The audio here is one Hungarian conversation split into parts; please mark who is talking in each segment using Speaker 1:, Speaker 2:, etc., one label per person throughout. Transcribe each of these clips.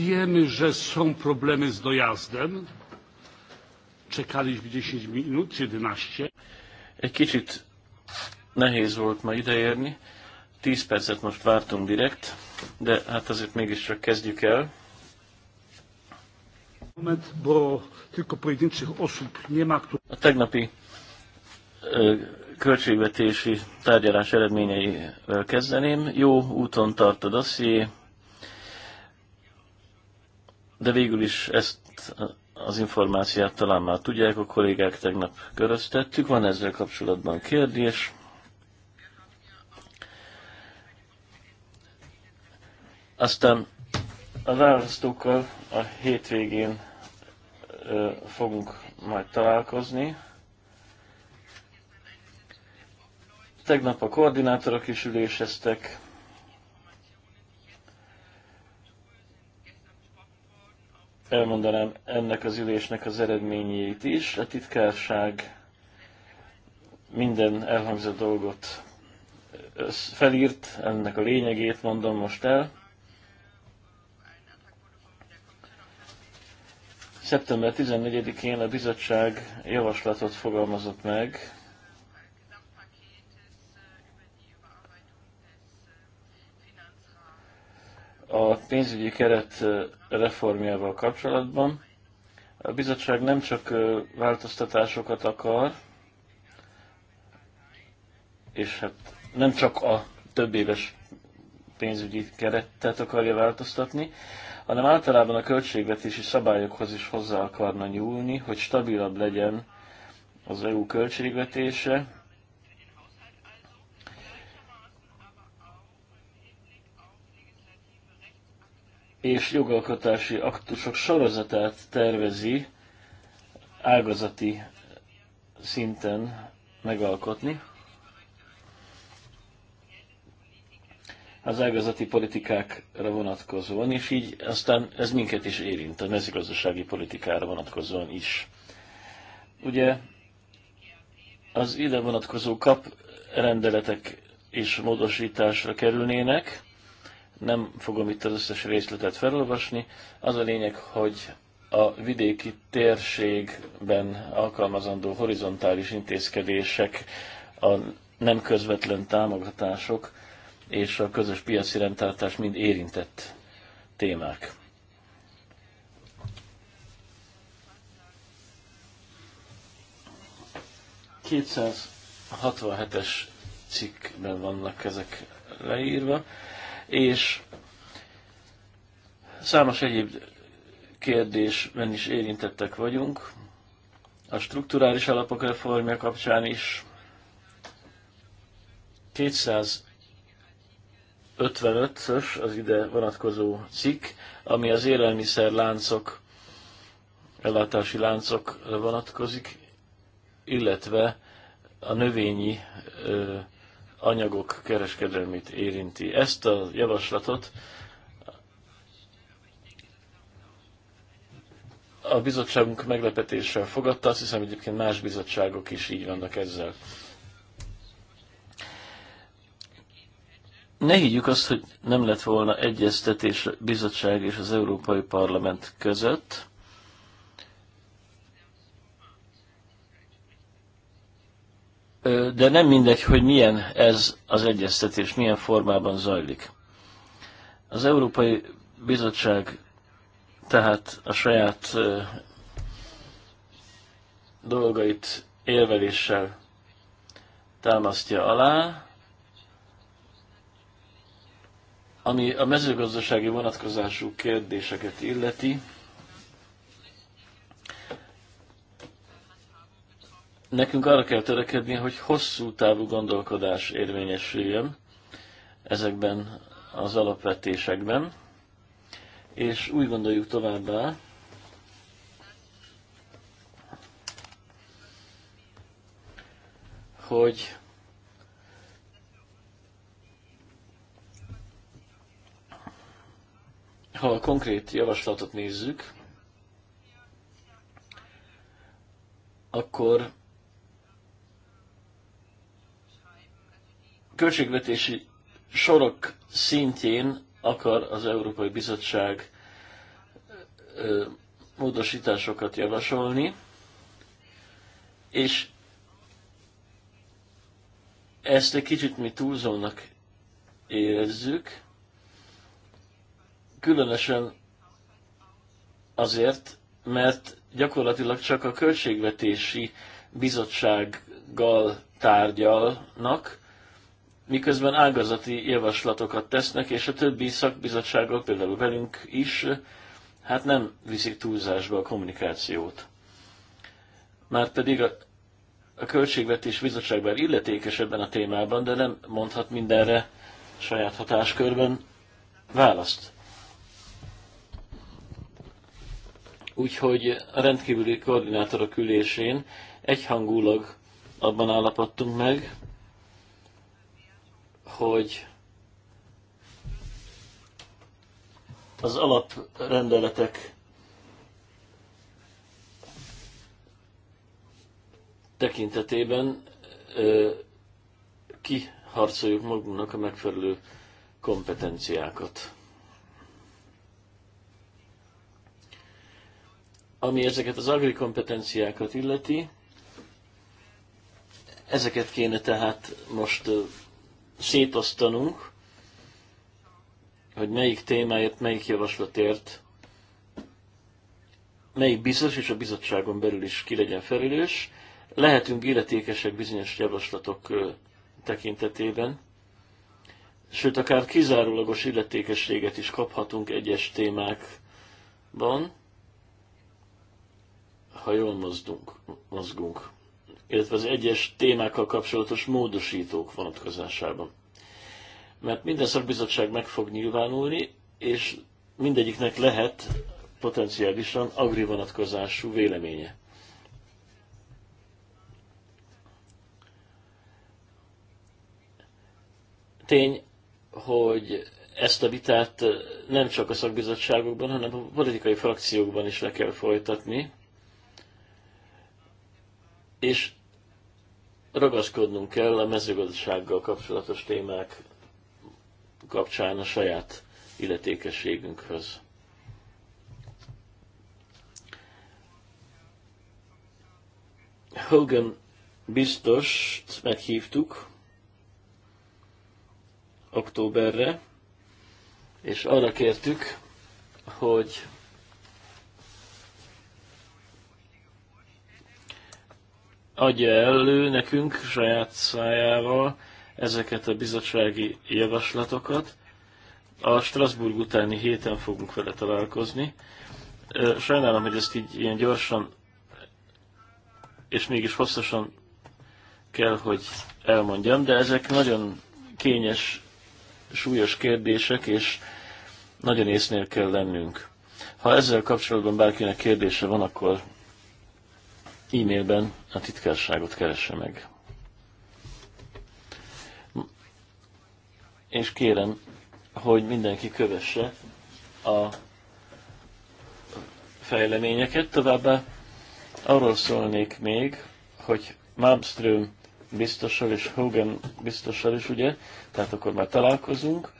Speaker 1: wiemy, że są problemy z dojazdem. Czekaliśmy 10 minut, 11. Egy kicsit nehéz volt
Speaker 2: ma ideérni. 10 percet most vártunk direkt, de hát azért mégiscsak kezdjük el.
Speaker 1: Moment, bo tylko pojedynczych osób nie ma, A tegnapi
Speaker 2: költségvetési tárgyalás eredményeivel kezdeném. Jó úton tart a dosszié, de végül is ezt az információt talán már tudják, a kollégák tegnap köröztettük. Van ezzel kapcsolatban kérdés? Aztán a választókkal a hétvégén fogunk majd találkozni. Tegnap a koordinátorok is üléseztek, elmondanám ennek az ülésnek az eredményét is. A titkárság minden elhangzott dolgot felírt, ennek a lényegét mondom most el. Szeptember 14-én a bizottság javaslatot fogalmazott meg a pénzügyi keret reformjával kapcsolatban. A bizottság nem csak változtatásokat akar, és hát nem csak a több éves pénzügyi keretet akarja változtatni, hanem általában a költségvetési szabályokhoz is hozzá akarna nyúlni, hogy stabilabb legyen az EU költségvetése, és jogalkotási aktusok sorozatát tervezi ágazati szinten megalkotni. az ágazati politikákra vonatkozóan, és így aztán ez minket is érint, a mezőgazdasági politikára vonatkozóan is. Ugye az ide vonatkozó kap rendeletek és módosításra kerülnének, nem fogom itt az összes részletet felolvasni. Az a lényeg, hogy a vidéki térségben alkalmazandó horizontális intézkedések, a nem közvetlen támogatások és a közös piaci rendtartás mind érintett témák. ...267-es cikkben vannak ezek leírva és számos egyéb kérdésben is érintettek vagyunk. A strukturális alapok reformja kapcsán is 255-ös az ide vonatkozó cikk, ami az élelmiszer láncok, ellátási láncokra vonatkozik, illetve a növényi ö, anyagok kereskedelmét érinti. Ezt a javaslatot a bizottságunk meglepetéssel fogadta, azt hiszem egyébként más bizottságok is így vannak ezzel. Ne higgyük azt, hogy nem lett volna egyeztetés a bizottság és az Európai Parlament között, de nem mindegy, hogy milyen ez az egyeztetés, milyen formában zajlik. Az Európai Bizottság tehát a saját dolgait élveléssel támasztja alá, ami a mezőgazdasági vonatkozású kérdéseket illeti, Nekünk arra kell törekedni, hogy hosszú távú gondolkodás érvényesüljön ezekben az alapvetésekben, és úgy gondoljuk továbbá, hogy ha a konkrét javaslatot nézzük, akkor költségvetési sorok szintjén akar az Európai Bizottság módosításokat javasolni, és ezt egy kicsit mi túlzónak érezzük, különösen azért, mert gyakorlatilag csak a költségvetési bizottsággal tárgyalnak, miközben ágazati javaslatokat tesznek, és a többi szakbizottságok, például velünk is, hát nem viszik túlzásba a kommunikációt. Márpedig a, a Költségvetés Bizottságban illetékes ebben a témában, de nem mondhat mindenre saját hatáskörben választ. Úgyhogy a rendkívüli koordinátorok ülésén egyhangulag abban állapodtunk meg, hogy az alaprendeletek tekintetében ö, kiharcoljuk magunknak a megfelelő kompetenciákat. Ami ezeket az agri kompetenciákat illeti, ezeket kéne tehát most szétosztanunk, hogy melyik témáért, melyik javaslatért, melyik biztos, és a bizottságon belül is ki legyen felülős. Lehetünk illetékesek bizonyos javaslatok tekintetében, sőt, akár kizárólagos illetékességet is kaphatunk egyes témákban, ha jól mozdunk, mozgunk illetve az egyes témákkal kapcsolatos módosítók vonatkozásában. Mert minden szakbizottság meg fog nyilvánulni, és mindegyiknek lehet potenciálisan agri vonatkozású véleménye. Tény, hogy ezt a vitát nem csak a szakbizottságokban, hanem a politikai frakciókban is le kell folytatni, és ragaszkodnunk kell a mezőgazdasággal kapcsolatos témák kapcsán a saját illetékességünkhöz. Hogan biztos meghívtuk októberre, és arra kértük, hogy adja elő nekünk saját szájával ezeket a bizottsági javaslatokat. A Strasbourg utáni héten fogunk vele találkozni. Sajnálom, hogy ezt így ilyen gyorsan és mégis hosszasan kell, hogy elmondjam, de ezek nagyon kényes, súlyos kérdések, és nagyon észnél kell lennünk. Ha ezzel kapcsolatban bárkinek kérdése van, akkor e-mailben a titkárságot keresse meg. És kérem, hogy mindenki kövesse a fejleményeket. Továbbá arról szólnék még, hogy Malmström biztossal és Hogan biztossal is, ugye? Tehát akkor már találkozunk.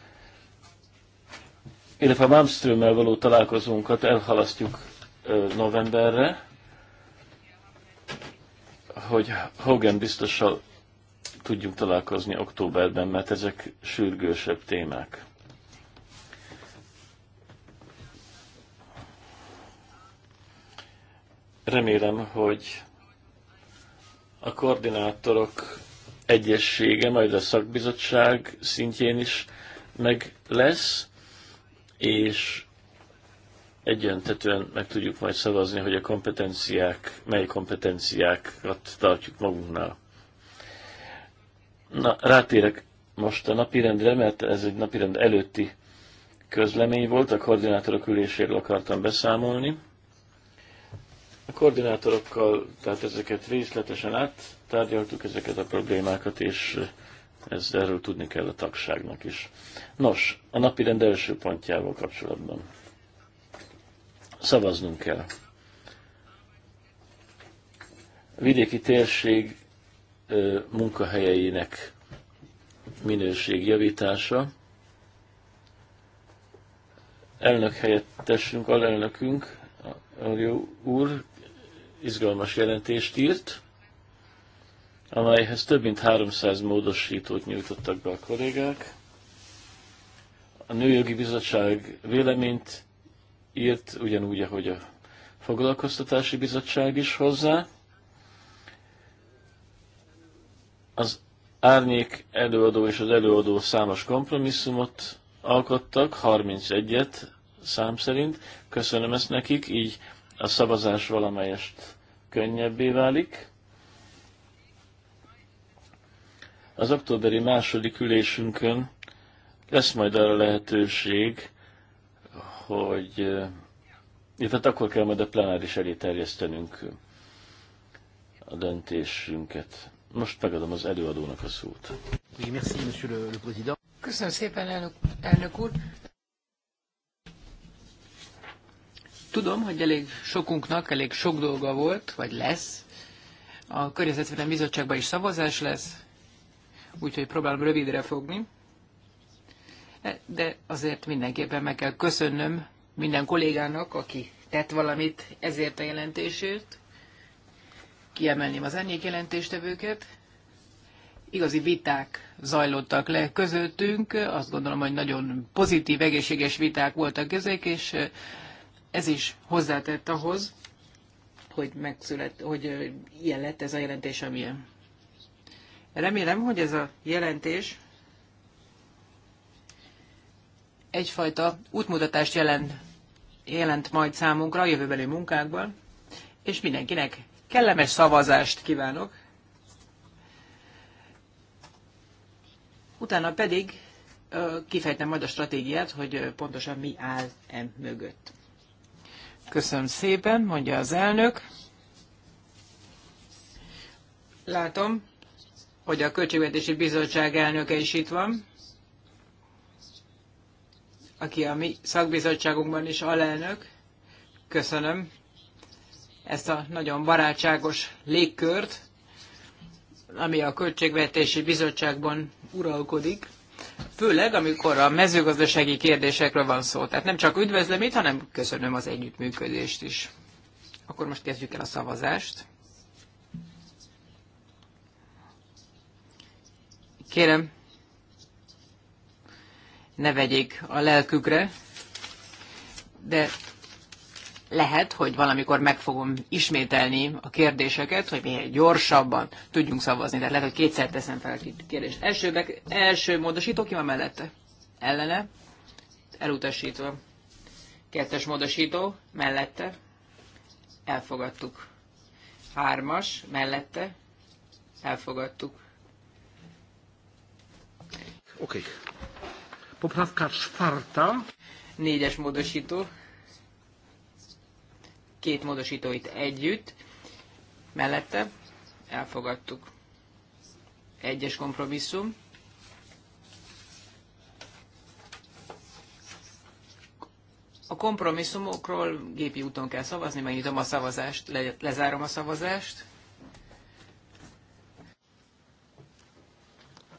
Speaker 2: Illetve a Malmströmmel való találkozónkat elhalasztjuk novemberre, hogy Hogan biztossal tudjunk találkozni októberben, mert ezek sürgősebb témák. Remélem, hogy a koordinátorok egyessége majd a szakbizottság szintjén is meg lesz, és egyentetően meg tudjuk majd szavazni, hogy a kompetenciák, mely kompetenciákat tartjuk magunknál. Na, rátérek most a napirendre, mert ez egy napirend előtti közlemény volt, a koordinátorok üléséről akartam beszámolni. A koordinátorokkal, tehát ezeket részletesen áttárgyaltuk, ezeket a problémákat, és ez erről tudni kell a tagságnak is. Nos, a napirend első pontjával kapcsolatban. Szavaznunk kell. A vidéki térség munkahelyeinek minőség javítása. Elnök helyettesünk, alelnökünk, jó úr izgalmas jelentést írt, amelyhez több mint 300 módosítót nyújtottak be a kollégák. A Nőjogi Bizottság véleményt írt, ugyanúgy, ahogy a Foglalkoztatási Bizottság is hozzá. Az árnyék előadó és az előadó számos kompromisszumot alkottak, 31-et szám szerint. Köszönöm ezt nekik, így a szavazás valamelyest könnyebbé válik. Az októberi második ülésünkön lesz majd arra lehetőség, hogy illetve hát akkor kell majd a plenáris elé terjesztenünk a döntésünket. Most megadom az előadónak a szót.
Speaker 3: Köszönöm szépen, elnök, elnök úr. Tudom, hogy elég sokunknak elég sok dolga volt, vagy lesz. A Környezetvédelmi Bizottságban is szavazás lesz, úgyhogy próbálom rövidre fogni de azért mindenképpen meg kell köszönnöm minden kollégának, aki tett valamit ezért a jelentésért. Kiemelném az ennyi jelentéstevőket. Igazi viták zajlottak le közöttünk, azt gondolom, hogy nagyon pozitív, egészséges viták voltak ezek, és ez is hozzátett ahhoz, hogy megszület, hogy ilyen lett ez a jelentés, amilyen. Remélem, hogy ez a jelentés egyfajta útmutatást jelent, jelent majd számunkra a jövőbeli munkákban, és mindenkinek kellemes szavazást kívánok. Utána pedig kifejtem majd a stratégiát, hogy pontosan mi áll e mögött. Köszönöm szépen, mondja az elnök. Látom, hogy a Költségvetési Bizottság elnöke is itt van aki a mi szakbizottságunkban is alelnök. Köszönöm ezt a nagyon barátságos légkört, ami a Költségvetési Bizottságban uralkodik, főleg amikor a mezőgazdasági kérdésekről van szó. Tehát nem csak üdvözlöm itt, hanem köszönöm az együttműködést is. Akkor most kezdjük el a szavazást. Kérem, ne vegyék a lelkükre, de lehet, hogy valamikor meg fogom ismételni a kérdéseket, hogy mi gyorsabban tudjunk szavazni. Tehát lehet, hogy kétszer teszem fel a kérdést. Első, be, első módosító ki van mellette? Ellene? Elutasítva. Kettes módosító mellette? Elfogadtuk. Hármas mellette? Elfogadtuk.
Speaker 1: Oké. Okay. Poprawka czwarta.
Speaker 3: Négyes módosító. Két módosító itt együtt. Mellette elfogadtuk. Egyes kompromisszum. A kompromisszumokról gépi úton kell szavazni, megnyitom a szavazást, le, lezárom a szavazást.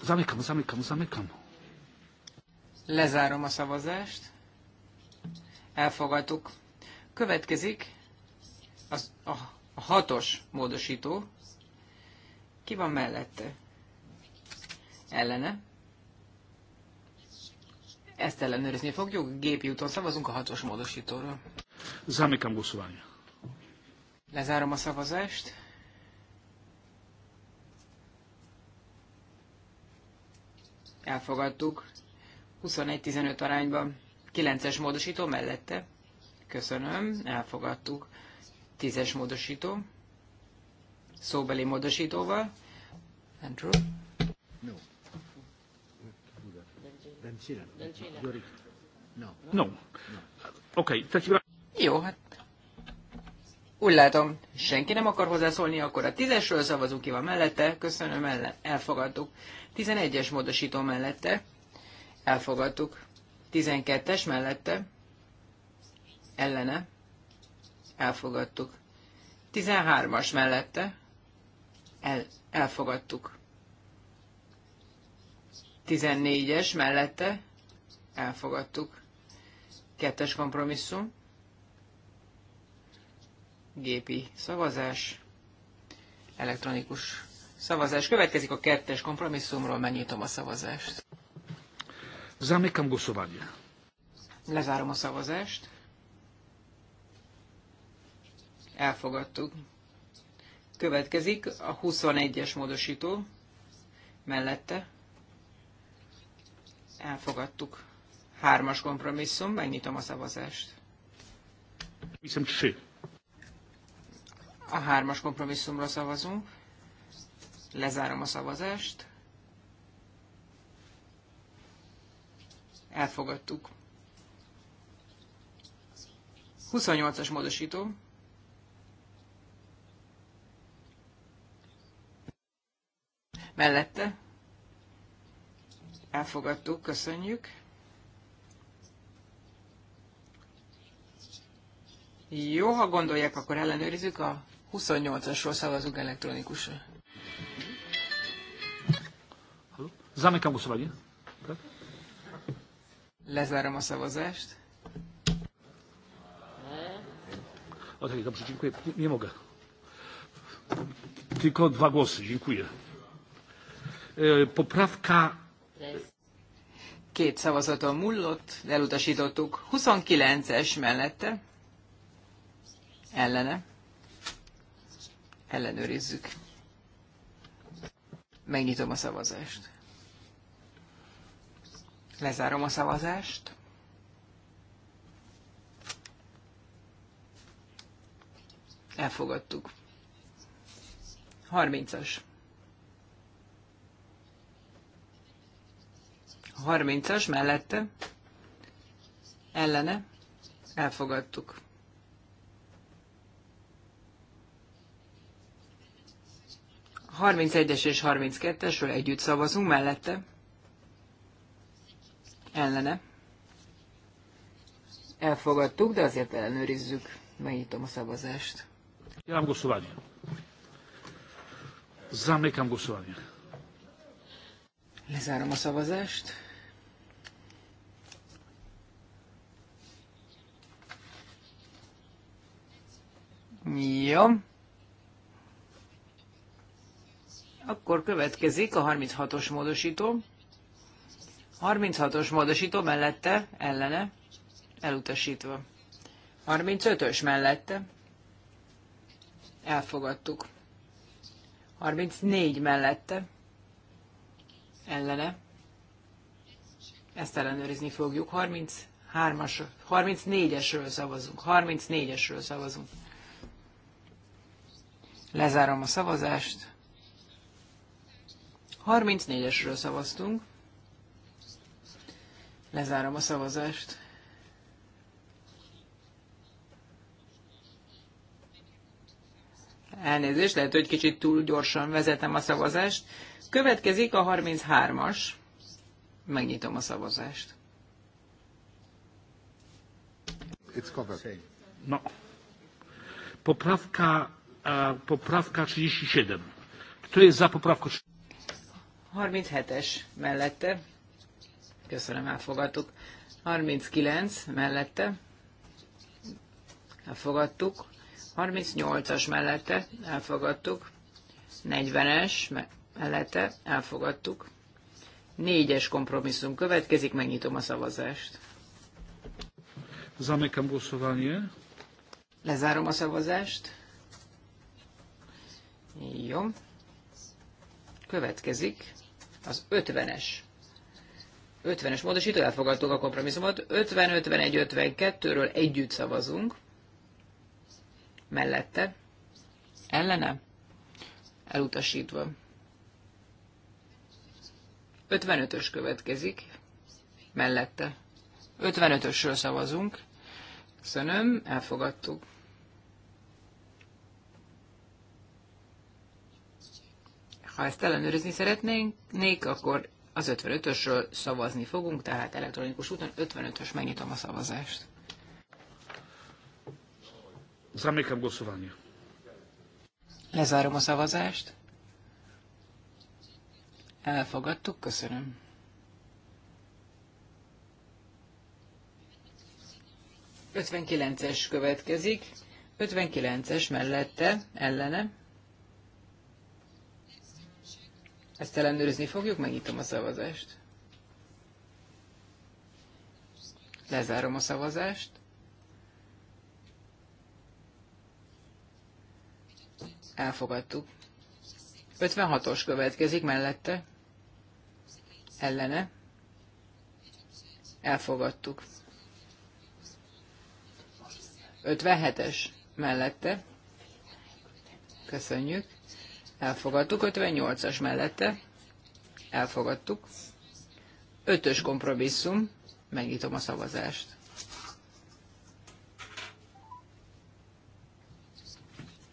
Speaker 1: Zamykam, zamykam, zamykam.
Speaker 3: Lezárom a szavazást. Elfogadtuk. Következik az, a, a hatos módosító. Ki van mellette? Ellene. Ezt ellenőrizni fogjuk. Gépi úton szavazunk a hatos módosítóról.
Speaker 1: Zamykam głosowanie.
Speaker 3: Lezárom a szavazást. Elfogadtuk. 21-15 arányban 9-es módosító mellette. Köszönöm, elfogadtuk. 10-es módosító, szóbeli módosítóval. Andrew? No. No. Oké, okay, Jó, hát úgy látom, senki nem akar hozzászólni, akkor a tízesről szavazunk ki van mellette, köszönöm, ellen, elfogadtuk. 11-es módosító mellette, Elfogadtuk. 12-es mellette. Ellene. Elfogadtuk. 13-as mellette. El, elfogadtuk. 14-es mellette. Elfogadtuk. Kettes kompromisszum. Gépi szavazás. Elektronikus szavazás. Következik a kettes kompromisszumról, megnyitom a szavazást.
Speaker 1: Zamykam głosowanie.
Speaker 3: Lezárom a szavazást. Elfogadtuk. Következik a 21-es módosító. Mellette. Elfogadtuk. Hármas kompromisszum, megnyitom a szavazást. Viszont sí. A hármas kompromisszumra szavazunk. Lezárom a szavazást. elfogadtuk. 28-as módosító. Mellette. Elfogadtuk, köszönjük. Jó, ha gondolják, akkor ellenőrizzük a 28-asról szavazunk
Speaker 1: elektronikusra. Zamykam głosowanie.
Speaker 3: Lezárom a szavazást.
Speaker 1: O tak, dobrze, dziękuję. Nie, nie mogę. Tylko dwa głosy, dziękuję. E, poprawka...
Speaker 3: Két szavazaton mullott, elutasítottuk. 29-es mellette. Ellene. Ellenőrizzük. Megnyitom a szavazást. Lezárom a szavazást. Elfogadtuk. 30-as. 30-as mellette. Ellene. Elfogadtuk. 31-es és 32-esről együtt szavazunk mellette ellene. Elfogadtuk, de azért ellenőrizzük. Megnyitom a szavazást.
Speaker 1: Jelen głosowanie. Zamykam głosowanie. Lezárom a szavazást.
Speaker 3: Jó. Akkor következik a 36-os módosító. 36-os módosító mellette, ellene, elutasítva. 35-ös mellette, elfogadtuk. 34 mellette, ellene, ezt ellenőrizni fogjuk. 33-as, 34-esről szavazunk. 34-esről szavazunk. Lezárom a szavazást. 34-esről szavaztunk. Lezárom a szavazást. Elnézést, lehet, hogy kicsit túl gyorsan vezetem a szavazást. Következik a 33-as.
Speaker 1: Megnyitom a szavazást. It's covered. No. Poprawka, uh, poprawka 37. Kto jest za poprawką
Speaker 3: 37? 37-es mellette Köszönöm, elfogadtuk. 39 mellette. Elfogadtuk. 38-as mellette. Elfogadtuk. 40-es mellette. Elfogadtuk. 4-es kompromisszum következik. Megnyitom a szavazást.
Speaker 1: Zamykam głosowanie.
Speaker 3: Lezárom a szavazást. Jó. Következik az 50-es 50-es módosító, elfogadtuk a kompromisszumot. 50-51-52-ről együtt szavazunk. Mellette. Ellene. Elutasítva. 55-ös következik. Mellette. 55-ösről szavazunk. Köszönöm, elfogadtuk. Ha ezt ellenőrizni szeretnénk, akkor az 55-ösről szavazni fogunk, tehát elektronikus úton 55-ös megnyitom a szavazást.
Speaker 1: Zamékem głosowanie.
Speaker 3: Lezárom a szavazást. Elfogadtuk, köszönöm. Ötvenkilences következik. 59-es mellette, ellene Ezt ellenőrizni fogjuk, megnyitom a szavazást. Lezárom a szavazást. Elfogadtuk. 56-os következik mellette. Ellene. Elfogadtuk. 57-es mellette. Köszönjük. Elfogadtuk. 58-as mellette. Elfogadtuk. 5-ös kompromisszum. Megnyitom a szavazást.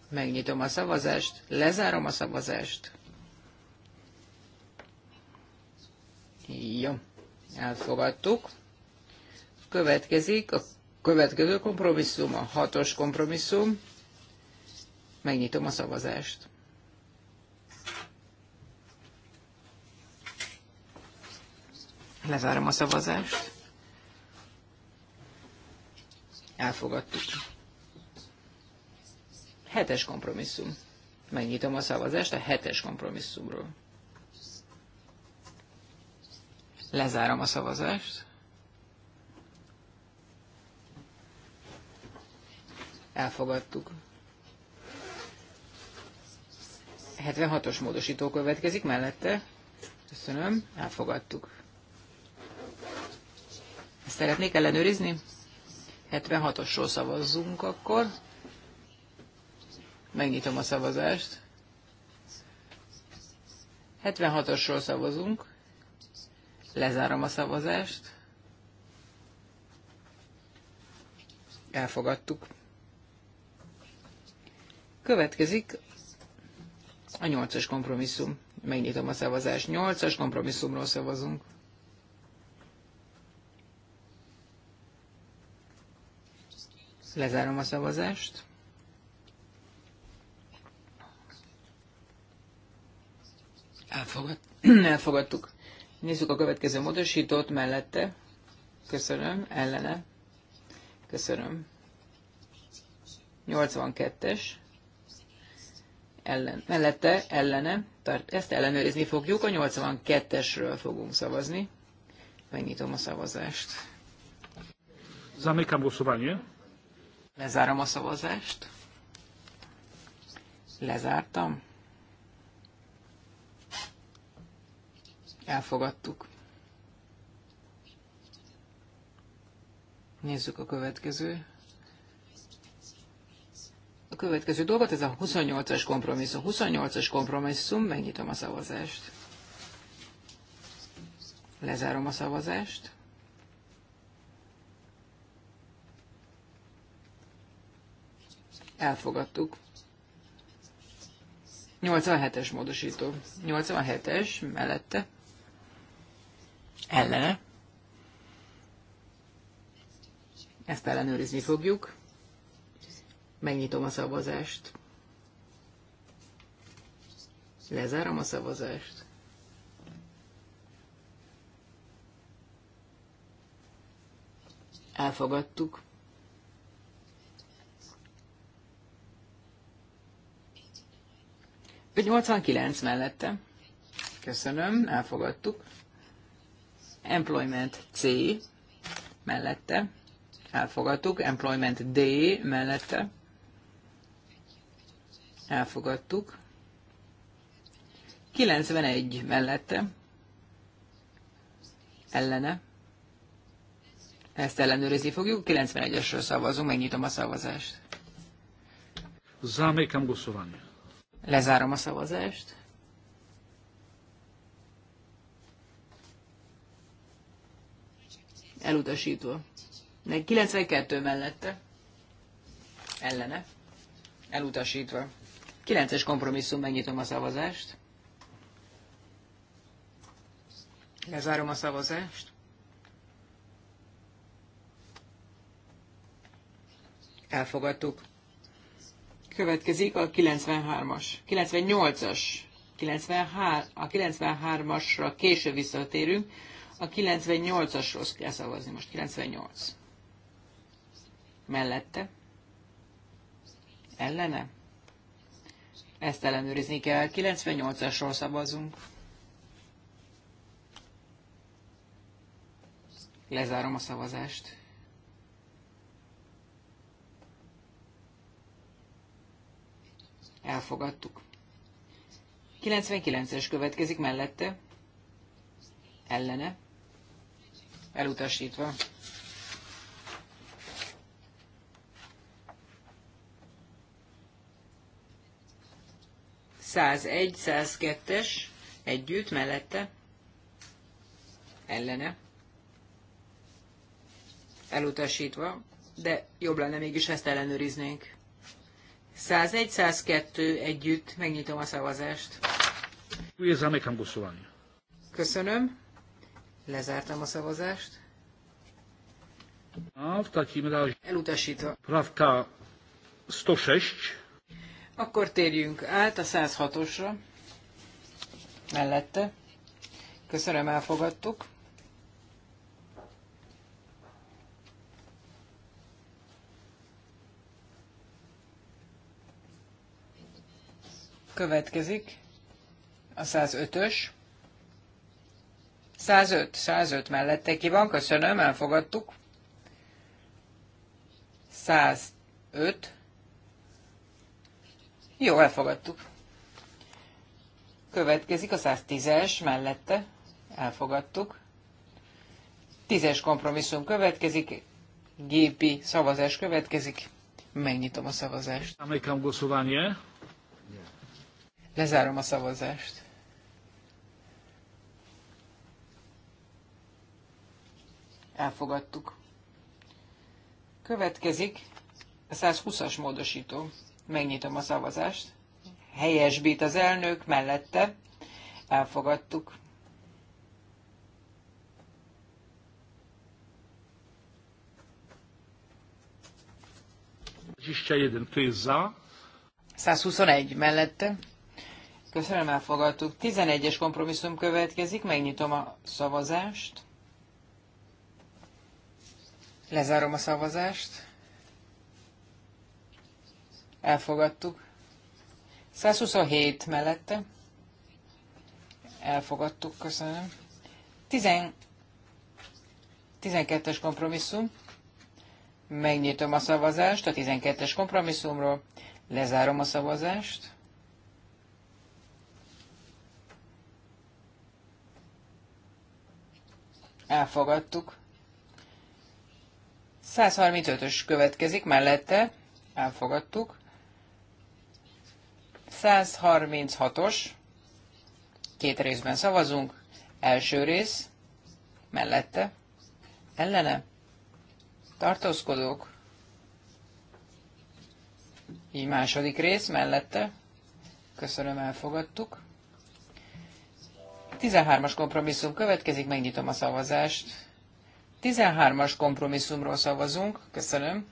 Speaker 3: Megnyitom a szavazást, lezárom a szavazást. Jó, elfogadtuk. Következik a következő kompromisszum, a hatos kompromisszum. Megnyitom a szavazást. Lezárom a szavazást. Elfogadtuk. Hetes kompromisszum. Megnyitom a szavazást a hetes kompromisszumról. Lezárom a szavazást. Elfogadtuk. 76-os módosító következik mellette. Köszönöm, elfogadtuk szeretnék ellenőrizni? 76-osról szavazzunk akkor. Megnyitom a szavazást. 76-osról szavazunk. Lezárom a szavazást. Elfogadtuk. Következik a 8-as kompromisszum. Megnyitom a szavazást. 8-as kompromisszumról szavazunk. Lezárom a szavazást. Elfogad, elfogadtuk. Nézzük a következő módosítót mellette. Köszönöm. Ellene. Köszönöm. 82-es. Ellen, mellette, ellene. Tart, ezt ellenőrizni fogjuk. A 82-esről fogunk szavazni. Megnyitom a szavazást.
Speaker 1: Zamykam głosowanie. Lezárom a szavazást.
Speaker 3: Lezártam. Elfogadtuk. Nézzük a következő. A következő dolgot, ez a 28-as kompromisszum. 28-as kompromisszum, megnyitom a szavazást. Lezárom a szavazást. elfogadtuk. 87-es módosító. 87-es mellette. Ellene. Ezt ellenőrizni fogjuk. Megnyitom a szavazást. Lezárom a szavazást. Elfogadtuk. 89 mellette. Köszönöm, elfogadtuk. Employment C mellette. Elfogadtuk. Employment D mellette. Elfogadtuk. 91 mellette. Ellene. Ezt ellenőrizni fogjuk. 91-esről szavazunk, megnyitom a
Speaker 1: szavazást. Zamykam głosowanie. Lezárom a szavazást.
Speaker 3: Elutasítva. 92 mellette. Ellene. Elutasítva. 9-es kompromisszum, megnyitom a szavazást. Lezárom a szavazást. Elfogadtuk. Következik a 93-as, 98-as, 93, a 93-asra később visszatérünk, a 98-asról kell szavazni most, 98. Mellette? Ellene? Ezt ellenőrizni kell, 98-asról szavazunk. Lezárom a szavazást. Elfogadtuk. 99-es következik mellette. Ellene. Elutasítva. Száz egy, száz kettes, együtt, mellette, ellene, elutasítva, de jobb lenne mégis ezt ellenőriznénk. 101-102 együtt. Megnyitom a szavazást. Köszönöm. Lezártam a szavazást.
Speaker 1: Elutasítva. Pravka 106.
Speaker 3: Akkor térjünk át a 106-osra.
Speaker 1: Mellette.
Speaker 3: Köszönöm, elfogadtuk. Következik a 105-ös. 105, 105 mellette ki van, köszönöm, elfogadtuk. 105. Jó, elfogadtuk. Következik a 110-es mellette, elfogadtuk. 10-es kompromisszum következik, gépi szavazás következik. Megnyitom a szavazást. Amelyik głosowanie. Lezárom a szavazást. Elfogadtuk. Következik a 120-as módosító. Megnyitom a szavazást. Helyesbít az elnök mellette. Elfogadtuk.
Speaker 1: Kto jest za?
Speaker 3: 121 mellette Köszönöm, elfogadtuk. 11-es kompromisszum következik, megnyitom a szavazást. Lezárom a szavazást. Elfogadtuk. 127 mellette. Elfogadtuk, köszönöm. 12-es kompromisszum. Megnyitom a szavazást a 12-es kompromisszumról. Lezárom a szavazást. elfogadtuk. 135-ös következik mellette, elfogadtuk. 136-os, két részben szavazunk, első rész, mellette, ellene, tartózkodók, így második rész, mellette, köszönöm, elfogadtuk. 13-as kompromisszum következik, megnyitom a szavazást. 13-as kompromisszumról szavazunk, köszönöm.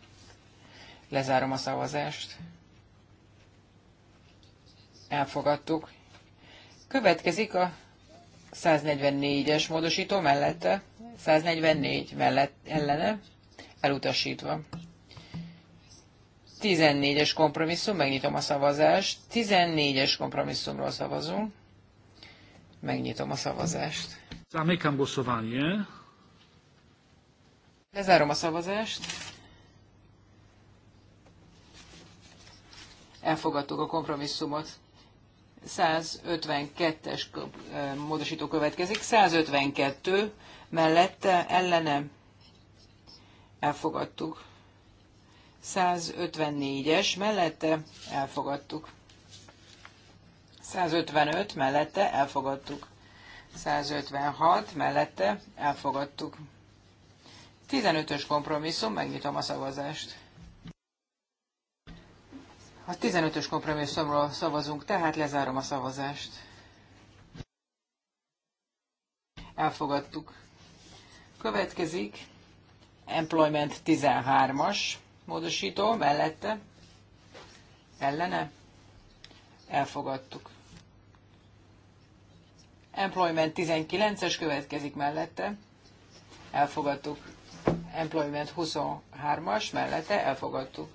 Speaker 3: Lezárom a szavazást. Elfogadtuk. Következik a 144-es módosító mellette, 144 mellett ellene, elutasítva. 14-es kompromisszum, megnyitom a szavazást. 14-es kompromisszumról
Speaker 1: szavazunk. Megnyitom a szavazást. Zamykam głosowanie.
Speaker 3: Lezárom a szavazást. Elfogadtuk a kompromisszumot. 152-es módosító következik. 152 mellette ellenem elfogadtuk. 154-es mellette elfogadtuk. 155 mellette elfogadtuk. 156 mellette elfogadtuk. 15-ös kompromisszum, megnyitom a szavazást. A 15-ös kompromisszumról szavazunk, tehát lezárom a szavazást. Elfogadtuk. Következik Employment 13-as módosító mellette. Ellene. Elfogadtuk. Employment 19-es következik mellette. Elfogadtuk. Employment 23-as mellette. Elfogadtuk.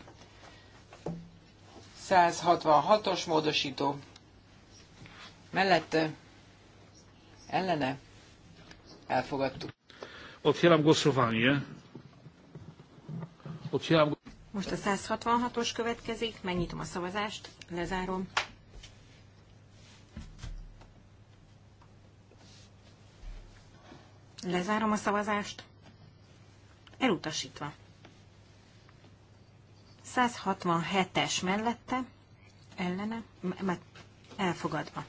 Speaker 3: 166-os módosító. Mellette. Ellene.
Speaker 1: Elfogadtuk. Otwieram głosowanie. Otwieram...
Speaker 3: Most a
Speaker 4: 166-os következik, megnyitom a szavazást, lezárom. Lezárom a szavazást. Elutasítva. 167-es mellette, ellene, mert elfogadva.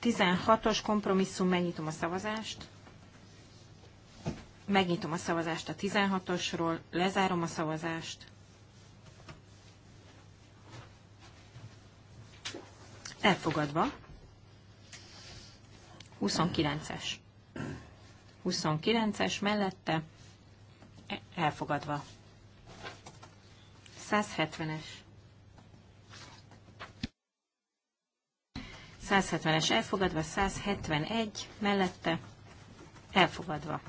Speaker 4: 16-os kompromisszum, megnyitom a szavazást. Megnyitom a szavazást a 16-osról, lezárom a szavazást. Elfogadva. 29-es. 29-es mellette e, elfogadva. 170-es. 170-es elfogadva, 171 mellette elfogadva.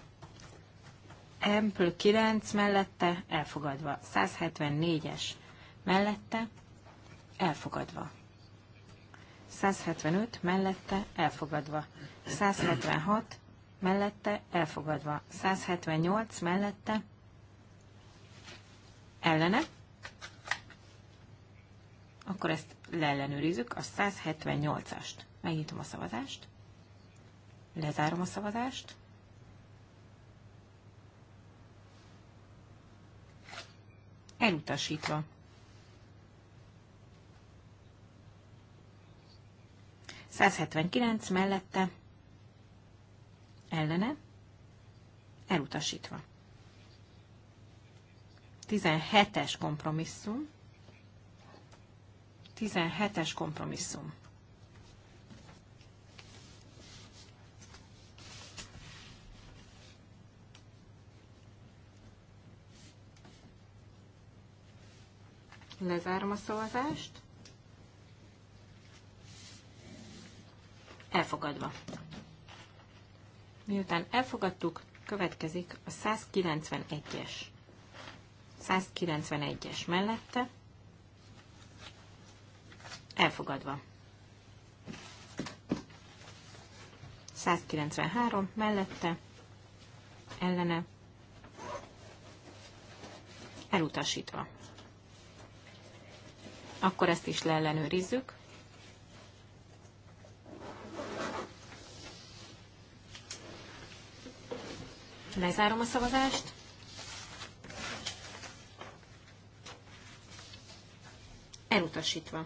Speaker 4: Ample 9 mellette elfogadva. 174-es mellette elfogadva. 175 mellette elfogadva. 176 mellette elfogadva. 178 mellette ellene. Akkor ezt leellenőrizzük, a 178-ast. Megnyitom a szavazást. Lezárom a szavazást. Elutasítva. 179 mellette ellene, elutasítva. 17-es kompromisszum, 17-es kompromisszum. Lezárom a szavazást. Elfogadva. Miután elfogadtuk, következik a 191-es. 191-es mellette. Elfogadva. 193 mellette. Ellene. Elutasítva. Akkor ezt is leellenőrizzük. Lezárom a szavazást. Elutasítva.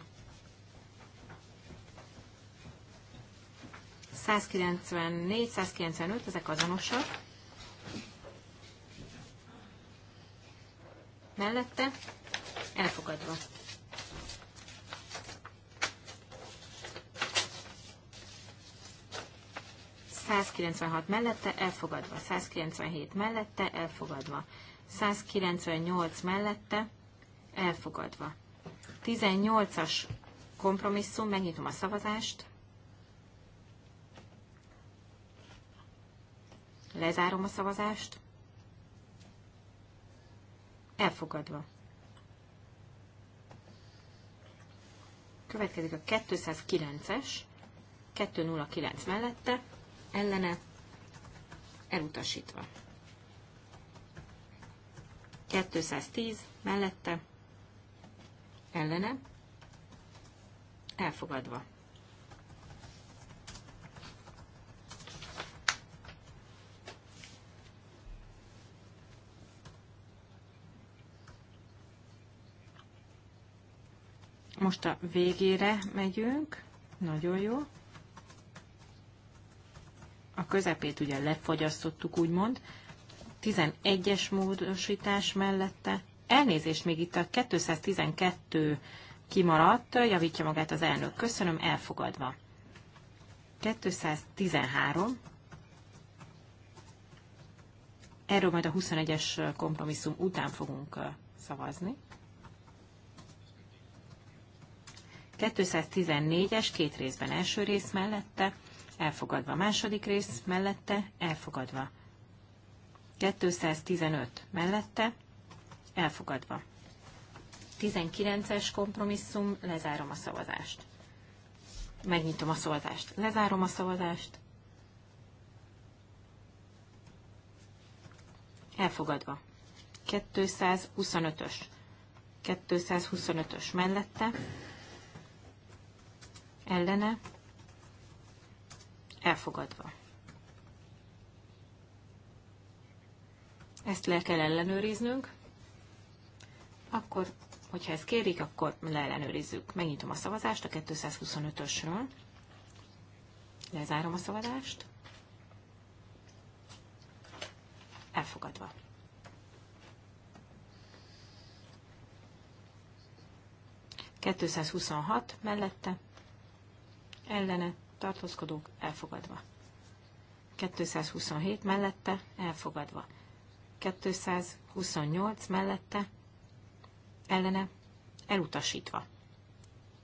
Speaker 4: 194, 195, ezek azonosak. Mellette elfogadva. 196 mellette elfogadva, 197 mellette elfogadva, 198 mellette elfogadva. 18-as kompromisszum, megnyitom a szavazást, lezárom a szavazást, elfogadva. Következik a 209-es, 209 mellette, ellene elutasítva. 210 mellette ellene elfogadva. Most a végére megyünk. Nagyon jó közepét ugye lefagyasztottuk, úgymond. 11-es módosítás mellette. Elnézést, még itt a 212 kimaradt, javítja magát az elnök. Köszönöm, elfogadva. 213. Erről majd a 21-es kompromisszum után fogunk szavazni. 214-es két részben első rész mellette, elfogadva. Második rész mellette, elfogadva. 215 mellette, elfogadva. 19-es kompromisszum, lezárom a szavazást. Megnyitom a szavazást. Lezárom a szavazást. Elfogadva. 225-ös. 225-ös mellette. Ellene elfogadva. Ezt le kell ellenőriznünk. Akkor, hogyha ezt kérik, akkor leellenőrizzük. Megnyitom a szavazást a 225-ösről. Lezárom a szavazást. Elfogadva. Kettőszázhuszonhat mellette, ellene, tartózkodók elfogadva. 227 mellette elfogadva. 228 mellette ellene elutasítva.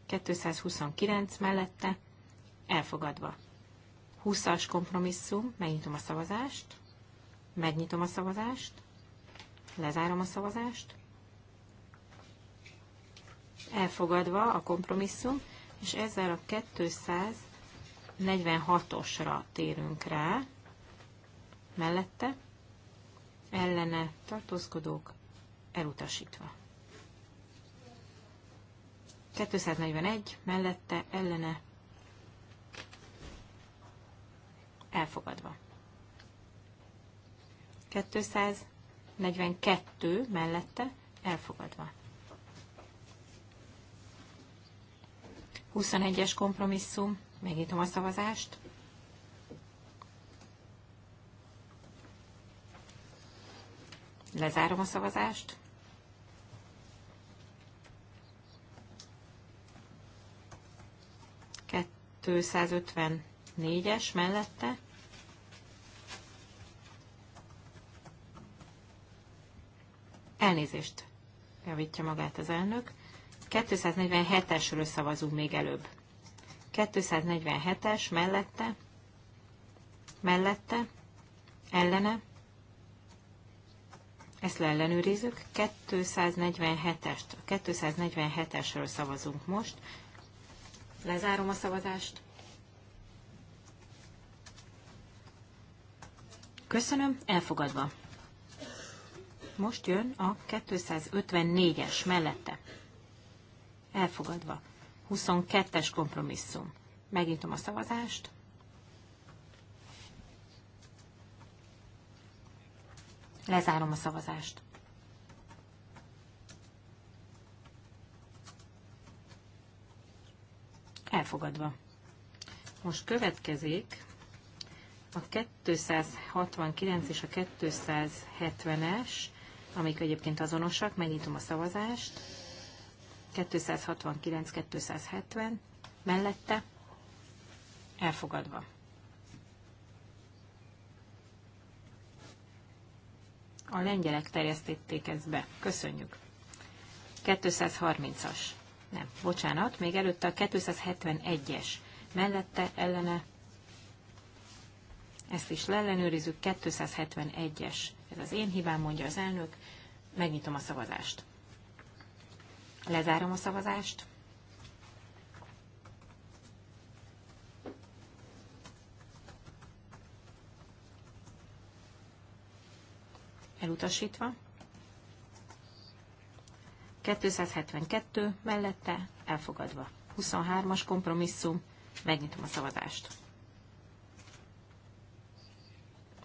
Speaker 4: 229 mellette elfogadva. 20-as kompromisszum, megnyitom a szavazást, megnyitom a szavazást, lezárom a szavazást, elfogadva a kompromisszum, és ezzel a 200 46-osra térünk rá, mellette, ellene tartózkodók elutasítva. 241 mellette, ellene elfogadva. 242 mellette elfogadva. 21-es kompromisszum Megnyitom a szavazást. Lezárom a szavazást. négyes mellette. Elnézést javítja magát az elnök. 247-esről szavazunk még előbb. 247-es mellette, mellette, ellene, ezt leellenőrizzük, 247-est, 247-esről szavazunk most, lezárom a szavazást, Köszönöm, elfogadva. Most jön a 254-es mellette. Elfogadva. 22-es kompromisszum. Megnyitom a szavazást. Lezárom a szavazást. Elfogadva. Most következik a 269 és a 270-es, amik egyébként azonosak. Megnyitom a szavazást. 269-270 mellette elfogadva. A lengyelek terjesztették ezt be. Köszönjük. 230-as. Nem, bocsánat, még előtte a 271-es. Mellette, ellene, ezt is leellenőrizzük, 271-es. Ez az én hibám, mondja az elnök. Megnyitom a szavazást. Lezárom a szavazást. Elutasítva. 272 mellette elfogadva. 23-as kompromisszum. Megnyitom a szavazást.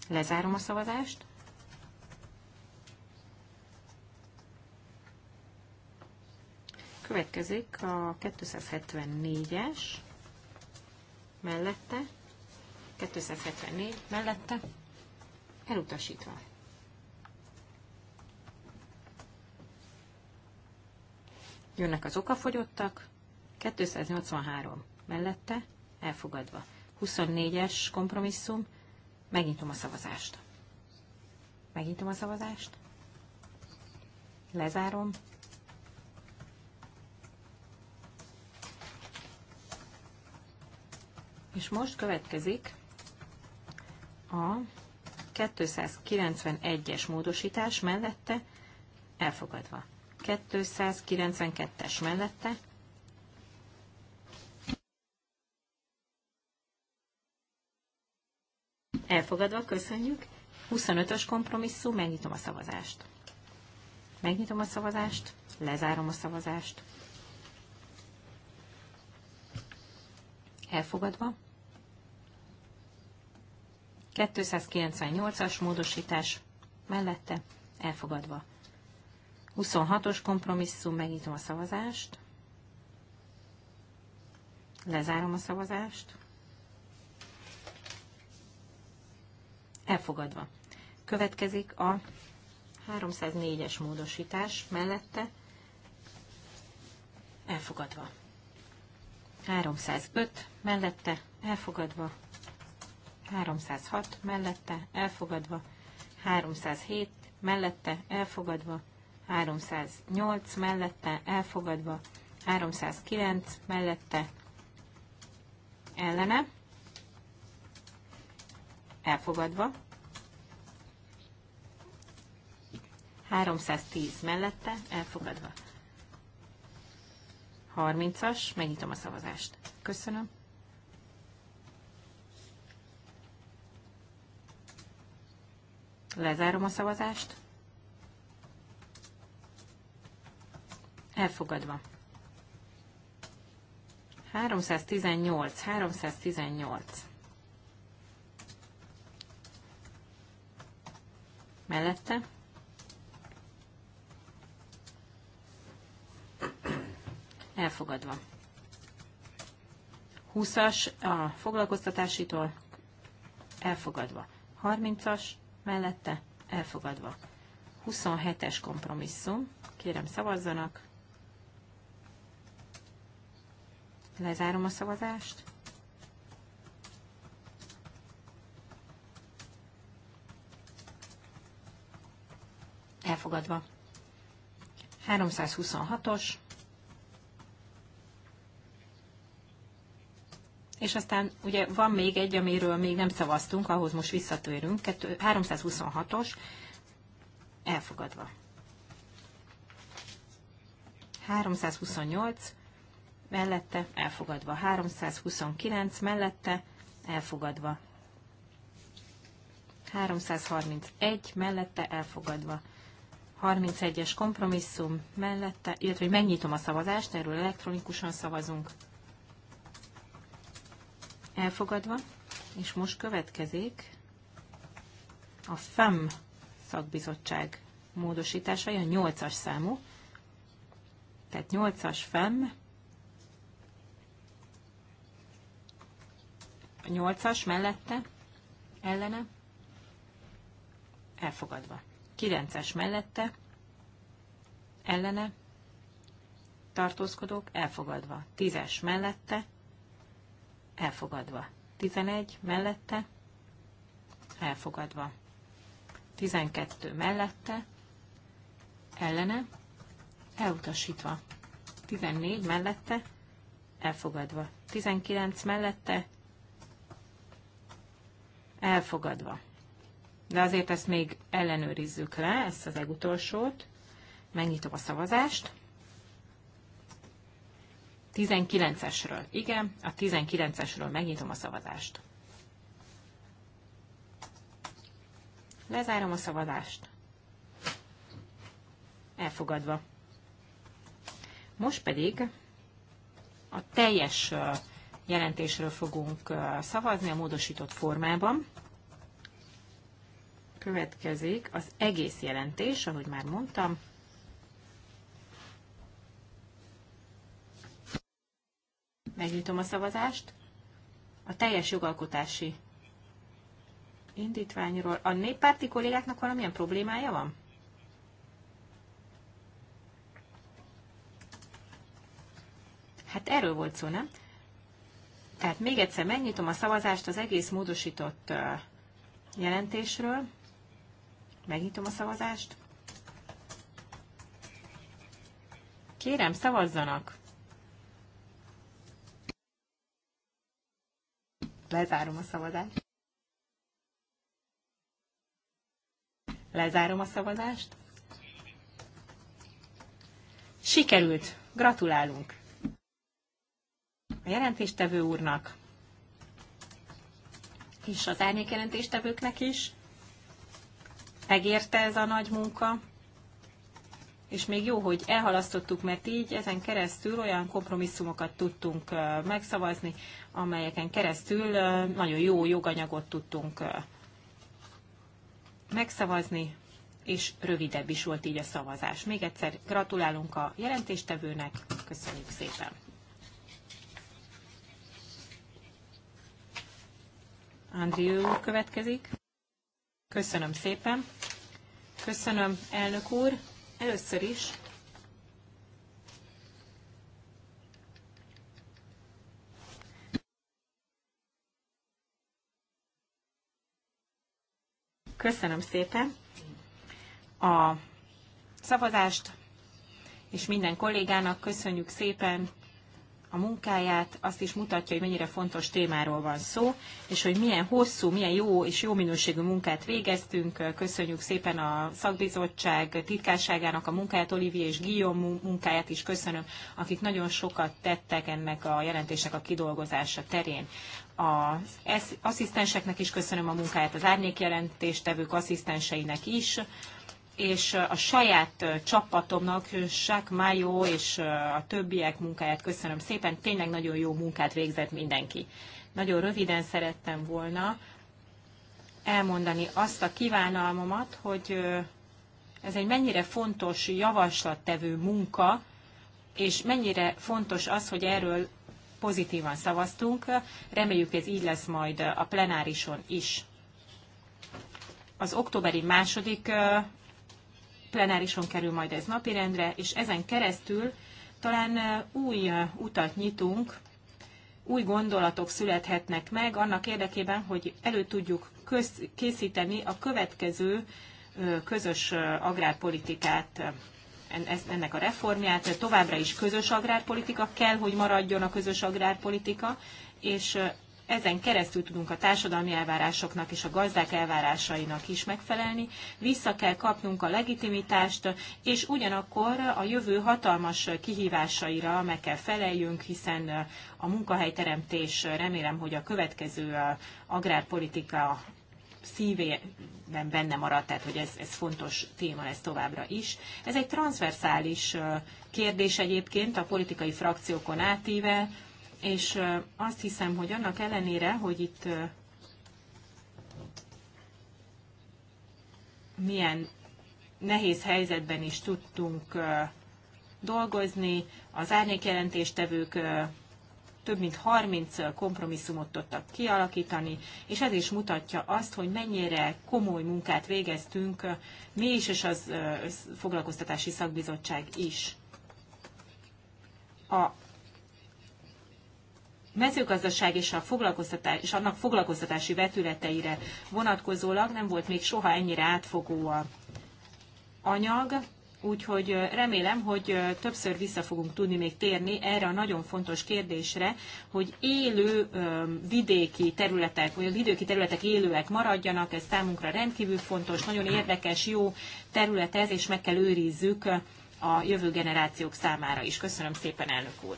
Speaker 4: Lezárom a szavazást. Következik a 274-es mellette, 274 mellette, elutasítva. Jönnek az okafogyottak, 283 mellette, elfogadva. 24-es kompromisszum, megnyitom a szavazást. Megnyitom a szavazást, lezárom, És most következik a 291-es módosítás mellette elfogadva. 292-es mellette elfogadva, köszönjük. 25-ös kompromisszum, megnyitom a szavazást. Megnyitom a szavazást, lezárom a szavazást. Elfogadva. 298-as módosítás mellette elfogadva. 26-os kompromisszum, megnyitom a szavazást. Lezárom a szavazást. Elfogadva. Következik a 304-es módosítás mellette. Elfogadva. 305 mellette elfogadva. 306 mellette elfogadva, 307 mellette elfogadva, 308 mellette elfogadva, 309 mellette ellene elfogadva, 310 mellette elfogadva. 30-as, megnyitom a szavazást. Köszönöm. Lezárom a szavazást. Elfogadva. 318, 318. Mellette. Elfogadva. 20-as a foglalkoztatásítól elfogadva. 30-as mellette elfogadva. 27-es kompromisszum, kérem szavazzanak. Lezárom a szavazást. Elfogadva. 326-os És aztán ugye van még egy, amiről még nem szavaztunk, ahhoz most visszatérünk, 326-os, elfogadva. 328 mellette, elfogadva. 329 mellette, elfogadva. 331 mellette, elfogadva. 31-es kompromisszum mellette, illetve megnyitom a szavazást, erről elektronikusan szavazunk elfogadva, és most következik a FEM szakbizottság módosításai, a 8-as számú, tehát 8-as FEM, 8-as mellette, ellene, elfogadva. 9-es mellette, ellene, tartózkodók, elfogadva. 10-es mellette, elfogadva. 11 mellette, elfogadva. 12 mellette, ellene, elutasítva. 14 mellette, elfogadva. 19 mellette, elfogadva. De azért ezt még ellenőrizzük le, ezt az legutolsót. Megnyitom a szavazást. 19-esről. Igen, a 19-esről megnyitom a szavazást. Lezárom a szavazást. Elfogadva. Most pedig a teljes jelentésről fogunk szavazni a módosított formában. Következik az egész jelentés, ahogy már mondtam. Megnyitom a szavazást. A teljes jogalkotási indítványról. A néppárti kollégáknak valamilyen problémája van? Hát erről volt szó, nem? Tehát még egyszer megnyitom a szavazást az egész módosított jelentésről. Megnyitom a szavazást. Kérem, szavazzanak! Lezárom a szavazást. Lezárom a szavazást. Sikerült! Gratulálunk! A jelentéstevő úrnak és az jelentéstevőknek is. Megérte ez a nagy munka és még jó, hogy elhalasztottuk, mert így ezen keresztül olyan kompromisszumokat tudtunk megszavazni, amelyeken keresztül nagyon jó joganyagot tudtunk megszavazni, és rövidebb is volt így a szavazás. Még egyszer gratulálunk a jelentéstevőnek, köszönjük szépen! Andrió úr következik. Köszönöm szépen. Köszönöm, elnök úr. Először is köszönöm szépen a szavazást, és minden kollégának köszönjük szépen a munkáját, azt is mutatja, hogy mennyire fontos témáról van szó, és hogy milyen hosszú, milyen jó és jó minőségű munkát végeztünk. Köszönjük szépen a szakbizottság titkárságának a munkáját, Olivier és Guillaume munkáját is köszönöm, akik nagyon sokat tettek ennek a jelentésnek a kidolgozása terén. Az asszisztenseknek is köszönöm a munkáját, az árnyékjelentéstevők asszisztenseinek is, és a saját csapatomnak, Sák Májó és a többiek munkáját köszönöm szépen, tényleg nagyon jó munkát végzett mindenki. Nagyon röviden szerettem volna elmondani azt a kívánalmamat, hogy ez egy mennyire fontos javaslattevő munka, és mennyire fontos az, hogy erről pozitívan szavaztunk. Reméljük ez így lesz majd a plenárison is. Az októberi második plenárison kerül majd ez napirendre, és ezen keresztül talán új utat nyitunk, új gondolatok születhetnek meg annak érdekében, hogy elő tudjuk köz- készíteni a következő közös agrárpolitikát, ennek a reformját. Továbbra is közös agrárpolitika kell, hogy maradjon a közös agrárpolitika, és ezen keresztül tudunk a társadalmi elvárásoknak és a gazdák elvárásainak is megfelelni, vissza kell kapnunk a legitimitást, és ugyanakkor a jövő hatalmas kihívásaira meg kell feleljünk, hiszen a munkahelyteremtés remélem, hogy a következő agrárpolitika szívében benne maradt, tehát hogy ez, ez fontos téma lesz továbbra is. Ez egy transversális kérdés egyébként a politikai frakciókon átível és azt hiszem, hogy annak ellenére, hogy itt milyen nehéz helyzetben is tudtunk dolgozni, az árnyékjelentéstevők több mint 30 kompromisszumot tudtak kialakítani, és ez is mutatja azt, hogy mennyire komoly munkát végeztünk mi is, és az foglalkoztatási szakbizottság is. A mezőgazdaság és, a foglalkoztatás, és annak foglalkoztatási vetületeire vonatkozólag nem volt még soha ennyire átfogó a anyag, úgyhogy remélem, hogy többször vissza fogunk tudni még térni erre a nagyon fontos kérdésre, hogy élő vidéki területek, vagy vidéki területek élőek maradjanak, ez számunkra rendkívül fontos, nagyon érdekes, jó terület ez, és meg kell őrizzük a jövő generációk számára is. Köszönöm szépen, elnök úr!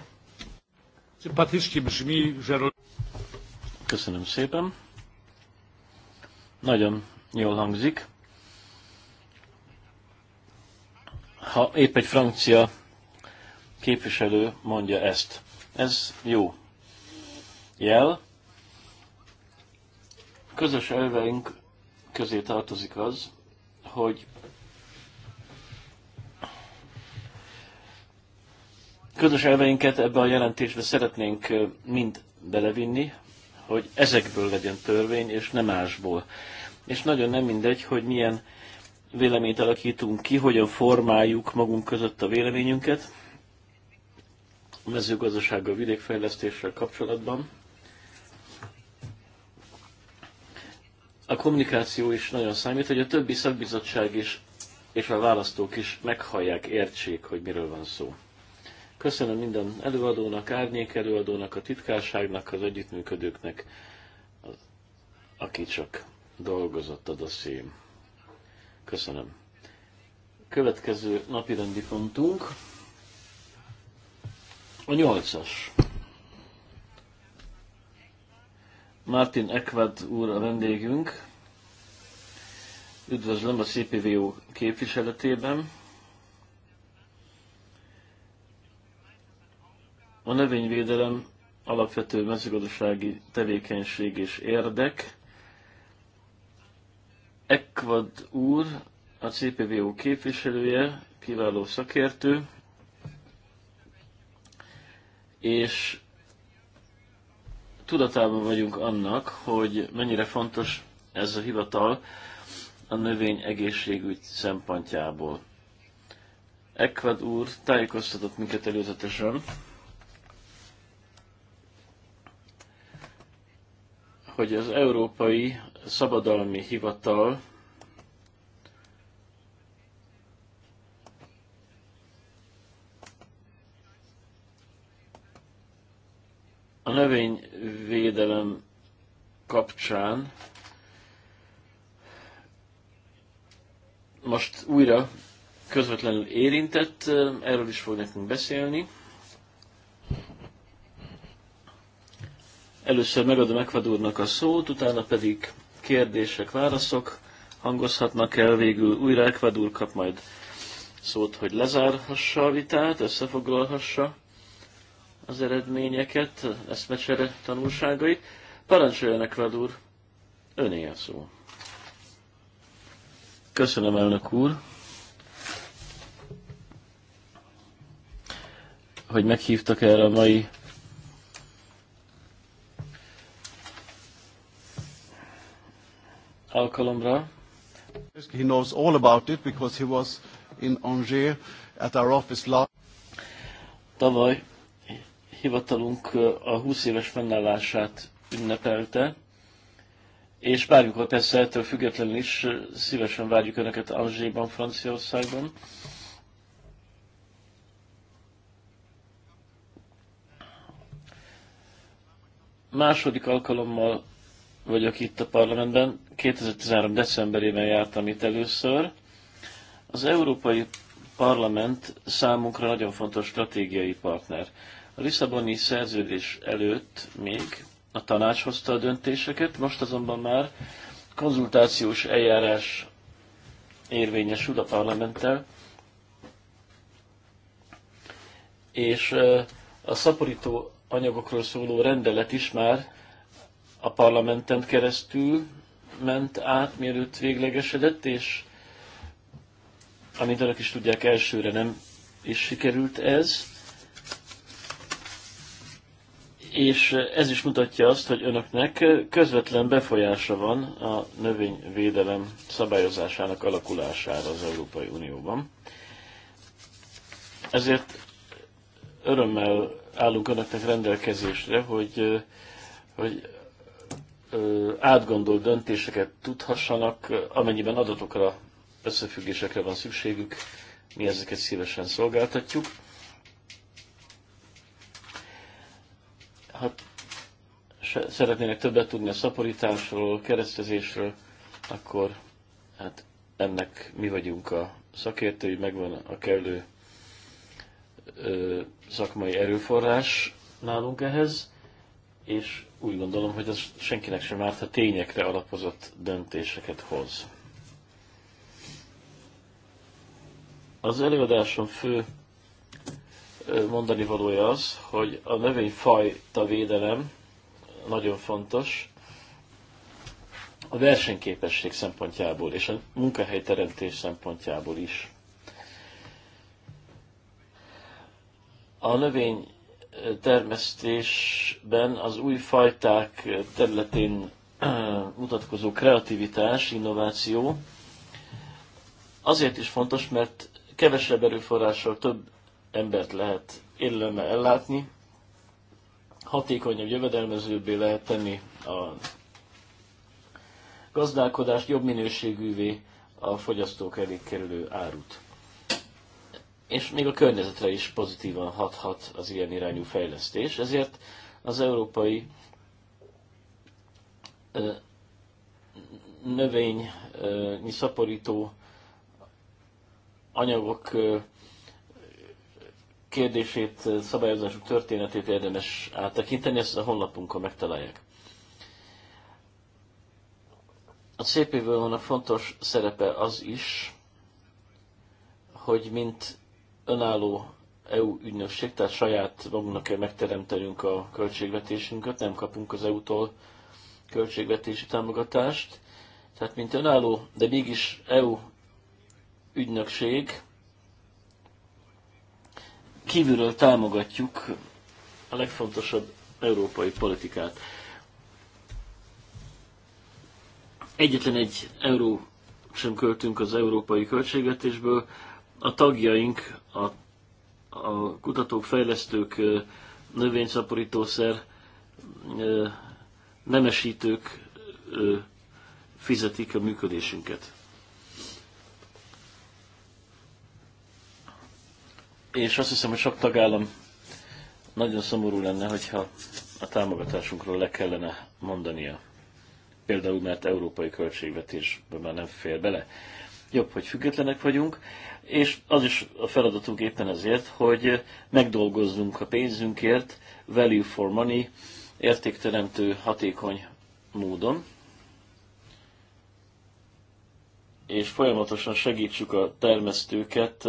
Speaker 1: Köszönöm
Speaker 2: szépen. Nagyon jól hangzik. Ha épp egy francia képviselő mondja ezt, ez jó jel. Közös elveink közé tartozik az, hogy Közös elveinket ebbe a jelentésbe szeretnénk mind belevinni, hogy ezekből legyen törvény, és nem másból. És nagyon nem mindegy, hogy milyen véleményt alakítunk ki, hogyan formáljuk magunk között a véleményünket a mezőgazdasággal, vidékfejlesztéssel kapcsolatban. A kommunikáció is nagyon számít, hogy a többi szakbizottság is és a választók is meghallják, értsék, hogy miről van szó. Köszönöm minden előadónak, árnyék előadónak, a titkárságnak, az együttműködőknek, aki csak dolgozott a dosszém. Köszönöm. Következő napirendi pontunk a nyolcas. Martin Ekvad úr a vendégünk. Üdvözlöm a CPVO képviseletében. A növényvédelem alapvető mezőgazdasági tevékenység és érdek. Ekvad úr, a CPVO képviselője, kiváló szakértő, és tudatában vagyunk annak, hogy mennyire fontos ez a hivatal a növény egészségügy szempontjából. Ekvad úr tájékoztatott minket előzetesen, hogy az Európai Szabadalmi Hivatal a növényvédelem kapcsán most újra közvetlenül érintett, erről is fog nekünk beszélni. Először megadom Ekvadornak a szót, utána pedig kérdések, válaszok hangozhatnak el, végül újra Ekvador kap majd szót, hogy lezárhassa a vitát, összefoglalhassa az eredményeket, eszmecsere tanulságait. Parancsoljon Ekvador, öné a szó. Köszönöm, elnök úr, hogy meghívtak erre a mai alkalomra. He knows all about it because he was in Angers at our office last. Tavaly hivatalunk a 20 éves fennállását ünnepelte, és bármikor persze ettől függetlenül is szívesen várjuk Önöket Angéban, Franciaországban. Második alkalommal vagyok itt a parlamentben. 2013. decemberében jártam itt először. Az Európai Parlament számunkra nagyon fontos stratégiai partner. A Lisszaboni szerződés előtt még a tanács hozta a döntéseket, most azonban már konzultációs eljárás érvényesül a parlamenttel, és a szaporító anyagokról szóló rendelet is már a parlamenten keresztül ment át, mielőtt véglegesedett, és amint önök is tudják, elsőre nem is sikerült ez. És ez is mutatja azt, hogy önöknek közvetlen befolyása van a növényvédelem szabályozásának alakulására az Európai Unióban. Ezért örömmel állunk önöknek rendelkezésre, hogy, hogy átgondolt döntéseket tudhassanak, amennyiben adatokra, összefüggésekre van szükségük, mi ezeket szívesen szolgáltatjuk. Ha hát, szeretnének többet tudni a szaporításról, keresztezésről, akkor hát ennek mi vagyunk a szakértői, megvan a kellő ö, szakmai erőforrás nálunk ehhez, és úgy gondolom, hogy az senkinek sem árt, ha tényekre alapozott döntéseket hoz. Az előadásom fő mondani valója az, hogy a növényfajta védelem nagyon fontos a versenyképesség szempontjából és a munkahelyteremtés szempontjából is. A növény termesztésben az új fajták területén mutatkozó kreativitás, innováció azért is fontos, mert kevesebb erőforrással több embert lehet élelemmel ellátni, hatékonyabb, jövedelmezőbbé lehet tenni a gazdálkodást, jobb minőségűvé a fogyasztók elé kerülő árut és még a környezetre is pozitívan hathat az ilyen irányú fejlesztés. Ezért az európai növényi szaporító anyagok kérdését, szabályozások történetét érdemes áttekinteni, ezt a honlapunkon megtalálják. A CP-ből van a fontos szerepe az is, hogy mint önálló EU ügynökség, tehát saját magunknak kell megteremtenünk a költségvetésünket, nem kapunk az EU-tól költségvetési támogatást. Tehát mint önálló, de mégis EU ügynökség, kívülről támogatjuk a legfontosabb európai politikát. Egyetlen egy euró sem költünk az európai költségvetésből, a tagjaink, a, a kutatók, fejlesztők, növényszaporítószer, nemesítők fizetik a működésünket. És azt hiszem, hogy sok tagállam nagyon szomorú lenne, hogyha a támogatásunkról le kellene mondania. Például, mert európai költségvetésben már nem fér bele. Jobb, hogy függetlenek vagyunk és az is a feladatunk éppen ezért, hogy megdolgozzunk a pénzünkért value for money, értékteremtő, hatékony módon, és folyamatosan segítsük a termesztőket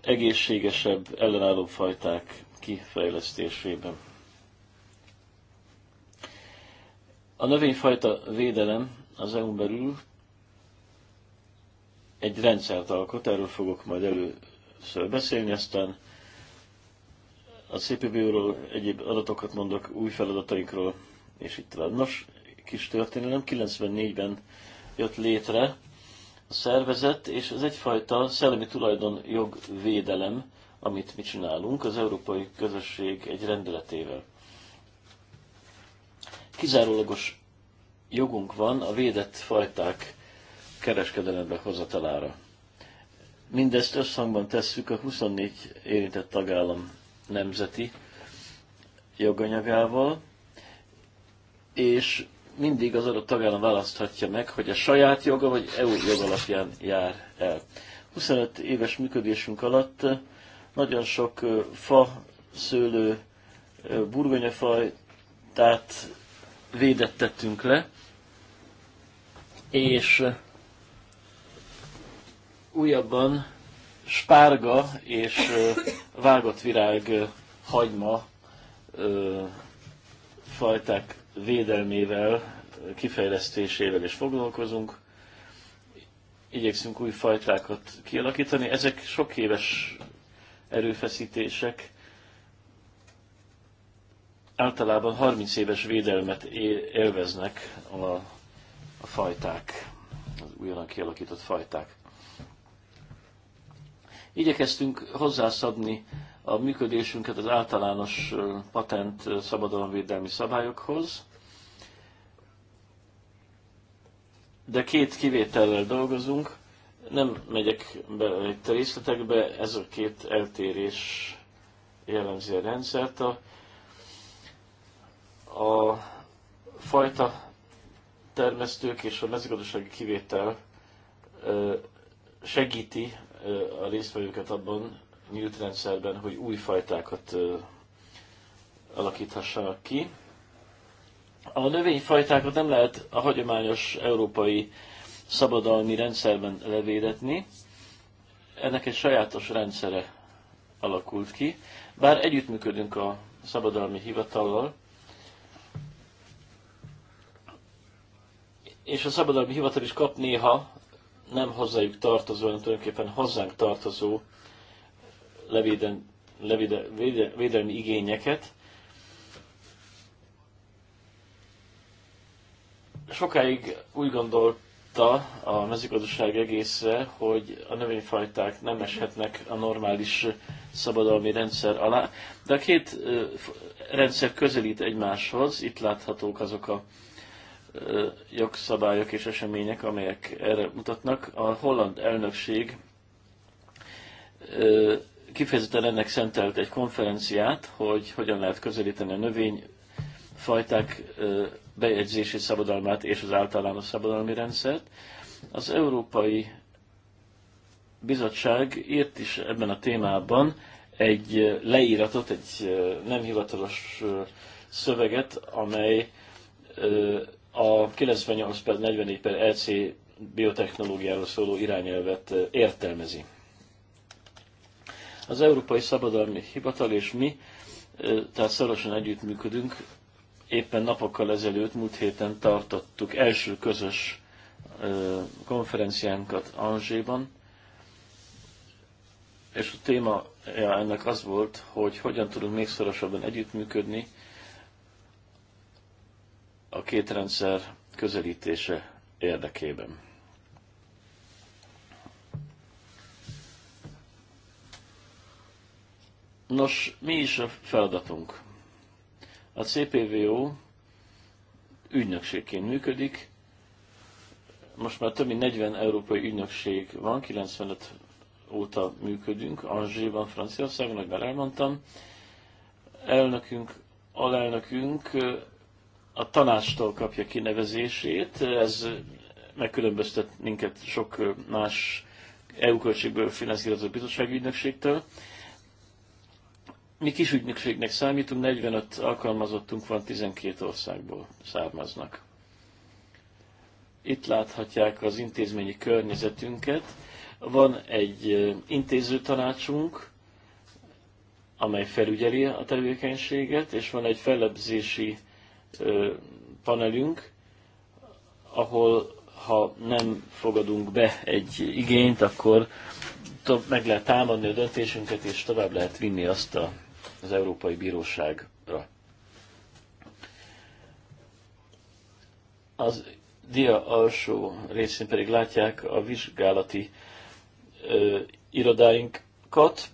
Speaker 2: egészségesebb, ellenálló fajták kifejlesztésében. A növényfajta védelem az EU-n belül egy rendszert alkot, erről fogok majd először beszélni, aztán a CPBU-ról egyéb adatokat mondok, új feladatainkról, és itt van. Nos, kis történelem, 94-ben jött létre a szervezet, és ez egyfajta szellemi tulajdon jogvédelem, amit mi csinálunk az Európai Közösség egy rendeletével. Kizárólagos jogunk van a védett fajták kereskedelembe hozatalára. Mindezt összhangban tesszük a 24 érintett tagállam nemzeti joganyagával, és mindig az adott tagállam választhatja meg, hogy a saját joga vagy EU jog alapján jár el. 25 éves működésünk alatt nagyon sok fa, szőlő, burgonyafajtát védettettünk le, és újabban spárga és vágott virág hagyma fajták védelmével, kifejlesztésével is foglalkozunk. Igyekszünk új fajtákat kialakítani. Ezek sok éves erőfeszítések. Általában 30 éves védelmet élveznek a, a fajták, az újonnan kialakított fajták. Igyekeztünk hozzászabni a működésünket az általános patent szabadalomvédelmi szabályokhoz, de két kivétellel dolgozunk, nem megyek be itt a részletekbe, ez a két eltérés jellemzi a rendszert. A, a fajta termesztők és a mezőgazdasági kivétel segíti a résztvevőket abban nyílt rendszerben, hogy új fajtákat alakíthassanak ki. A növényfajtákat nem lehet a hagyományos európai szabadalmi rendszerben levédetni. Ennek egy sajátos rendszere alakult ki. Bár együttműködünk a szabadalmi hivatallal, és a szabadalmi hivatal is kap néha nem hozzájuk tartozó, hanem tulajdonképpen hozzánk tartozó levéden, levéde véde, védelmi igényeket. Sokáig úgy gondolta a mezőgazdaság egészre, hogy a növényfajták nem eshetnek a normális szabadalmi rendszer alá, de a két rendszer közelít egymáshoz, itt láthatók azok a jogszabályok és események, amelyek erre mutatnak. A holland elnökség kifejezetten ennek szentelt egy konferenciát, hogy hogyan lehet közelíteni a növényfajták bejegyzési szabadalmát és az általános szabadalmi rendszert. Az Európai Bizottság írt is ebben a témában egy leíratot, egy nem hivatalos szöveget, amely a 98 per 44 per EC biotechnológiáról szóló irányelvet értelmezi. Az Európai Szabadalmi Hivatal és mi, tehát szorosan együttműködünk, éppen napokkal ezelőtt, múlt héten tartottuk első közös konferenciánkat Anzséban, és a téma ennek az volt, hogy hogyan tudunk még szorosabban együttműködni a két rendszer közelítése érdekében. Nos, mi is a feladatunk? A CPVO ügynökségként működik. Most már több mint 40 európai ügynökség van, 95 óta működünk, Angéban, Franciaországban, ahogy már elmondtam. Elnökünk, alelnökünk a tanástól kapja kinevezését, ez megkülönböztet minket sok más EU költségből finanszírozott bizottsági ügynökségtől. Mi kis ügynökségnek számítunk, 45 alkalmazottunk van, 12 országból származnak. Itt láthatják az intézményi környezetünket. Van egy intézőtanácsunk, amely felügyeli a tevékenységet, és van egy fellebzési panelünk, ahol ha nem fogadunk be egy igényt, akkor meg lehet támadni a döntésünket, és tovább lehet vinni azt a, az Európai Bíróságra. Az dia alsó részén pedig látják a vizsgálati ö, irodáinkat.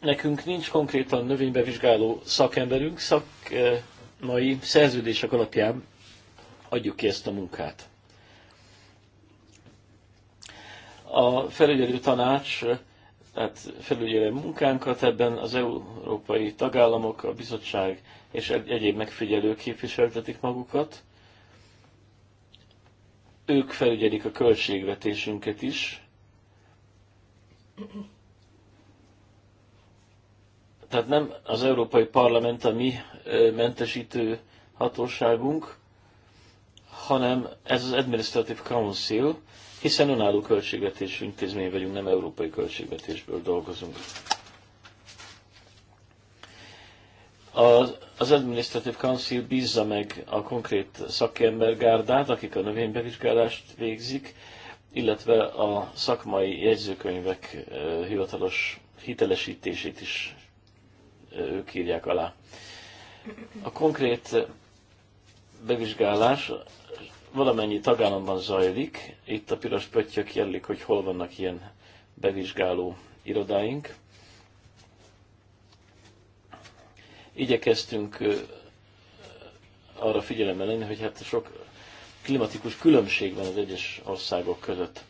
Speaker 2: Nekünk nincs konkrétan növénybevizsgáló szakemberünk, szak, ö, mai szerződések alapján adjuk ki ezt a munkát. A felügyelő tanács, tehát felügyelő munkánkat ebben az európai tagállamok, a bizottság és egyéb megfigyelők képviseltetik magukat. Ők felügyelik a költségvetésünket is, tehát nem az Európai Parlament a mi mentesítő hatóságunk, hanem ez az Administrative Council, hiszen önálló költségvetésű intézmény vagyunk, nem európai költségvetésből dolgozunk. Az, az Administrative Council bízza meg a konkrét szakembergárdát, akik a növénybevizsgálást végzik, illetve a szakmai jegyzőkönyvek hivatalos hitelesítését is ők írják alá. A konkrét bevizsgálás valamennyi tagállamban zajlik. Itt a piros pöttyök jellik, hogy hol vannak ilyen bevizsgáló irodáink. Igyekeztünk arra figyelemmel lenni, hogy hát sok klimatikus különbség van az egyes országok között.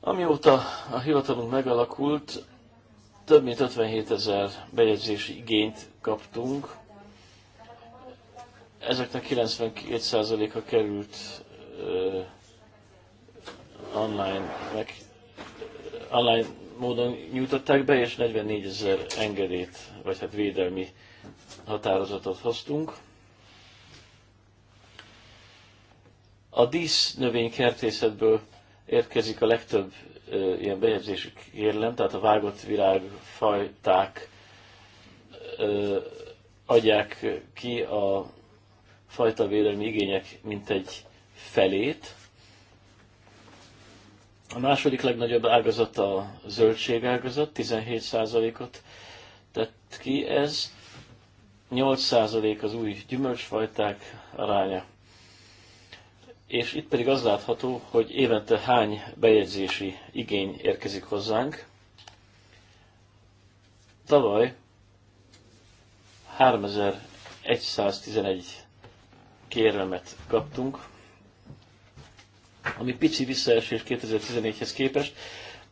Speaker 2: Amióta a hivatalunk megalakult, több mint 57 ezer bejegyzési igényt kaptunk. Ezeknek 92%-a került ö, online, meg, online módon nyújtották be, és 44 ezer engedélyt, vagy hát védelmi határozatot hoztunk. A dísz növénykertészetből érkezik a legtöbb ilyen bejegyzési kérlem, tehát a vágott virágfajták adják ki a fajta védelmi igények egy felét. A második legnagyobb ágazat a ágazat 17%-ot tett ki ez, 8% az új gyümölcsfajták aránya és itt pedig az látható, hogy évente hány bejegyzési igény érkezik hozzánk. Tavaly 3111 kérelmet kaptunk, ami pici visszaesés 2014-hez képest,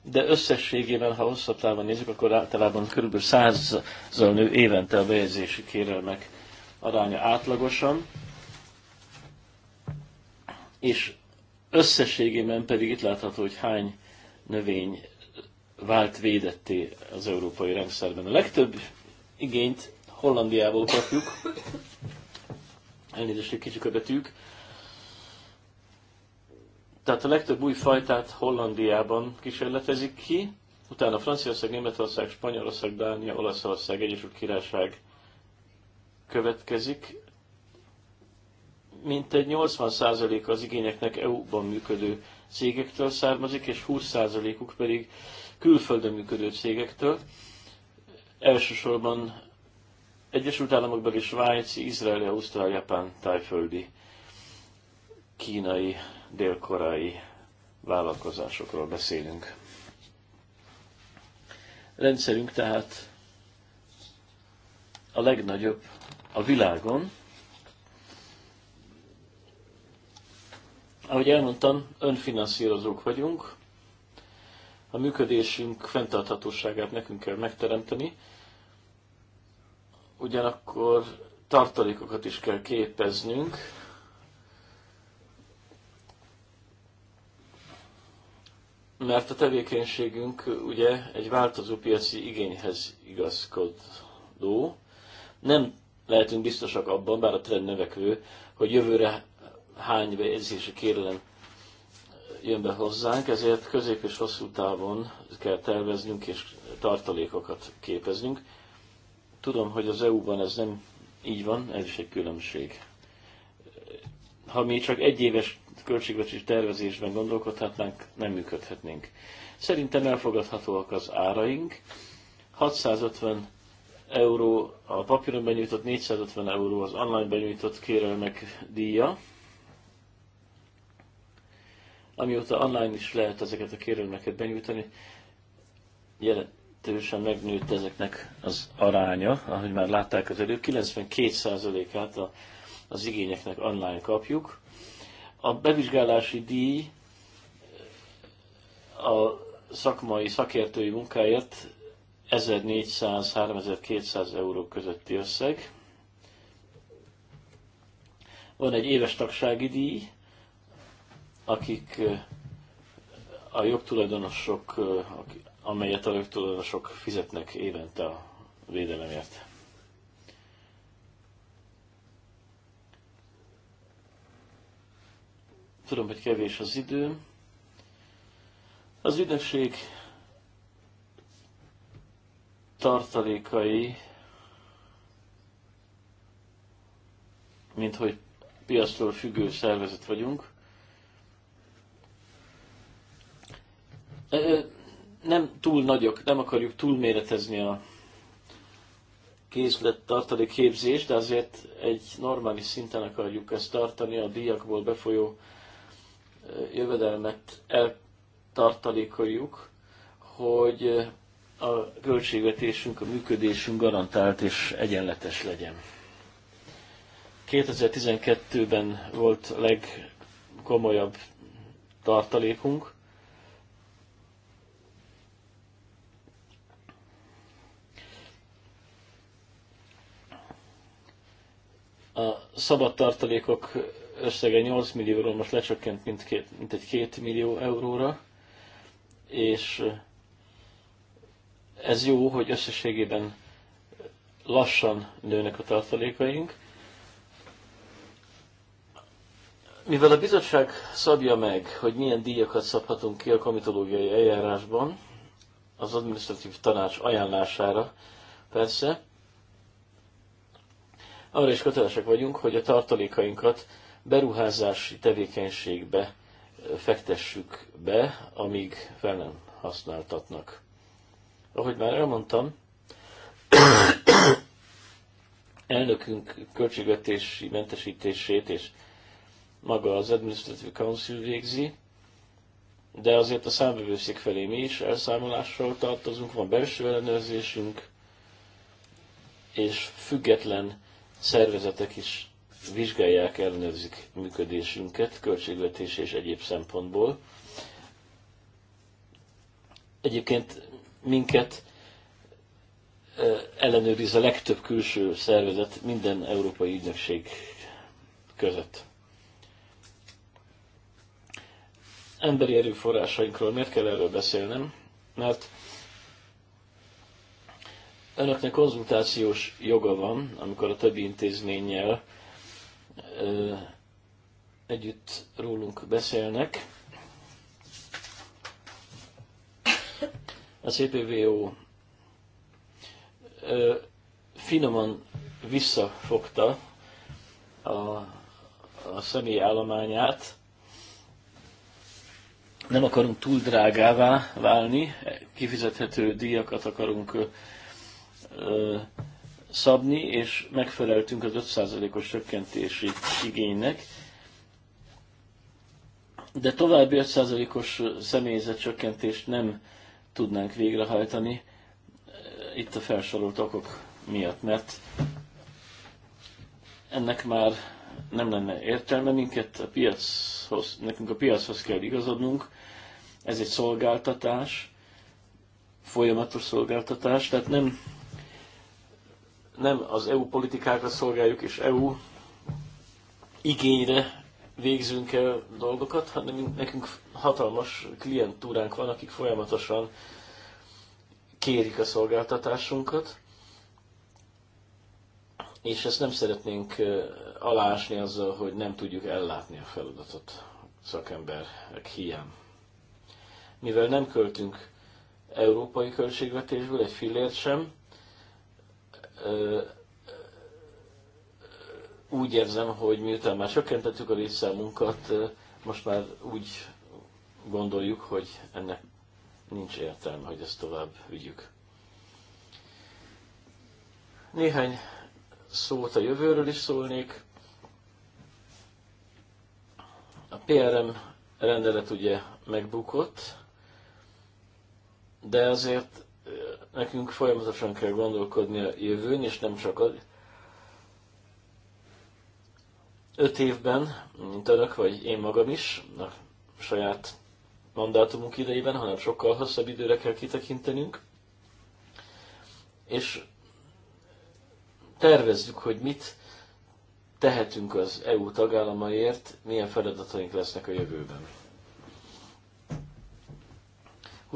Speaker 2: de összességében, ha hosszabb távon nézzük, akkor általában kb. 100 nő évente a bejegyzési kérelmek aránya átlagosan és összességében pedig itt látható, hogy hány növény vált védetté az európai rendszerben. A legtöbb igényt Hollandiából kapjuk, elnézést, egy kicsik a betűk, tehát a legtöbb új fajtát Hollandiában kísérletezik ki, utána Franciaország, Németország, Spanyolország, Dánia, Olaszország, Egyesült Királyság következik, mintegy 80% az igényeknek EU-ban működő cégektől származik, és 20%-uk pedig külföldön működő cégektől. Elsősorban Egyesült Államokban és Svájc, Izrael, Ausztrál, Japán, tájföldi, kínai, délkorai vállalkozásokról beszélünk. Rendszerünk tehát a legnagyobb a világon, Ahogy elmondtam, önfinanszírozók vagyunk. A működésünk fenntarthatóságát nekünk kell megteremteni. Ugyanakkor tartalékokat is kell képeznünk. Mert a tevékenységünk ugye egy változó piaci igényhez igazkodó. Nem lehetünk biztosak abban, bár a trend növekvő, hogy jövőre hány bejegyzési kérelem jön be hozzánk, ezért közép és hosszú távon kell terveznünk és tartalékokat képeznünk. Tudom, hogy az EU-ban ez nem így van, ez is egy különbség. Ha mi csak egy éves költségvetés tervezésben gondolkodhatnánk, nem működhetnénk. Szerintem elfogadhatóak az áraink. 650 euró a papíron benyújtott, 450 euró az online benyújtott kérelmek díja amióta online is lehet ezeket a kérelmeket benyújtani, jelentősen megnőtt ezeknek az aránya, ahogy már látták az előbb, 92%-át a, az igényeknek online kapjuk. A bevizsgálási díj a szakmai, szakértői munkáért 1400-3200 euró közötti összeg. Van egy éves tagsági díj, akik a jogtulajdonosok, amelyet a jogtulajdonosok fizetnek évente a védelemért. Tudom, hogy kevés az idő. Az ügynökség tartalékai, mint hogy piacról függő szervezet vagyunk, nem túl nagyok, nem akarjuk túlméretezni a készlet tartalék képzés, de azért egy normális szinten akarjuk ezt tartani, a díjakból befolyó jövedelmet eltartalékoljuk, hogy a költségvetésünk, a működésünk garantált és egyenletes legyen. 2012-ben volt a legkomolyabb tartalékunk, a szabad tartalékok összege 8 millióról most lecsökkent mindkét, mint egy 2 millió euróra, és ez jó, hogy összességében lassan nőnek a tartalékaink. Mivel a bizottság szabja meg, hogy milyen díjakat szabhatunk ki a komitológiai eljárásban, az adminisztratív tanács ajánlására persze, arra is kötelesek vagyunk, hogy a tartalékainkat beruházási tevékenységbe fektessük be, amíg fel nem használtatnak. Ahogy már elmondtam, elnökünk költségvetési mentesítését és maga az Administrative Council végzi, de azért a számbevőszék felé mi is elszámolással tartozunk, van belső ellenőrzésünk, és független szervezetek is vizsgálják, ellenőrzik működésünket költségvetés és egyéb szempontból. Egyébként minket ellenőriz a legtöbb külső szervezet minden európai ügynökség között. Emberi erőforrásainkról miért kell erről beszélnem? Mert önöknek konzultációs joga van, amikor a többi intézménnyel ö, együtt rólunk beszélnek. A CPVO ö, finoman visszafogta a, a személy állományát. Nem akarunk túl drágává válni, kifizethető díjakat akarunk ö, szabni, és megfeleltünk az 5%-os csökkentési igénynek, de további 5%-os személyzet csökkentést nem tudnánk végrehajtani itt a felsorolt okok miatt, mert ennek már nem lenne értelme, minket a piachoz, nekünk a piachoz kell igazodnunk, ez egy szolgáltatás, folyamatos szolgáltatás, tehát nem nem az EU politikákra szolgáljuk és EU igényre végzünk el dolgokat, hanem nekünk hatalmas klientúránk van, akik folyamatosan kérik a szolgáltatásunkat, és ezt nem szeretnénk alásni azzal, hogy nem tudjuk ellátni a feladatot szakemberek hiány. Mivel nem költünk európai költségvetésből egy fillért sem, úgy érzem, hogy miután már csökkentettük a részszámunkat, most már úgy gondoljuk, hogy ennek nincs értelme, hogy ezt tovább vigyük. Néhány szót a jövőről is szólnék. A PRM rendelet ugye megbukott, de azért nekünk folyamatosan kell gondolkodni a jövőn, és nem csak az öt évben, mint önök, vagy én magam is, a saját mandátumunk idejében, hanem sokkal hosszabb időre kell kitekintenünk, és tervezzük, hogy mit tehetünk az EU tagállamaiért, milyen feladataink lesznek a jövőben.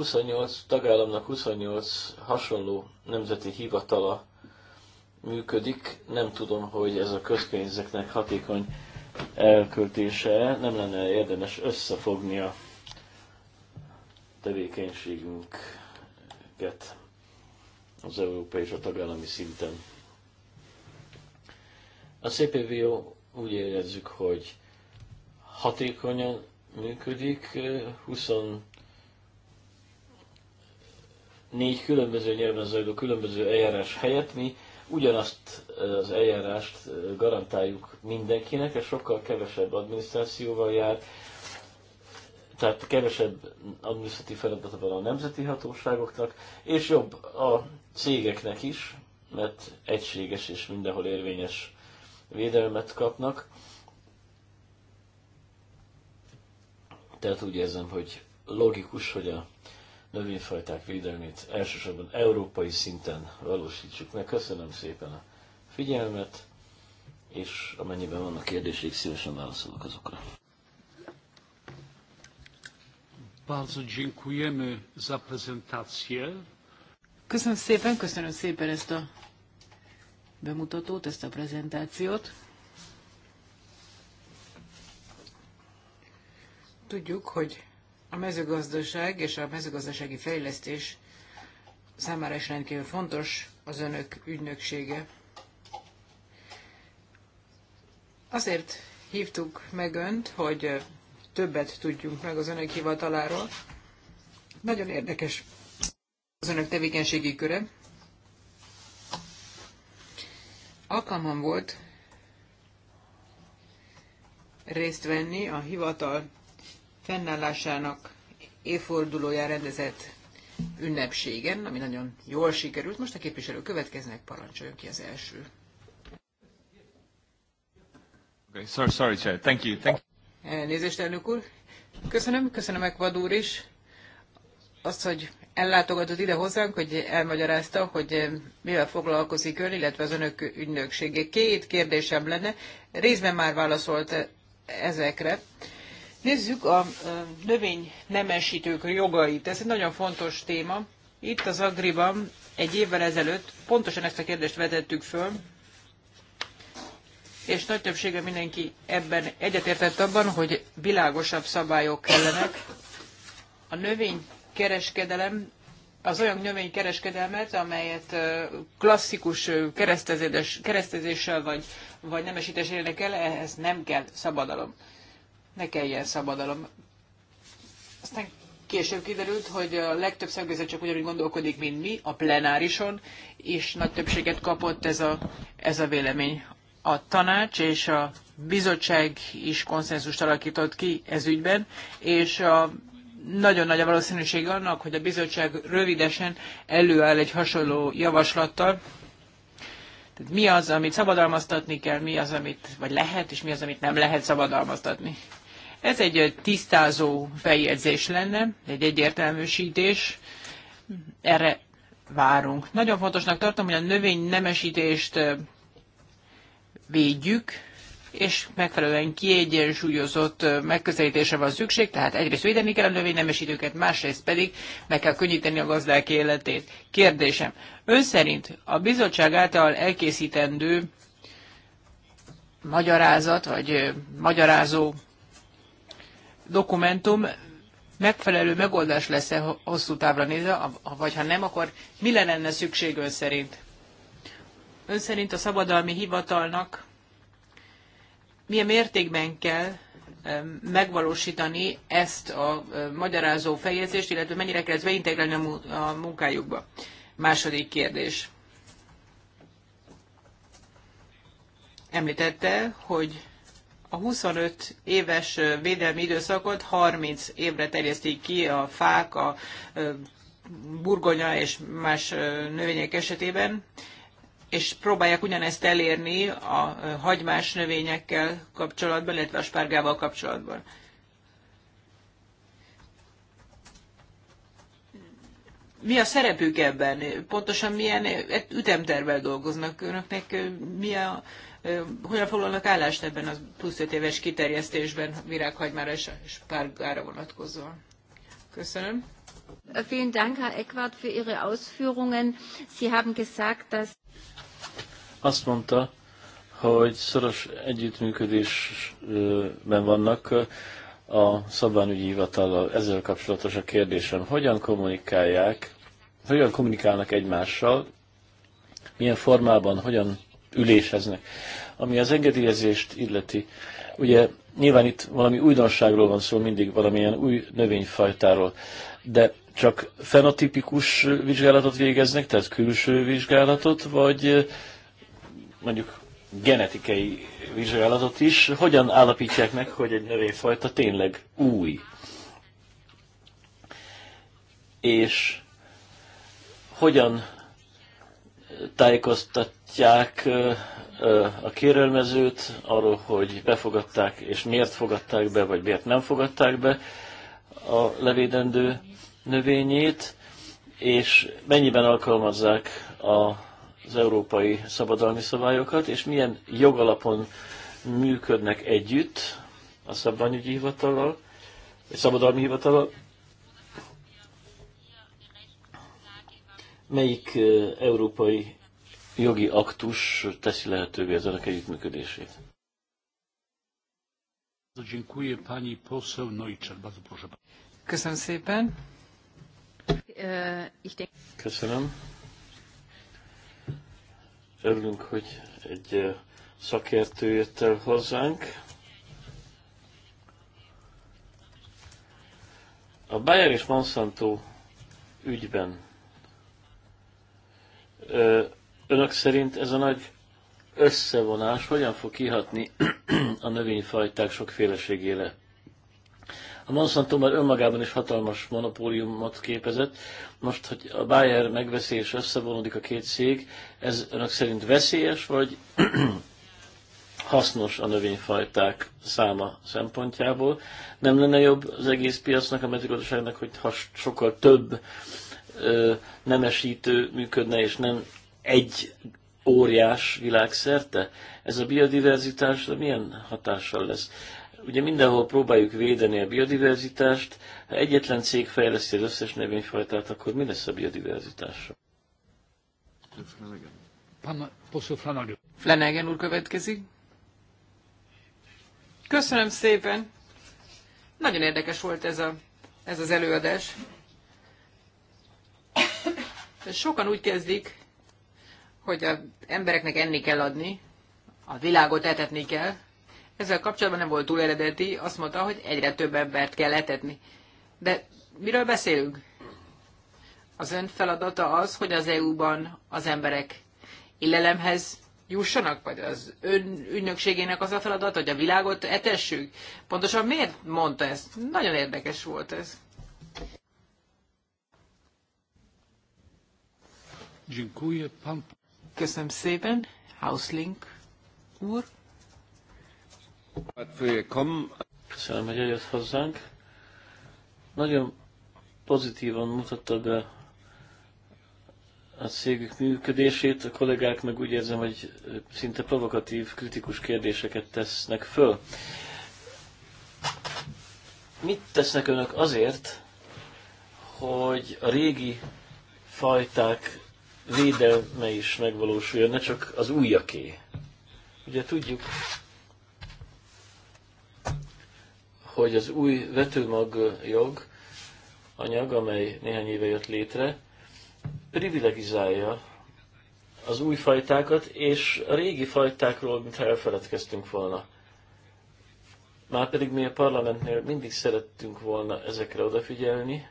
Speaker 2: 28 tagállamnak 28 hasonló nemzeti hivatala működik. Nem tudom, hogy ez a közpénzeknek hatékony elköltése, nem lenne érdemes összefogni a tevékenységünket az európai és a tagállami szinten. A CPVO úgy érezzük, hogy hatékonyan működik, 20 négy különböző nyelven zajló különböző eljárás helyett mi ugyanazt az eljárást garantáljuk mindenkinek, ez sokkal kevesebb adminisztrációval jár, tehát kevesebb adminisztratív feladata van a nemzeti hatóságoknak, és jobb a cégeknek is, mert egységes és mindenhol érvényes védelmet kapnak. Tehát úgy érzem, hogy logikus, hogy a növényfajták védelmét elsősorban európai szinten valósítsuk meg. Köszönöm szépen a figyelmet, és amennyiben vannak kérdéseik, szívesen válaszolok azokra.
Speaker 1: Bardzo dziękujemy za prezentację.
Speaker 3: Köszönöm szépen, köszönöm szépen ezt a bemutatót, ezt a prezentációt. Tudjuk, hogy a mezőgazdaság és a mezőgazdasági fejlesztés számára is rendkívül fontos az önök ügynöksége. Azért hívtuk meg önt, hogy többet tudjunk meg az önök hivataláról. Nagyon érdekes az önök tevékenységi köre. Alkalmam volt részt venni a hivatal fennállásának évfordulóján rendezett ünnepségen, ami nagyon jól sikerült. Most a képviselő következnek, parancsoljon ki az első.
Speaker 1: Okay, sorry, sorry, Chair. Thank you. Thank
Speaker 3: you. Elnézést, elnök úr. Köszönöm, köszönöm Ekvad is. Azt, hogy ellátogatott ide hozzánk, hogy elmagyarázta, hogy mivel foglalkozik ön, illetve az önök ügynöksége. Két kérdésem lenne. Részben már válaszolt ezekre. Nézzük a növény nemesítők jogait. Ez egy nagyon fontos téma. Itt az Agriban egy évvel ezelőtt pontosan ezt a kérdést vetettük föl, és nagy többsége mindenki ebben egyetértett abban, hogy világosabb szabályok kellenek. A növénykereskedelem az olyan növénykereskedelmet, amelyet klasszikus keresztezéssel vagy, vagy nemesítésére kell, el, ehhez nem kell szabadalom ne kelljen szabadalom. Aztán később kiderült, hogy a legtöbb szakbizottság csak ugyanúgy gondolkodik, mint mi, a plenárison, és nagy többséget kapott ez a, ez a vélemény. A tanács és a bizottság is konszenzust alakított ki ez ügyben, és a nagyon nagy a valószínűség annak, hogy a bizottság rövidesen előáll egy hasonló javaslattal, mi az, amit szabadalmaztatni kell, mi az, amit vagy lehet, és mi az, amit nem lehet szabadalmaztatni. Ez egy tisztázó feljegyzés lenne, egy egyértelműsítés. Erre várunk. Nagyon fontosnak tartom, hogy a növény nemesítést védjük, és megfelelően kiegyensúlyozott megközelítése van szükség, tehát egyrészt védeni kell a növény nemesítőket, másrészt pedig meg kell könnyíteni a gazdák életét. Kérdésem, Ön szerint a bizottság által elkészítendő magyarázat, vagy magyarázó dokumentum megfelelő megoldás lesz-e hosszú távra nézve, vagy ha nem, akkor mi lenne szükség ön szerint? Ön szerint a szabadalmi hivatalnak milyen mértékben kell megvalósítani ezt a magyarázó fejezést, illetve mennyire kell ezt beintegrálni a munkájukba. Második kérdés. Említette, hogy a 25 éves védelmi időszakot 30 évre terjesztik ki a fák, a burgonya és más növények esetében, és próbálják ugyanezt elérni a hagymás növényekkel kapcsolatban, illetve a spárgával kapcsolatban. mi a szerepük ebben? Pontosan milyen ütemtervel dolgoznak önöknek? Mi a, hogyan foglalnak állást ebben a plusz 5 éves kiterjesztésben virághagymára és párgára vonatkozóan? Köszönöm.
Speaker 4: Äh, vielen Dank, Herr Eckwart, für Ihre Ausführungen. Sie haben gesagt, dass...
Speaker 2: Azt mondta, hogy szoros együttműködésben vannak a szabványügyi hivatallal ezzel kapcsolatos a kérdésem. Hogyan kommunikálják, hogyan kommunikálnak egymással, milyen formában, hogyan üléseznek. Ami az engedélyezést illeti, ugye nyilván itt valami újdonságról van szó, mindig valamilyen új növényfajtáról, de csak fenotipikus vizsgálatot végeznek, tehát külső vizsgálatot, vagy mondjuk genetikai vizsgálatot is. Hogyan állapítják meg, hogy egy növényfajta tényleg új? És hogyan tájékoztatják a kérelmezőt arról, hogy befogadták, és miért fogadták be, vagy miért nem fogadták be a levédendő növényét, és mennyiben alkalmazzák a az európai szabadalmi szabályokat, és milyen jogalapon működnek együtt a szabványügyi hivatalal, a szabadalmi hivatalal, melyik európai jogi aktus teszi lehetővé az önök együttműködését?
Speaker 1: Köszönöm szépen.
Speaker 2: Köszönöm. Örülünk, hogy egy szakértő jött el hozzánk. A Bayer és Monsanto ügyben önök szerint ez a nagy összevonás hogyan fog kihatni a növényfajták sokféleségére? A Monsanto már önmagában is hatalmas monopóliumot képezett. Most, hogy a Bayer megveszi és összevonódik a két cég, ez önök szerint veszélyes, vagy hasznos a növényfajták száma szempontjából? Nem lenne jobb az egész piacnak, a mezőgazdaságnak, hogy ha sokkal több ö, nemesítő működne, és nem egy óriás világszerte? Ez a biodiverzitásra milyen hatással lesz? Ugye mindenhol próbáljuk védeni a biodiverzitást, ha egyetlen cég fejleszti az összes növényfajtát, akkor mi lesz a biodiverzitással?
Speaker 1: Flanagan úr következik.
Speaker 3: Köszönöm szépen! Nagyon érdekes volt ez, a, ez az előadás. Sokan úgy kezdik, hogy az embereknek enni kell adni, a világot etetni kell, ezzel kapcsolatban nem volt túl eredeti, azt mondta, hogy egyre több embert kell etetni. De miről beszélünk? Az ön feladata az, hogy az EU-ban az emberek illelemhez jussanak, vagy az ön ügynökségének az a feladat, hogy a világot etessük? Pontosan miért mondta ezt? Nagyon érdekes volt ez.
Speaker 1: Köszönöm
Speaker 2: szépen, Hauslink úr. Köszönöm, hogy eljött hozzánk. Nagyon pozitívan mutatta be a cégük működését. A kollégák meg úgy érzem, hogy szinte provokatív, kritikus kérdéseket tesznek föl. Mit tesznek önök azért, hogy a régi fajták védelme is megvalósuljon, ne csak az újaké? Ugye tudjuk, hogy az új vetőmag jog, anyag, amely néhány éve jött létre, privilegizálja az új fajtákat, és a régi fajtákról, mintha elfeledkeztünk volna. Márpedig mi a parlamentnél mindig szerettünk volna ezekre odafigyelni.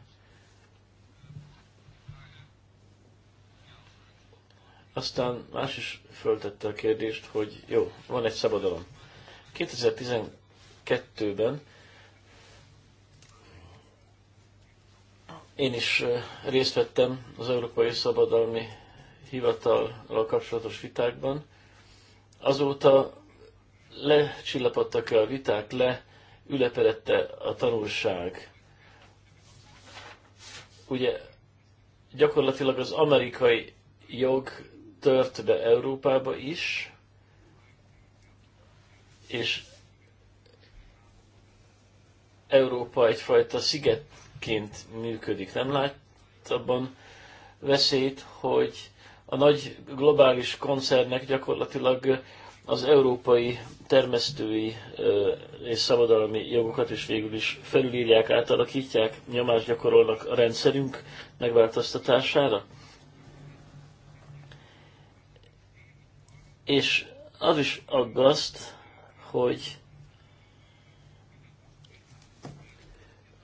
Speaker 2: Aztán más is föltette a kérdést, hogy jó, van egy szabadalom. 2012-ben Én is részt vettem az Európai Szabadalmi Hivatallal kapcsolatos vitákban. Azóta lecsillapodtak -e a viták, le üleperette a tanulság. Ugye gyakorlatilag az amerikai jog tört be Európába is, és Európa egyfajta sziget ként működik. Nem lát abban veszélyt, hogy a nagy globális koncernek gyakorlatilag az európai termesztői és szabadalmi jogokat is végül is felülírják, átalakítják, nyomást gyakorolnak a rendszerünk megváltoztatására. És az is aggaszt, hogy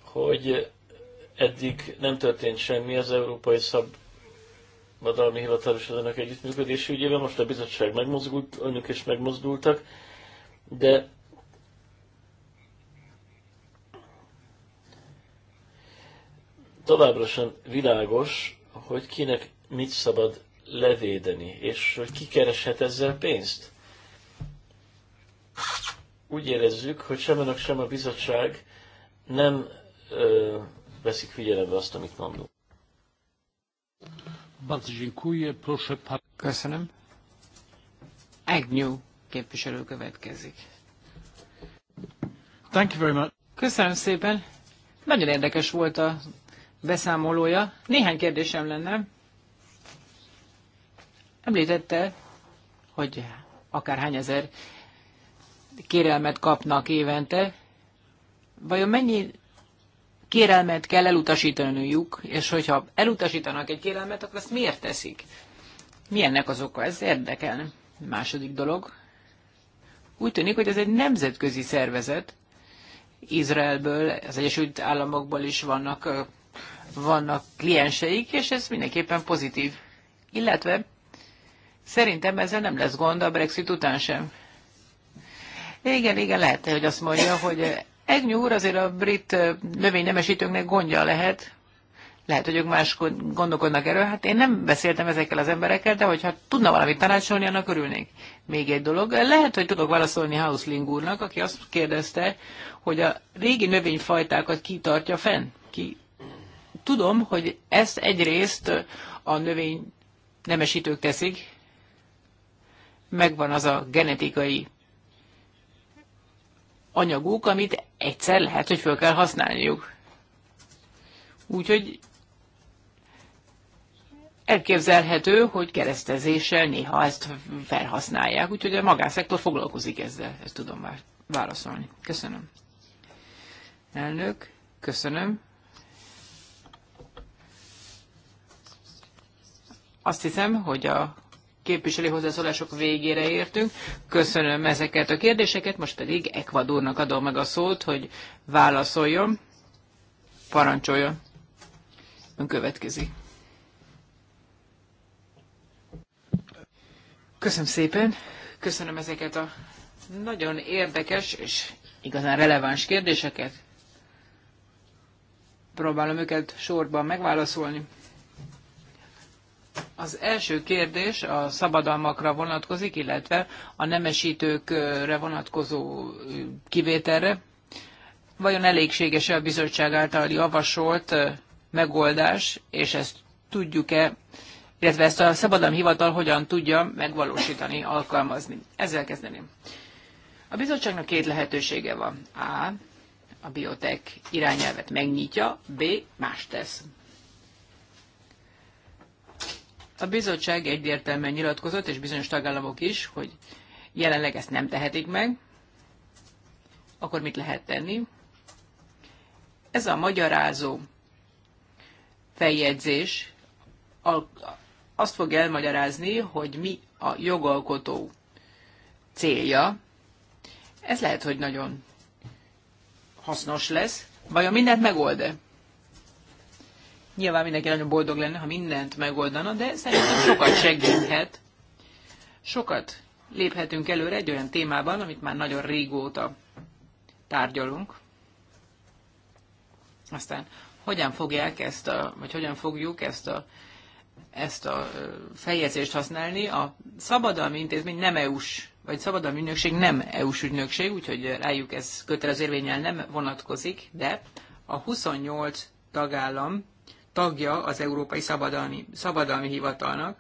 Speaker 2: hogy eddig nem történt semmi az Európai Szabadalmi Hivatal és az önök együttműködési ügyében. Most a bizottság megmozgult, önök is megmozdultak, de továbbra sem világos, hogy kinek mit szabad levédeni, és hogy ki kereshet ezzel pénzt. Úgy érezzük, hogy sem önök, sem a bizottság nem ö, veszik figyelembe azt, amit mondunk.
Speaker 1: Köszönöm. Agnew képviselő következik.
Speaker 3: Thank you very much. Köszönöm szépen. Nagyon érdekes volt a beszámolója. Néhány kérdésem lenne. Említette, hogy akár hány ezer kérelmet kapnak évente. Vajon mennyi kérelmet kell elutasítaniuk, és hogyha elutasítanak egy kérelmet, akkor azt miért teszik? Milyennek az oka? Ez érdekel. Második dolog. Úgy tűnik, hogy ez egy nemzetközi szervezet. Izraelből, az Egyesült Államokból is vannak, vannak klienseik, és ez mindenképpen pozitív. Illetve szerintem ezzel nem lesz gond a Brexit után sem. Igen, igen, lehet, hogy azt mondja, hogy egy úr azért a brit növénynemesítőknek gondja lehet, lehet, hogy ők más gondolkodnak erről. Hát én nem beszéltem ezekkel az emberekkel, de hogyha tudna valamit tanácsolni, annak örülnék. Még egy dolog. Lehet, hogy tudok válaszolni Hausling úrnak, aki azt kérdezte, hogy a régi növényfajtákat ki tartja fenn. Ki... Tudom, hogy ezt egyrészt a növény nemesítők teszik, megvan az a genetikai anyaguk, amit egyszer lehet, hogy föl kell használniuk. Úgyhogy elképzelhető, hogy keresztezéssel néha ezt felhasználják, úgyhogy a magánszektor foglalkozik ezzel, ezt tudom már válaszolni. Köszönöm. Elnök, köszönöm. Azt hiszem, hogy a képviseli hozzászólások végére értünk. Köszönöm ezeket a kérdéseket, most pedig Ekvadornak adom meg a szót, hogy válaszoljon, parancsoljon. Ön következik. Köszönöm szépen, köszönöm ezeket a nagyon érdekes és igazán releváns kérdéseket. Próbálom őket sorban megválaszolni. Az első kérdés a szabadalmakra vonatkozik, illetve a nemesítőkre vonatkozó kivételre. Vajon elégséges-e a bizottság által javasolt megoldás, és ezt tudjuk-e, illetve ezt a szabadalmi hivatal hogyan tudja megvalósítani, alkalmazni? Ezzel kezdeném. A bizottságnak két lehetősége van. A. A biotek irányelvet megnyitja, B. Más tesz. A bizottság egyértelműen nyilatkozott, és bizonyos tagállamok is, hogy jelenleg ezt nem tehetik meg. Akkor mit lehet tenni? Ez a magyarázó feljegyzés azt fog elmagyarázni, hogy mi a jogalkotó célja. Ez lehet, hogy nagyon hasznos lesz. Vajon mindent megold-e? Nyilván mindenki nagyon boldog lenne, ha mindent megoldana, de szerintem sokat segíthet. Sokat léphetünk előre egy olyan témában, amit már nagyon régóta tárgyalunk. Aztán hogyan fogják ezt a, vagy hogyan fogjuk ezt a, ezt a feljegyzést használni. A szabadalmi intézmény nem EU-s, vagy szabadalmi ügynökség nem EU-s ügynökség, úgyhogy rájuk ez kötelező érvényel nem vonatkozik, de a 28 tagállam tagja az Európai Szabadalmi, Szabadalmi Hivatalnak.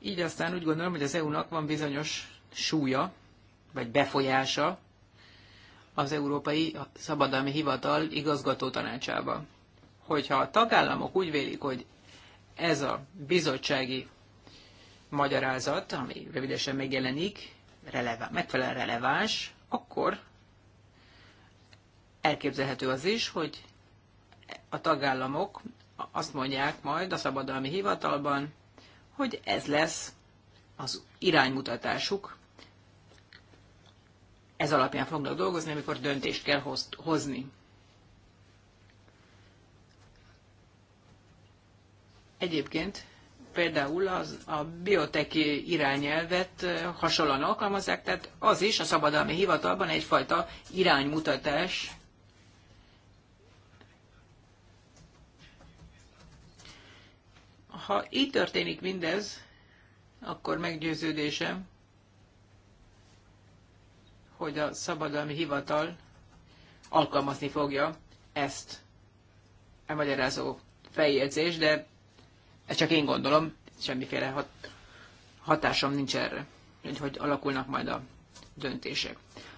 Speaker 3: Így aztán úgy gondolom, hogy az EU-nak van bizonyos súlya, vagy befolyása az Európai Szabadalmi Hivatal igazgató tanácsába. Hogyha a tagállamok úgy vélik, hogy ez a bizottsági magyarázat, ami rövidesen megjelenik, relevá- megfelelően releváns, akkor Elképzelhető az is, hogy a tagállamok azt mondják majd a szabadalmi hivatalban, hogy ez lesz az iránymutatásuk, ez alapján fognak dolgozni, amikor döntést kell hozni. Egyébként például az, a bioteki irányelvet eh, hasonlóan alkalmazzák, tehát az is a szabadalmi hivatalban egyfajta iránymutatás, Ha így történik mindez, akkor meggyőződésem, hogy a szabadalmi hivatal alkalmazni fogja ezt a magyarázó feljegyzést, de ezt csak én gondolom, semmiféle hat, hatásom nincs erre, hogy, hogy alakulnak majd a döntések.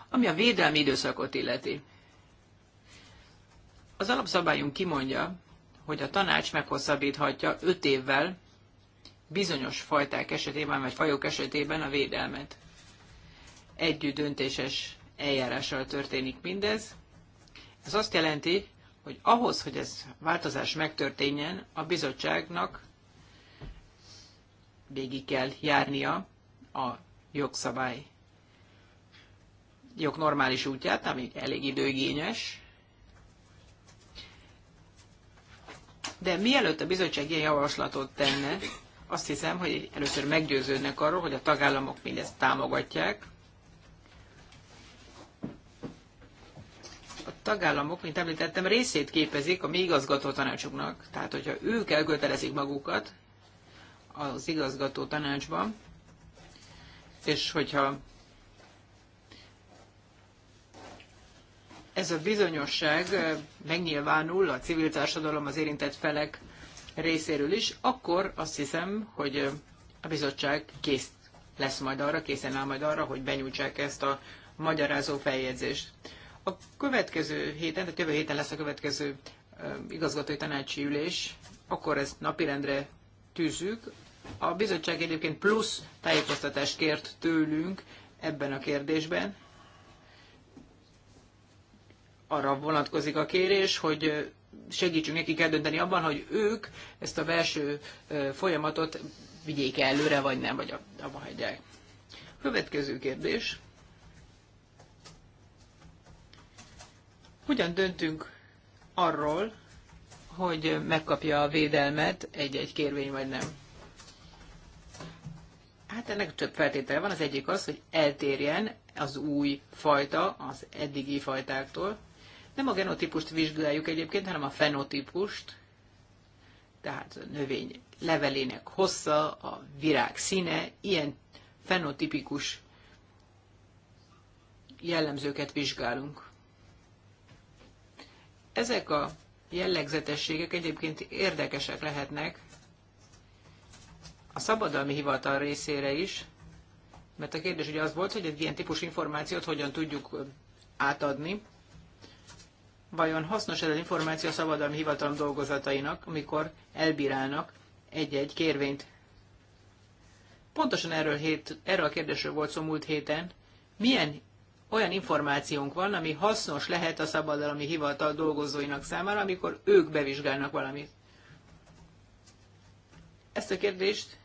Speaker 3: Ami a védelmi időszakot illeti. Az alapszabályunk kimondja, hogy a tanács meghosszabbíthatja 5 évvel bizonyos fajták esetében, vagy fajok esetében a védelmet. Együtt döntéses eljárással történik mindez. Ez azt jelenti, hogy ahhoz, hogy ez változás megtörténjen, a bizottságnak végig kell járnia a jogszabály jog normális útját, ami elég időigényes, De mielőtt a bizottság ilyen javaslatot tenne, azt hiszem, hogy először meggyőződnek arról, hogy a tagállamok mindezt támogatják. A tagállamok, mint említettem, részét képezik a mi igazgató tanácsuknak. Tehát, hogyha ők elkötelezik magukat az igazgató tanácsban, és hogyha ez a bizonyosság megnyilvánul a civil társadalom az érintett felek részéről is, akkor azt hiszem, hogy a bizottság kész lesz majd arra, készen áll majd arra, hogy benyújtsák ezt a magyarázó feljegyzést. A következő héten, tehát jövő héten lesz a következő igazgatói tanácsi ülés, akkor ezt napirendre tűzzük. A bizottság egyébként plusz tájékoztatást kért tőlünk ebben a kérdésben, arra vonatkozik a kérés, hogy segítsünk nekik eldönteni abban, hogy ők ezt a belső folyamatot vigyék előre, vagy nem, vagy abba hagyják. Következő kérdés. Hogyan döntünk arról, hogy megkapja a védelmet egy-egy kérvény, vagy nem? Hát ennek több feltétele van. Az egyik az, hogy eltérjen az új fajta az eddigi fajtáktól. Nem a genotípust vizsgáljuk egyébként, hanem a fenotípust, tehát a növény levelének hossza, a virág színe, ilyen fenotipikus jellemzőket vizsgálunk. Ezek a jellegzetességek egyébként érdekesek lehetnek a szabadalmi hivatal részére is, mert a kérdés ugye az volt, hogy egy ilyen típusú információt hogyan tudjuk átadni vajon hasznos ez az információ a szabadalmi hivatal dolgozatainak, amikor elbírálnak egy-egy kérvényt. Pontosan erről, hét, erről a kérdésről volt szó múlt héten, milyen olyan információnk van, ami hasznos lehet a szabadalmi hivatal dolgozóinak számára, amikor ők bevizsgálnak valamit. Ezt a kérdést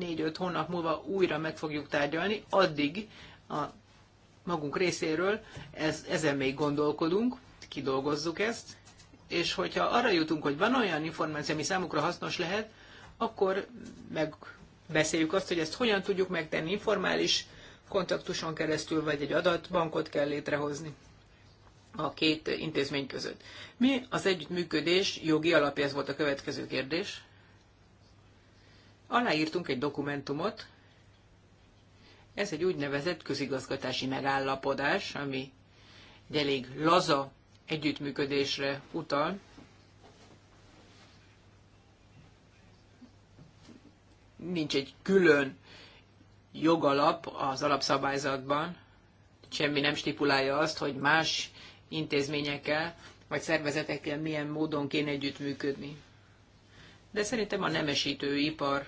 Speaker 3: 4-5 hónap múlva újra meg fogjuk tárgyalni, addig a magunk részéről ez, ezen még gondolkodunk kidolgozzuk ezt, és hogyha arra jutunk, hogy van olyan információ, ami számukra hasznos lehet, akkor megbeszéljük azt, hogy ezt hogyan tudjuk megtenni informális kontaktuson keresztül, vagy egy adatbankot kell létrehozni a két intézmény között. Mi az együttműködés jogi alapja? Ez volt a következő kérdés. Aláírtunk egy dokumentumot. Ez egy úgynevezett közigazgatási megállapodás, ami egy elég laza együttműködésre utal. Nincs egy külön jogalap az alapszabályzatban, semmi nem stipulálja azt, hogy más intézményekkel vagy szervezetekkel milyen módon kéne együttműködni. De szerintem a nemesítő ipar,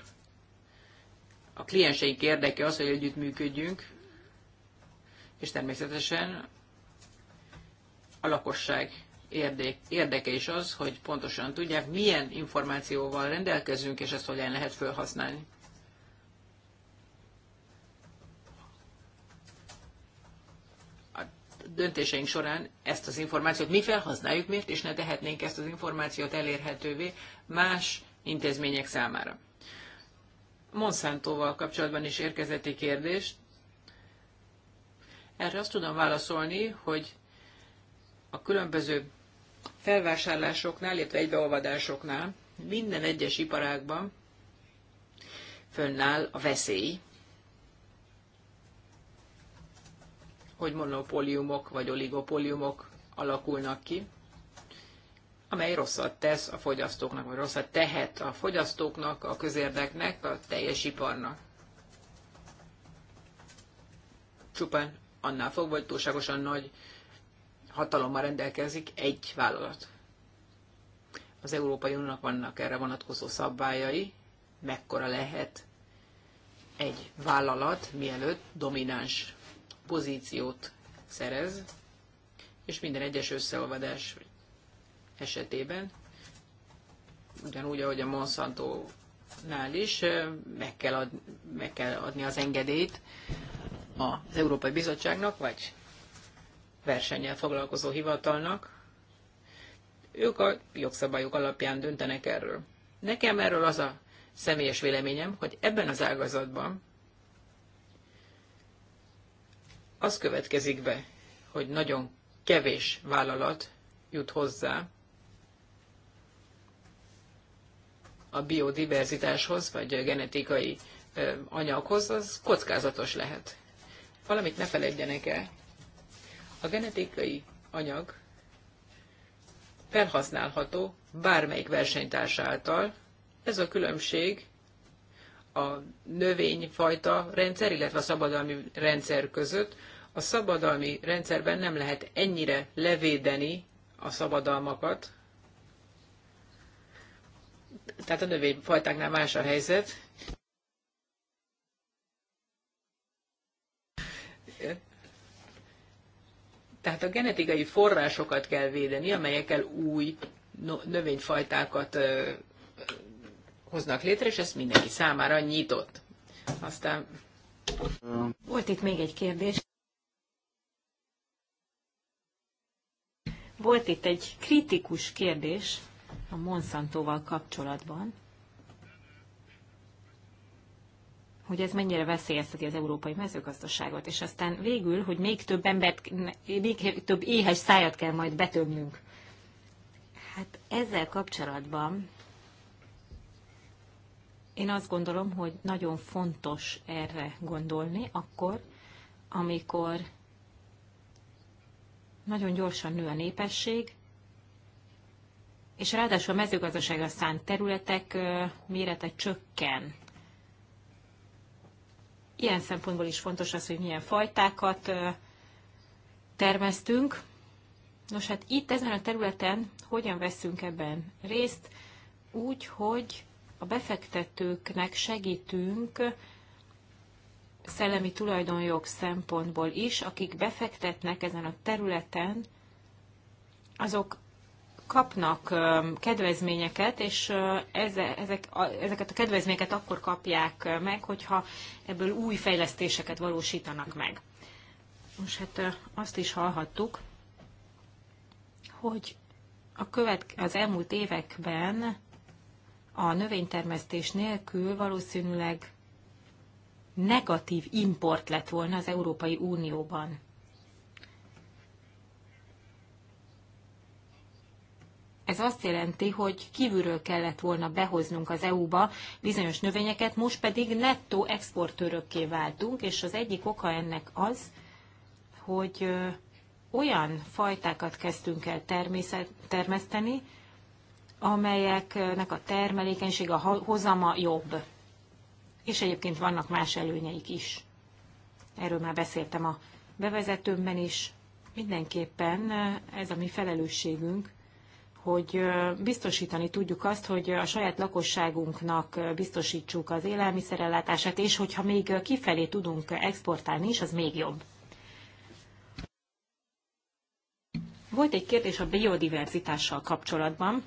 Speaker 3: a klienseink érdeke az, hogy együttműködjünk, és természetesen a lakosság érdeke is az, hogy pontosan tudják, milyen információval rendelkezünk, és ezt hogyan lehet felhasználni. A döntéseink során ezt az információt mi felhasználjuk, miért is ne tehetnénk ezt az információt elérhetővé más intézmények számára. Monsantoval kapcsolatban is érkezett egy kérdést. Erre azt tudom válaszolni, hogy a különböző felvásárlásoknál, illetve egybeolvadásoknál minden egyes iparágban fönnáll a veszély, hogy monopóliumok vagy oligopóliumok alakulnak ki, amely rosszat tesz a fogyasztóknak, vagy rosszat tehet a fogyasztóknak, a közérdeknek, a teljes iparnak. Csupán annál fogva, hogy túlságosan nagy hatalommal rendelkezik egy vállalat. Az Európai Uniónak vannak erre vonatkozó szabályai, mekkora lehet egy vállalat, mielőtt domináns pozíciót szerez, és minden egyes összeolvadás esetében, ugyanúgy, ahogy a Monsanto-nál is, meg kell, ad, meg kell adni az engedélyt az Európai Bizottságnak, vagy versennyel foglalkozó hivatalnak. Ők a jogszabályok alapján döntenek erről. Nekem erről az a személyes véleményem, hogy ebben az ágazatban az következik be, hogy nagyon kevés vállalat jut hozzá a biodiverzitáshoz, vagy a genetikai anyaghoz, az kockázatos lehet. Valamit ne felejtjenek el, a genetikai anyag felhasználható bármelyik versenytárs által. Ez a különbség a növényfajta rendszer, illetve a szabadalmi rendszer között. A szabadalmi rendszerben nem lehet ennyire levédeni a szabadalmakat, tehát a növényfajtáknál más a helyzet. Tehát a genetikai forrásokat kell védeni, amelyekkel új növényfajtákat hoznak létre, és ez mindenki számára nyitott. Aztán volt itt még egy kérdés.
Speaker 4: Volt itt egy kritikus kérdés a Monsantóval kapcsolatban. hogy ez mennyire veszélyezteti az európai mezőgazdaságot, és aztán végül, hogy még több embert, még több éhes szájat kell majd betömnünk. Hát ezzel kapcsolatban én azt gondolom, hogy nagyon fontos erre gondolni akkor, amikor nagyon gyorsan nő a népesség, és ráadásul a mezőgazdaságra szánt területek mérete csökken ilyen szempontból is fontos az, hogy milyen fajtákat termesztünk. Nos, hát itt ezen a területen hogyan veszünk ebben részt? Úgy, hogy a befektetőknek segítünk szellemi tulajdonjog szempontból is, akik befektetnek ezen a területen, azok kapnak kedvezményeket, és ezek, ezeket a kedvezményeket akkor kapják meg, hogyha ebből új fejlesztéseket valósítanak meg. Most hát azt is hallhattuk, hogy a követ, az elmúlt években a növénytermesztés nélkül valószínűleg negatív import lett volna az Európai Unióban. Ez azt jelenti, hogy kívülről kellett volna behoznunk az EU-ba bizonyos növényeket, most pedig nettó exportőrökké váltunk, és az egyik oka ennek az, hogy olyan fajtákat kezdtünk el termeszteni, amelyeknek a termelékenysége, a hozama jobb. És egyébként vannak más előnyeik is. Erről már beszéltem a bevezetőmben is. Mindenképpen ez a mi felelősségünk, hogy biztosítani tudjuk azt, hogy a saját lakosságunknak biztosítsuk az élelmiszerellátását, és hogyha még kifelé tudunk exportálni is, az még jobb. Volt egy kérdés a biodiverzitással kapcsolatban,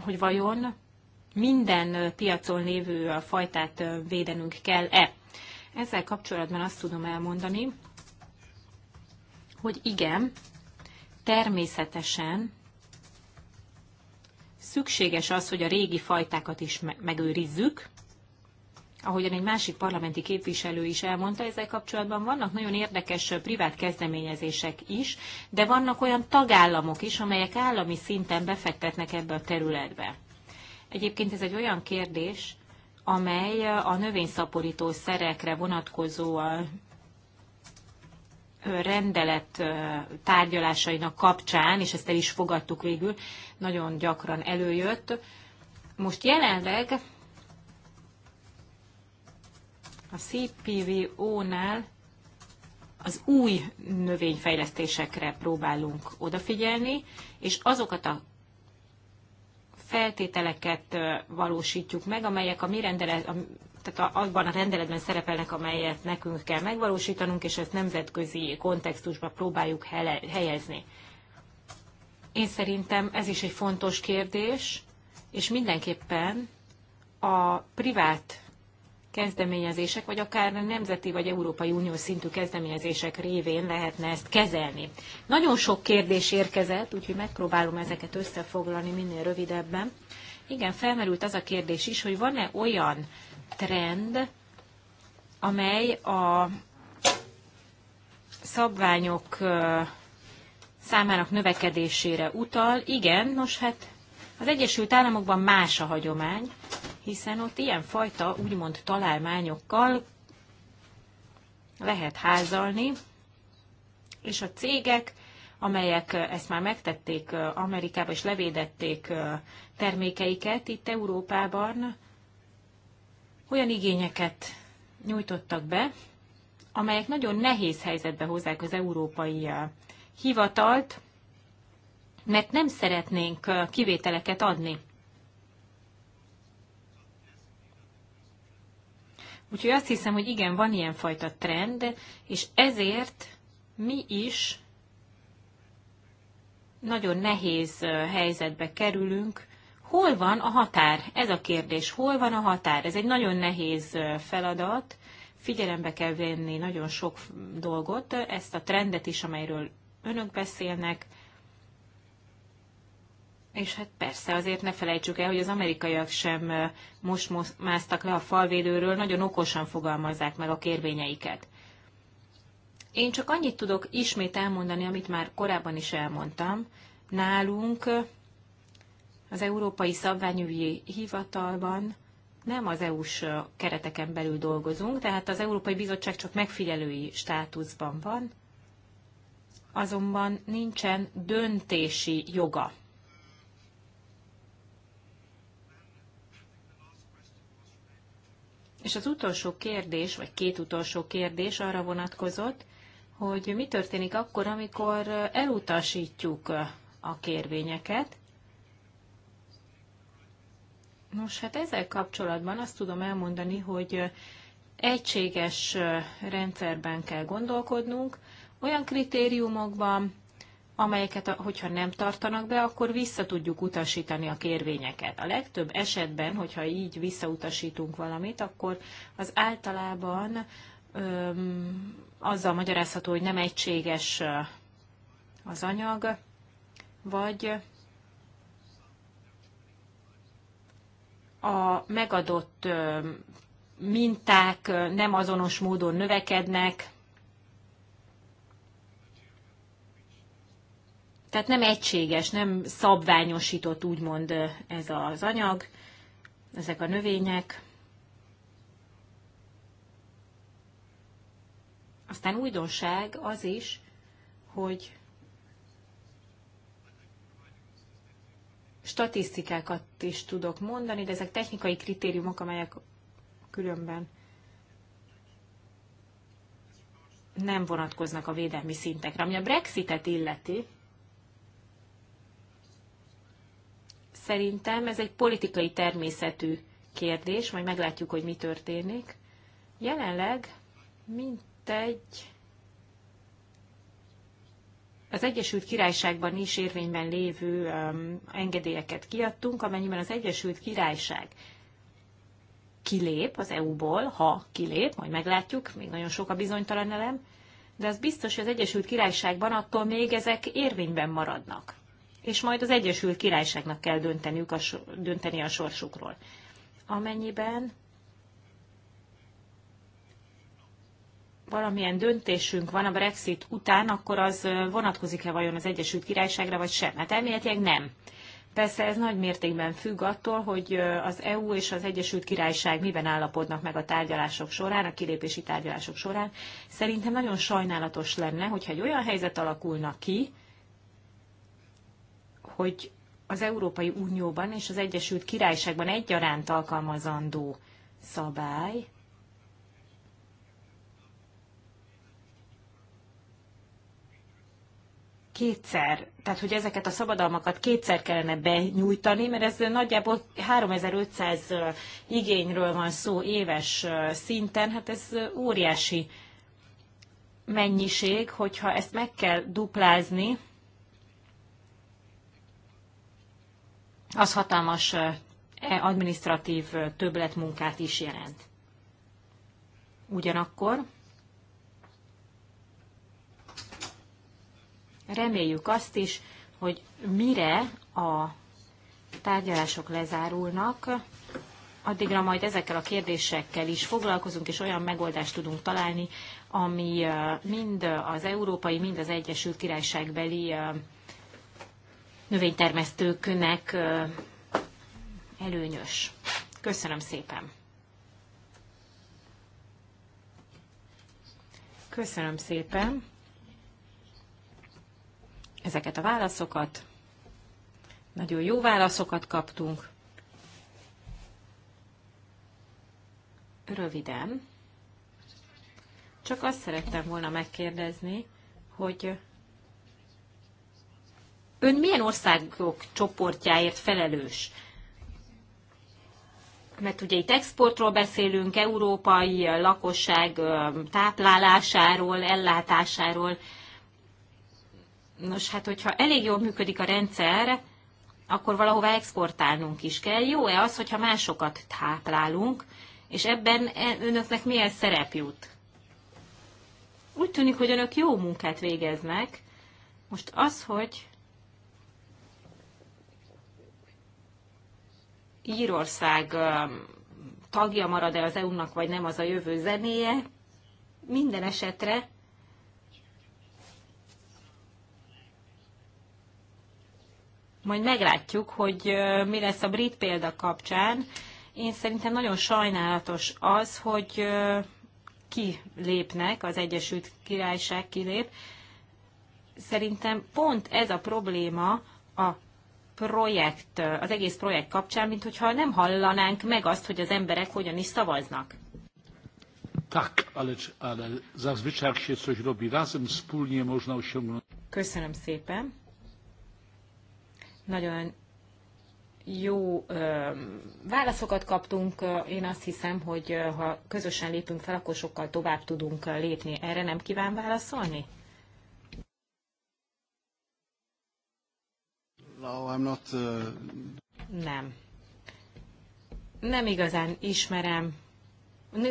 Speaker 4: hogy vajon minden piacon lévő fajtát védenünk kell-e. Ezzel kapcsolatban azt tudom elmondani, hogy igen, természetesen szükséges az, hogy a régi fajtákat is megőrizzük. Ahogyan egy másik parlamenti képviselő is elmondta, ezzel kapcsolatban vannak nagyon érdekes privát kezdeményezések is, de vannak olyan tagállamok is, amelyek állami szinten befektetnek ebbe a területbe. Egyébként ez egy olyan kérdés, amely a növényszaporító szerekre vonatkozó rendelet tárgyalásainak kapcsán, és ezt el is fogadtuk végül, nagyon gyakran előjött. Most jelenleg a CPVO-nál az új növényfejlesztésekre próbálunk odafigyelni, és azokat a feltételeket valósítjuk meg, amelyek a mi rendelet, a tehát abban a rendeletben szerepelnek, amelyet nekünk kell megvalósítanunk, és ezt nemzetközi kontextusba próbáljuk hele, helyezni. Én szerintem ez is egy fontos kérdés, és mindenképpen a privát kezdeményezések, vagy akár nemzeti vagy Európai Unió szintű kezdeményezések révén lehetne ezt kezelni. Nagyon sok kérdés érkezett, úgyhogy megpróbálom ezeket összefoglalni minél rövidebben. Igen, felmerült az a kérdés is, hogy van-e olyan trend, amely a szabványok számának növekedésére utal. Igen, nos hát az Egyesült Államokban más a hagyomány, hiszen ott fajta úgymond találmányokkal lehet házalni, és a cégek, amelyek ezt már megtették Amerikában és levédették termékeiket itt Európában, olyan igényeket nyújtottak be, amelyek nagyon nehéz helyzetbe hozzák az európai uh, hivatalt, mert nem szeretnénk uh, kivételeket adni. Úgyhogy azt hiszem, hogy igen, van ilyen fajta trend, és ezért mi is nagyon nehéz uh, helyzetbe kerülünk, Hol van a határ? Ez a kérdés. Hol van a határ? Ez egy nagyon nehéz feladat. Figyelembe kell venni nagyon sok dolgot, ezt a trendet is, amelyről önök beszélnek. És hát persze, azért ne felejtsük el, hogy az amerikaiak sem most másztak le a falvédőről, nagyon okosan fogalmazzák meg a kérvényeiket. Én csak annyit tudok ismét elmondani, amit már korábban is elmondtam. Nálunk az Európai Szabványügyi Hivatalban nem az EU-s kereteken belül dolgozunk, tehát az Európai Bizottság csak megfigyelői státuszban van, azonban nincsen döntési joga. És az utolsó kérdés, vagy két utolsó kérdés arra vonatkozott, hogy mi történik akkor, amikor elutasítjuk a kérvényeket, Nos, hát ezzel kapcsolatban azt tudom elmondani, hogy egységes rendszerben kell gondolkodnunk, olyan kritériumokban, amelyeket, hogyha nem tartanak be, akkor vissza tudjuk utasítani a kérvényeket. A legtöbb esetben, hogyha így visszautasítunk valamit, akkor az általában öm, azzal magyarázható, hogy nem egységes az anyag, vagy a megadott minták nem azonos módon növekednek, tehát nem egységes, nem szabványosított úgymond ez az anyag, ezek a növények. Aztán újdonság az is, hogy statisztikákat is tudok mondani, de ezek technikai kritériumok, amelyek különben nem vonatkoznak a védelmi szintekre. Ami a Brexitet illeti, szerintem ez egy politikai természetű kérdés, majd meglátjuk, hogy mi történik. Jelenleg mintegy az Egyesült Királyságban is érvényben lévő um, engedélyeket kiadtunk, amennyiben az Egyesült Királyság kilép az EU-ból, ha kilép, majd meglátjuk, még nagyon sok a bizonytalan elem, de az biztos, hogy az Egyesült Királyságban attól még ezek érvényben maradnak. És majd az Egyesült Királyságnak kell dönteniük a, dönteni a sorsukról. Amennyiben valamilyen döntésünk van a Brexit után, akkor az vonatkozik-e vajon az Egyesült Királyságra, vagy sem? Hát elméletileg nem. Persze ez nagy mértékben függ attól, hogy az EU és az Egyesült Királyság miben állapodnak meg a tárgyalások során, a kilépési tárgyalások során. Szerintem nagyon sajnálatos lenne, hogyha egy olyan helyzet alakulna ki, hogy az Európai Unióban és az Egyesült Királyságban egyaránt alkalmazandó szabály kétszer, tehát hogy ezeket a szabadalmakat kétszer kellene benyújtani, mert ez nagyjából 3500 igényről van szó éves szinten, hát ez óriási mennyiség, hogyha ezt meg kell duplázni, az hatalmas e, administratív többletmunkát is jelent. Ugyanakkor reméljük azt is, hogy mire a tárgyalások lezárulnak, addigra majd ezekkel a kérdésekkel is foglalkozunk, és olyan megoldást tudunk találni, ami mind az európai, mind az Egyesült Királyságbeli növénytermesztőknek előnyös. Köszönöm szépen! Köszönöm szépen! ezeket a válaszokat. Nagyon jó válaszokat kaptunk. Röviden. Csak azt szerettem volna megkérdezni, hogy ön milyen országok csoportjáért felelős? mert ugye itt exportról beszélünk, európai lakosság táplálásáról, ellátásáról, Nos, hát hogyha elég jól működik a rendszer, akkor valahova exportálnunk is kell. Jó-e az, hogyha másokat táplálunk, és ebben e- önöknek milyen szerep jut? Úgy tűnik, hogy önök jó munkát végeznek. Most az, hogy Írország tagja marad-e az EU-nak, vagy nem az a jövő zenéje, minden esetre majd meglátjuk, hogy mi lesz a brit példa kapcsán. Én szerintem nagyon sajnálatos az, hogy ki lépnek, az Egyesült Királyság kilép. Szerintem pont ez a probléma a projekt, az egész projekt kapcsán, mint hogyha nem hallanánk meg azt, hogy az emberek hogyan is szavaznak.
Speaker 1: Tak, ale, ale zazwyczaj jak się coś robi razem, wspólnie można osiągnąć.
Speaker 4: Köszönöm szépen. Nagyon jó ö, válaszokat kaptunk. Én azt hiszem, hogy ha közösen lépünk fel, akkor sokkal tovább tudunk lépni. Erre nem kíván válaszolni?
Speaker 2: No, I'm not, uh...
Speaker 4: Nem. Nem igazán ismerem.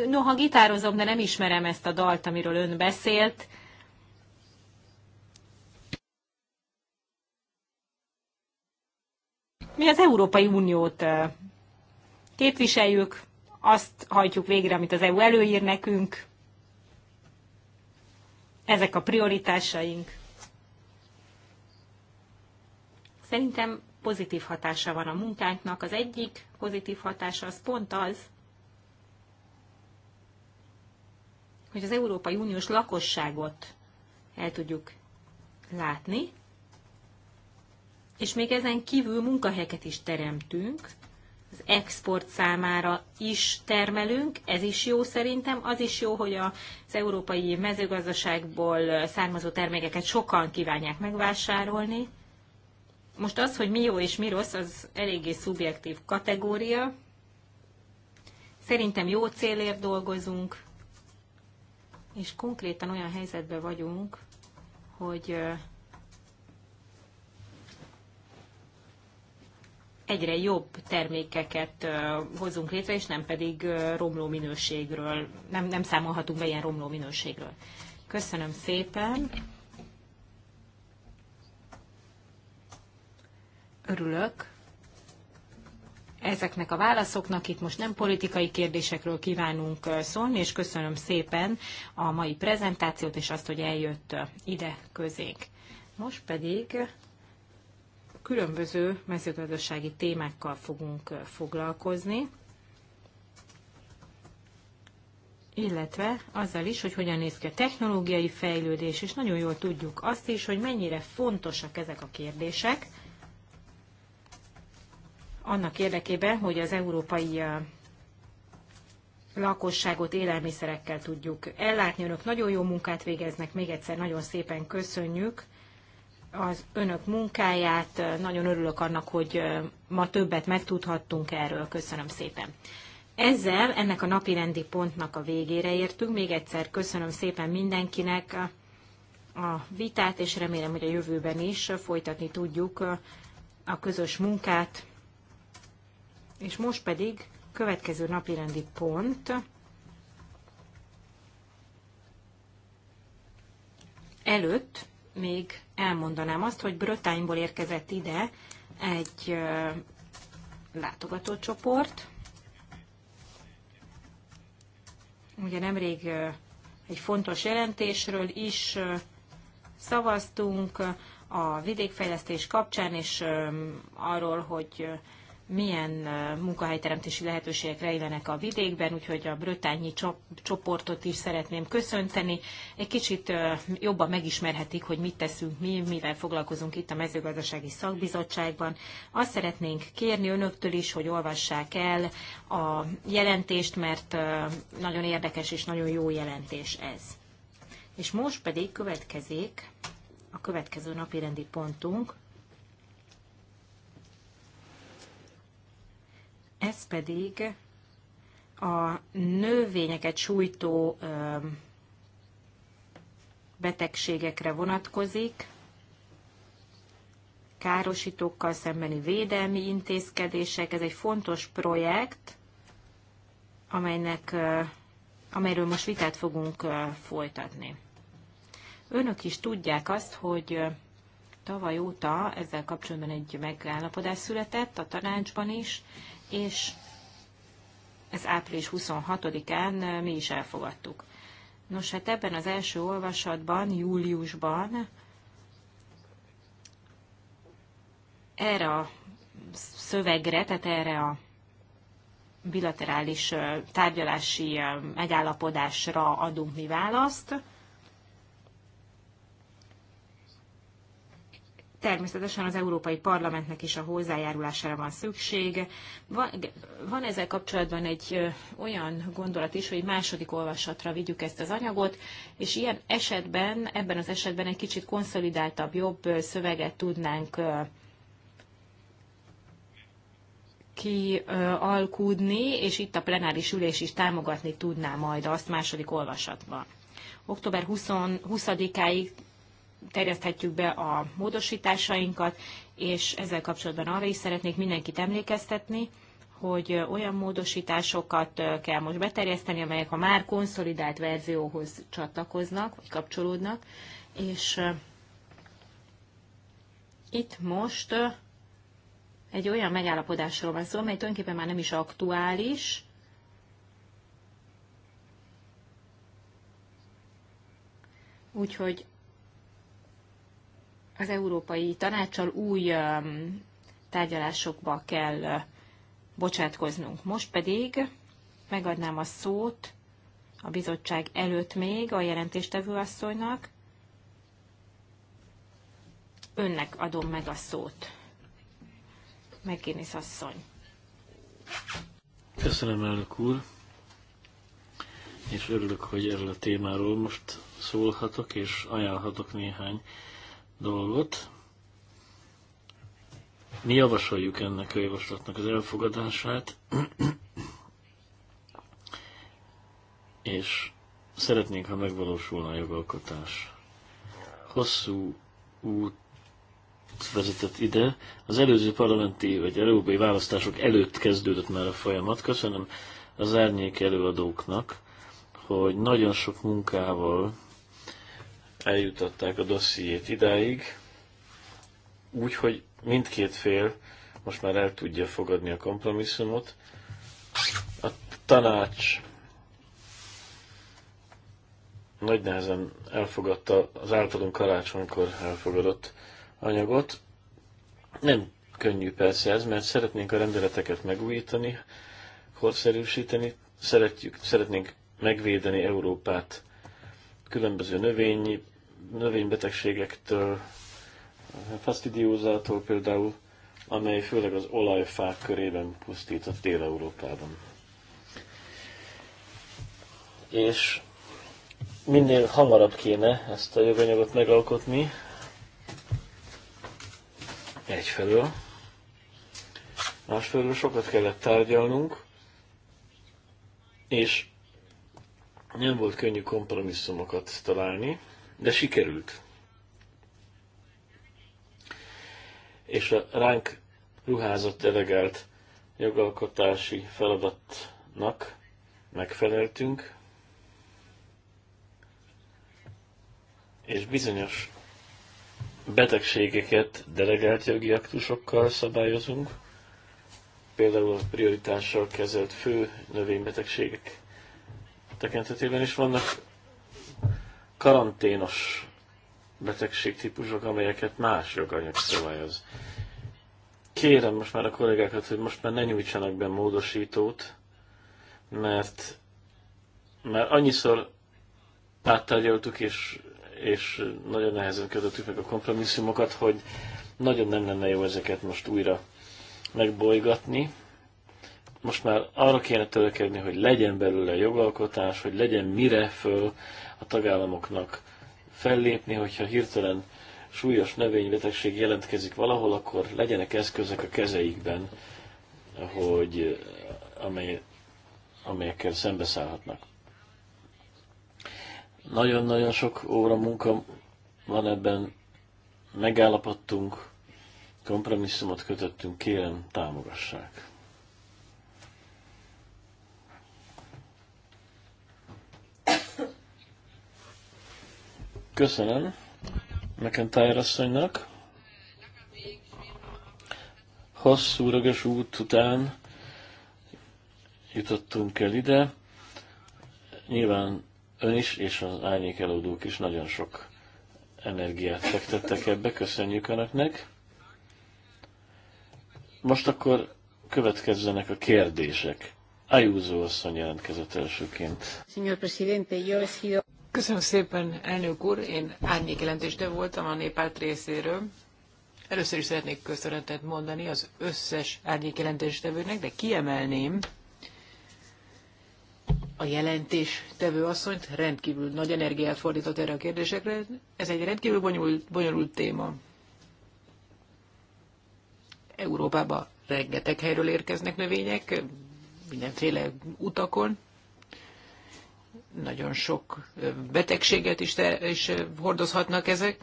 Speaker 4: Noha gitározom, de nem ismerem ezt a dalt, amiről ön beszélt. Mi az Európai Uniót képviseljük, azt hajtjuk végre, amit az EU előír nekünk. Ezek a prioritásaink. Szerintem pozitív hatása van a munkánknak. Az egyik pozitív hatása az pont az, hogy az Európai Uniós lakosságot el tudjuk látni, és még ezen kívül munkahelyeket is teremtünk, az export számára is termelünk, ez is jó szerintem, az is jó, hogy az európai mezőgazdaságból származó termékeket sokan kívánják megvásárolni. Most az, hogy mi jó és mi rossz, az eléggé szubjektív kategória. Szerintem jó célért dolgozunk, és konkrétan olyan helyzetben vagyunk, hogy egyre jobb termékeket hozunk létre, és nem pedig romló minőségről, nem, nem számolhatunk be ilyen romló minőségről. Köszönöm szépen! Örülök ezeknek a válaszoknak. Itt most nem politikai kérdésekről kívánunk szólni, és köszönöm szépen a mai prezentációt, és azt, hogy eljött ide közénk. Most pedig különböző mezőgazdasági témákkal fogunk foglalkozni, illetve azzal is, hogy hogyan néz ki a technológiai fejlődés, és nagyon jól tudjuk azt is, hogy mennyire fontosak ezek a kérdések, annak érdekében, hogy az európai lakosságot élelmiszerekkel tudjuk ellátni. Önök nagyon jó munkát végeznek, még egyszer nagyon szépen köszönjük az önök munkáját. Nagyon örülök annak, hogy ma többet megtudhattunk erről. Köszönöm szépen. Ezzel ennek a napi rendi pontnak a végére értünk. Még egyszer köszönöm szépen mindenkinek a vitát, és remélem, hogy a jövőben is folytatni tudjuk a közös munkát. És most pedig következő napi rendi pont. Előtt még elmondanám azt, hogy Brötányból érkezett ide egy látogatócsoport. Ugye nemrég egy fontos jelentésről is szavaztunk a vidékfejlesztés kapcsán, és arról, hogy milyen munkahelyteremtési lehetőségek rejlenek a vidékben, úgyhogy a brötányi csoportot is szeretném köszönteni. Egy kicsit jobban megismerhetik, hogy mit teszünk mi, mivel foglalkozunk itt a mezőgazdasági szakbizottságban. Azt szeretnénk kérni önöktől is, hogy olvassák el a jelentést, mert nagyon érdekes és nagyon jó jelentés ez. És most pedig következik a következő napi rendi pontunk, Ez pedig a növényeket sújtó betegségekre vonatkozik, károsítókkal szembeni védelmi intézkedések. Ez egy fontos projekt, amelynek, amelyről most vitát fogunk folytatni. Önök is tudják azt, hogy tavaly óta ezzel kapcsolatban egy megállapodás született a tanácsban is, és ez április 26-án mi is elfogadtuk. Nos, hát ebben az első olvasatban, júliusban erre a szövegre, tehát erre a bilaterális tárgyalási megállapodásra adunk mi választ. természetesen az Európai Parlamentnek is a hozzájárulására van szükség. Van, van ezzel kapcsolatban egy olyan gondolat is, hogy második olvasatra vigyük ezt az anyagot, és ilyen esetben, ebben az esetben egy kicsit konszolidáltabb, jobb szöveget tudnánk kialkudni, és itt a plenáris ülés is támogatni tudná majd azt második olvasatban. Október 20-áig terjeszthetjük be a módosításainkat, és ezzel kapcsolatban arra is szeretnék mindenkit emlékeztetni, hogy olyan módosításokat kell most beterjeszteni, amelyek a már konszolidált verzióhoz csatlakoznak, vagy kapcsolódnak, és itt most egy olyan megállapodásról van szó, amely tulajdonképpen már nem is aktuális, úgyhogy az Európai Tanácssal új um, tárgyalásokba kell uh, bocsátkoznunk. Most pedig megadnám a szót a bizottság előtt még a jelentéstevő asszonynak. Önnek adom meg a szót. Megkérni asszony.
Speaker 2: Köszönöm, elnök úr, és örülök, hogy erről a témáról most szólhatok, és ajánlhatok néhány dolgot. Mi javasoljuk ennek a javaslatnak az elfogadását, és szeretnénk, ha megvalósulna a jogalkotás. Hosszú út vezetett ide. Az előző parlamenti vagy európai választások előtt kezdődött már a folyamat. Köszönöm az árnyék előadóknak, hogy nagyon sok munkával eljutották a dossziét idáig, úgyhogy mindkét fél most már el tudja fogadni a kompromisszumot. A tanács nagy nehezen elfogadta az általunk karácsonykor elfogadott anyagot. Nem könnyű persze ez, mert szeretnénk a rendeleteket megújítani, korszerűsíteni, szeretjük, szeretnénk megvédeni Európát különböző növényi, növénybetegségektől, fastidiózától például, amely főleg az olajfák körében pusztít a Dél-Európában. És minél hamarabb kéne ezt a joganyagot megalkotni, egyfelől. Másfelől sokat kellett tárgyalnunk, és nem volt könnyű kompromisszumokat találni, de sikerült. És a ránk ruházott delegált jogalkotási feladatnak megfeleltünk, és bizonyos betegségeket delegált jogi aktusokkal szabályozunk, például a prioritással kezelt fő növénybetegségek tekintetében is vannak karanténos betegségtípusok, amelyeket más joganyag szabályoz. Kérem most már a kollégákat, hogy most már ne nyújtsanak be módosítót, mert mert annyiszor áttárgyaltuk, és, és nagyon nehezen kötöttük meg a kompromisszumokat, hogy nagyon nem lenne jó ezeket most újra megbolygatni. Most már arra kéne törekedni, hogy legyen belőle jogalkotás, hogy legyen mire föl a tagállamoknak fellépni, hogyha hirtelen súlyos növénybetegség jelentkezik valahol, akkor legyenek eszközök a kezeikben, hogy amely, amelyekkel szembeszállhatnak. Nagyon-nagyon sok óra munka van ebben, megállapodtunk, kompromisszumot kötöttünk, kérem támogassák. Köszönöm McIntyre asszonynak. Hosszú, rögös út után jutottunk el ide. Nyilván ön is és az árnyék előadók is nagyon sok energiát fektettek ebbe, köszönjük önöknek. Most akkor következzenek a kérdések. Ayuso asszony jelentkezett elsőként.
Speaker 3: Köszönöm szépen, elnök úr. Én árnyék jelentéstő voltam a néppárt részéről. Először is szeretnék köszönetet mondani az összes árnyék jelentéstevőnek, de kiemelném a jelentéstevő asszonyt, rendkívül nagy energiát fordított erre a kérdésekre. Ez egy rendkívül bonyolult, bonyolult téma. Európába rengeteg helyről érkeznek növények, mindenféle utakon, nagyon sok betegséget is, te, is hordozhatnak ezek,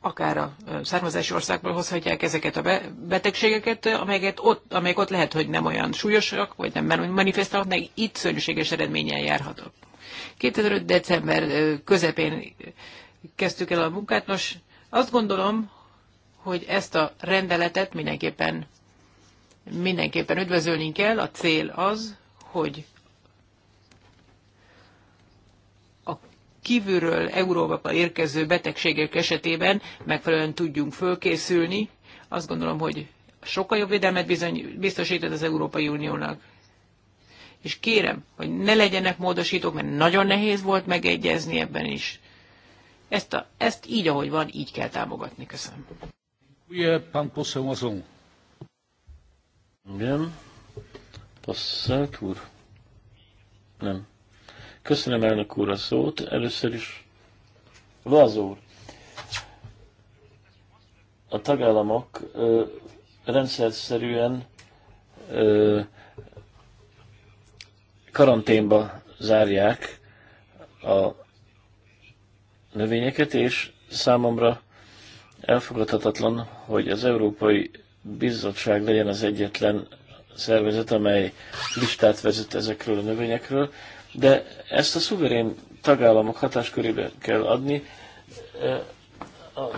Speaker 3: akár a származási országból hozhatják ezeket a betegségeket, amelyeket ott, amelyek ott lehet, hogy nem olyan súlyosak, vagy nem manifestálhatnak, itt szörnyűséges eredménnyel járhatok. 2005. december közepén kezdtük el a munkát. Nos, azt gondolom, hogy ezt a rendeletet mindenképpen, mindenképpen üdvözölnünk kell. A cél az, hogy kívülről Európába érkező betegségek esetében megfelelően tudjunk fölkészülni. Azt gondolom, hogy sokkal jobb védelmet bizony, biztosított az Európai Uniónak. És kérem, hogy ne legyenek módosítók, mert nagyon nehéz volt megegyezni ebben is. Ezt, a, ezt így, ahogy van, így kell támogatni. Köszönöm.
Speaker 1: Igen. Passzát úr? Nem. Köszönöm
Speaker 2: elnök úr a szót. Először is Lazó úr. A tagállamok ö, rendszerszerűen ö, karanténba zárják a növényeket, és számomra elfogadhatatlan, hogy az Európai Bizottság legyen az egyetlen szervezet, amely listát vezet ezekről a növényekről de ezt a szuverén tagállamok hatáskörébe kell adni.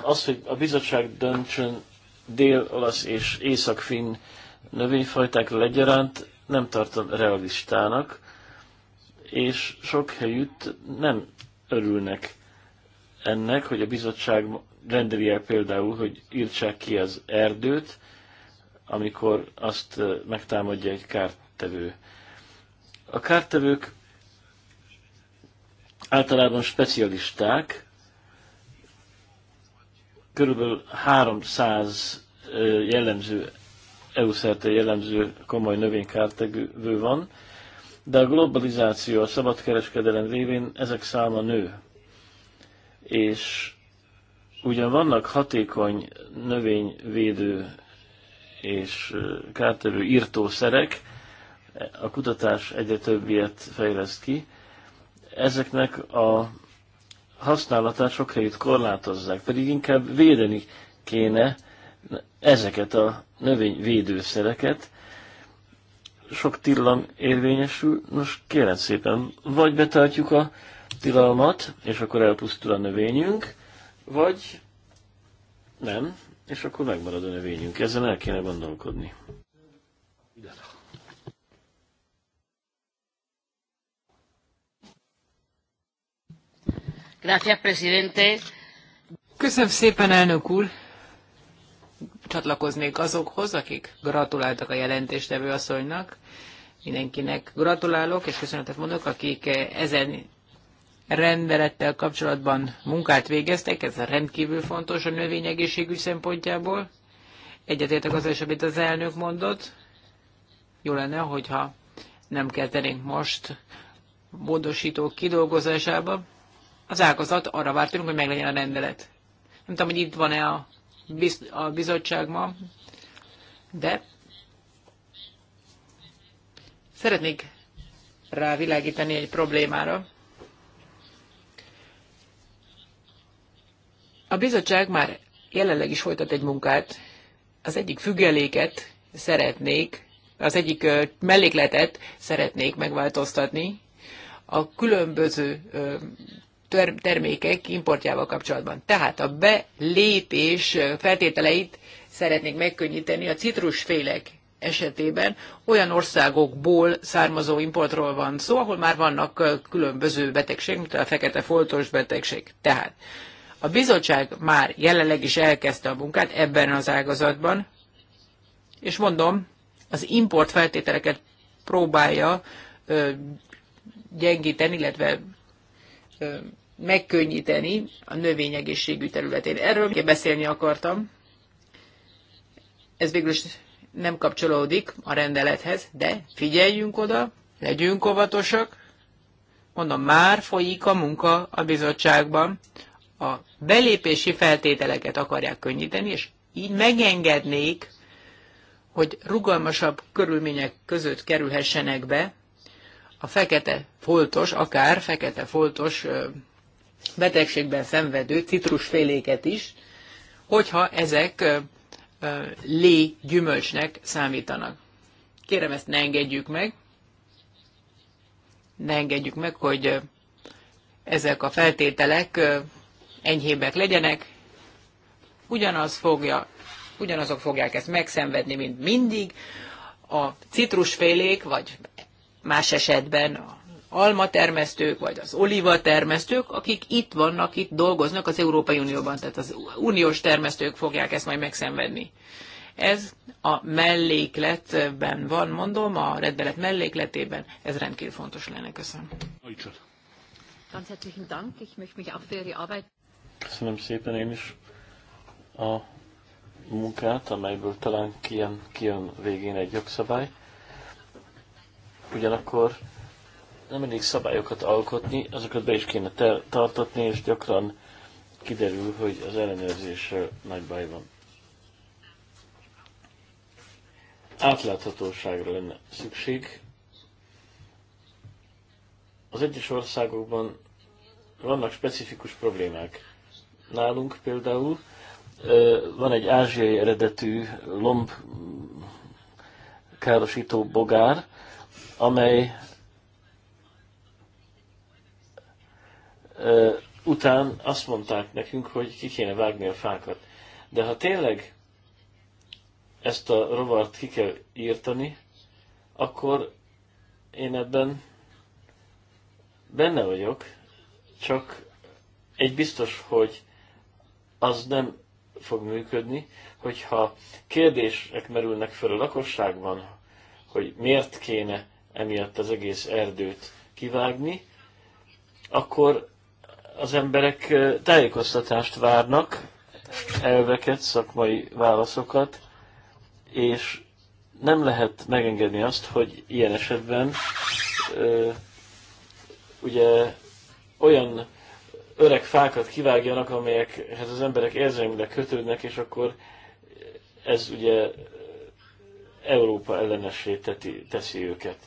Speaker 2: Az, hogy a bizottság döntsön dél-olasz és észak-finn növényfajtákra legyaránt, nem tartom realistának, és sok helyütt nem örülnek ennek, hogy a bizottság rendeli el például, hogy írtsák ki az erdőt, amikor azt megtámadja egy kártevő. A kártevők általában specialisták, körülbelül 300 jellemző, EU szerte jellemző komoly növénykártevő van, de a globalizáció, a szabadkereskedelem révén ezek száma nő. És ugyan vannak hatékony növényvédő és kártevő írtószerek, a kutatás egyre több ilyet fejleszt ki, ezeknek a használatát sok helyütt korlátozzák, pedig inkább védeni kéne ezeket a növényvédőszereket. Sok tillam érvényesül, most kérem szépen, vagy betartjuk a tilalmat, és akkor elpusztul a növényünk, vagy nem, és akkor megmarad a növényünk. Ezzel el kéne gondolkodni.
Speaker 3: Köszönöm szépen, elnök úr. Csatlakoznék azokhoz, akik gratuláltak a jelentéstevő asszonynak. Mindenkinek gratulálok, és köszönetet mondok, akik ezen rendelettel kapcsolatban munkát végeztek, ez rendkívül fontos a növényegészségügy szempontjából. Egyetértek azzal is, amit az elnök mondott. Jó lenne, hogyha nem kezdenénk most módosítók kidolgozásába, az ágazat arra várt tőlünk, hogy meglegyen a rendelet. Nem tudom, hogy itt van-e a, biz, a bizottság ma, de szeretnék rávilágítani egy problémára. A bizottság már jelenleg is folytat egy munkát. Az egyik függeléket szeretnék, az egyik mellékletet szeretnék megváltoztatni. A különböző termékek importjával kapcsolatban. Tehát a belépés feltételeit szeretnék megkönnyíteni a citrusfélek esetében olyan országokból származó importról van szó, ahol már vannak különböző betegség, mint a fekete foltos betegség. Tehát a bizottság már jelenleg is elkezdte a munkát ebben az ágazatban, és mondom, az import feltételeket próbálja ö, gyengíteni, illetve ö, megkönnyíteni a növényegészségű területén. Erről beszélni akartam. Ez végül is nem kapcsolódik a rendelethez, de figyeljünk oda, legyünk óvatosak. Mondom, már folyik a munka a bizottságban. A belépési feltételeket akarják könnyíteni, és így megengednék, hogy rugalmasabb körülmények között kerülhessenek be a fekete foltos, akár fekete foltos betegségben szenvedő citrusféléket is, hogyha ezek lé gyümölcsnek számítanak. Kérem, ezt ne engedjük meg. Ne engedjük meg, hogy ezek a feltételek enyhébbek legyenek. Ugyanaz fogja, ugyanazok fogják ezt megszenvedni, mint mindig. A citrusfélék, vagy más esetben a alma termesztők, vagy az oliva termesztők, akik itt vannak, itt dolgoznak az Európai Unióban, tehát az uniós termesztők fogják ezt majd megszenvedni. Ez a mellékletben van, mondom, a rendelet mellékletében, ez rendkívül fontos lenne. Köszönöm.
Speaker 2: Köszönöm szépen én is a munkát, amelyből talán kijön, kijön végén egy jogszabály. Ugyanakkor nem mindig szabályokat alkotni, azokat be is kéne tartatni, és gyakran kiderül, hogy az ellenőrzéssel nagy baj van. Átláthatóságra lenne szükség. Az egyes országokban vannak specifikus problémák. Nálunk például van egy ázsiai eredetű lomb károsító bogár, amely után azt mondták nekünk, hogy ki kéne vágni a fákat. De ha tényleg ezt a rovart ki kell írtani, akkor én ebben benne vagyok, csak egy biztos, hogy az nem fog működni, hogyha kérdések merülnek fel a lakosságban, hogy miért kéne emiatt az egész erdőt kivágni, akkor az emberek tájékoztatást várnak, elveket, szakmai válaszokat, és nem lehet megengedni azt, hogy ilyen esetben ö, ugye olyan öreg fákat kivágjanak, amelyekhez az emberek érzelmileg kötődnek, és akkor ez ugye Európa ellenessé teszi őket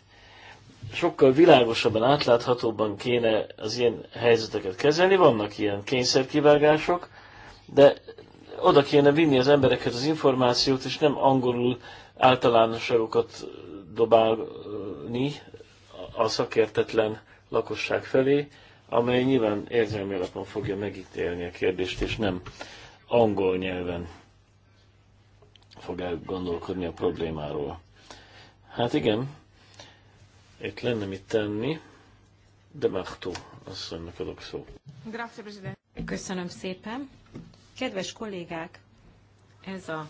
Speaker 2: sokkal világosabban, átláthatóbban kéne az ilyen helyzeteket kezelni. Vannak ilyen kényszerkivágások, de oda kéne vinni az embereket az információt, és nem angolul általánosságokat dobálni a szakértetlen lakosság felé, amely nyilván érzelmi alapon fogja megítélni a kérdést, és nem angol nyelven fog elgondolkodni a problémáról. Hát igen, itt lenne mit tenni, de Machtó asszonynak adok szó.
Speaker 4: Köszönöm szépen. Kedves kollégák, ez a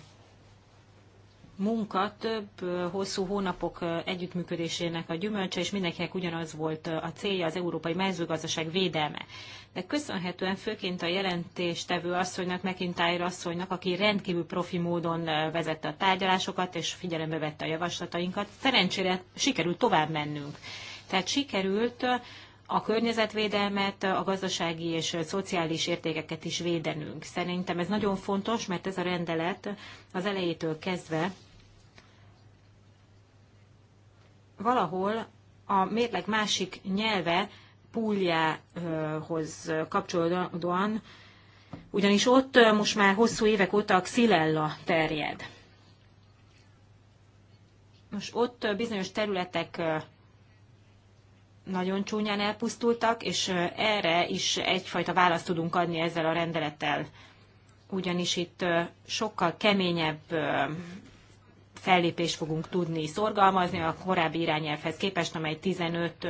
Speaker 4: munka több hosszú hónapok együttműködésének a gyümölcse, és mindenkinek ugyanaz volt a célja, az európai mezőgazdaság védelme de köszönhetően főként a jelentéstevő asszonynak, McIntyre asszonynak, aki rendkívül profi módon eh, vezette a tárgyalásokat és figyelembe vette a javaslatainkat. Szerencsére sikerült tovább mennünk. Tehát sikerült eh, a környezetvédelmet, eh, a gazdasági és a szociális értékeket is védenünk. Szerintem ez nagyon fontos, mert ez a rendelet az elejétől kezdve valahol a mérleg másik nyelve Púljához kapcsolódóan, ugyanis ott most már hosszú évek óta a xilella terjed. Most ott bizonyos területek nagyon csúnyán elpusztultak, és erre is egyfajta választ tudunk adni ezzel a rendelettel. Ugyanis itt sokkal keményebb fellépést fogunk tudni szorgalmazni a korábbi irányelvhez képest, amely 15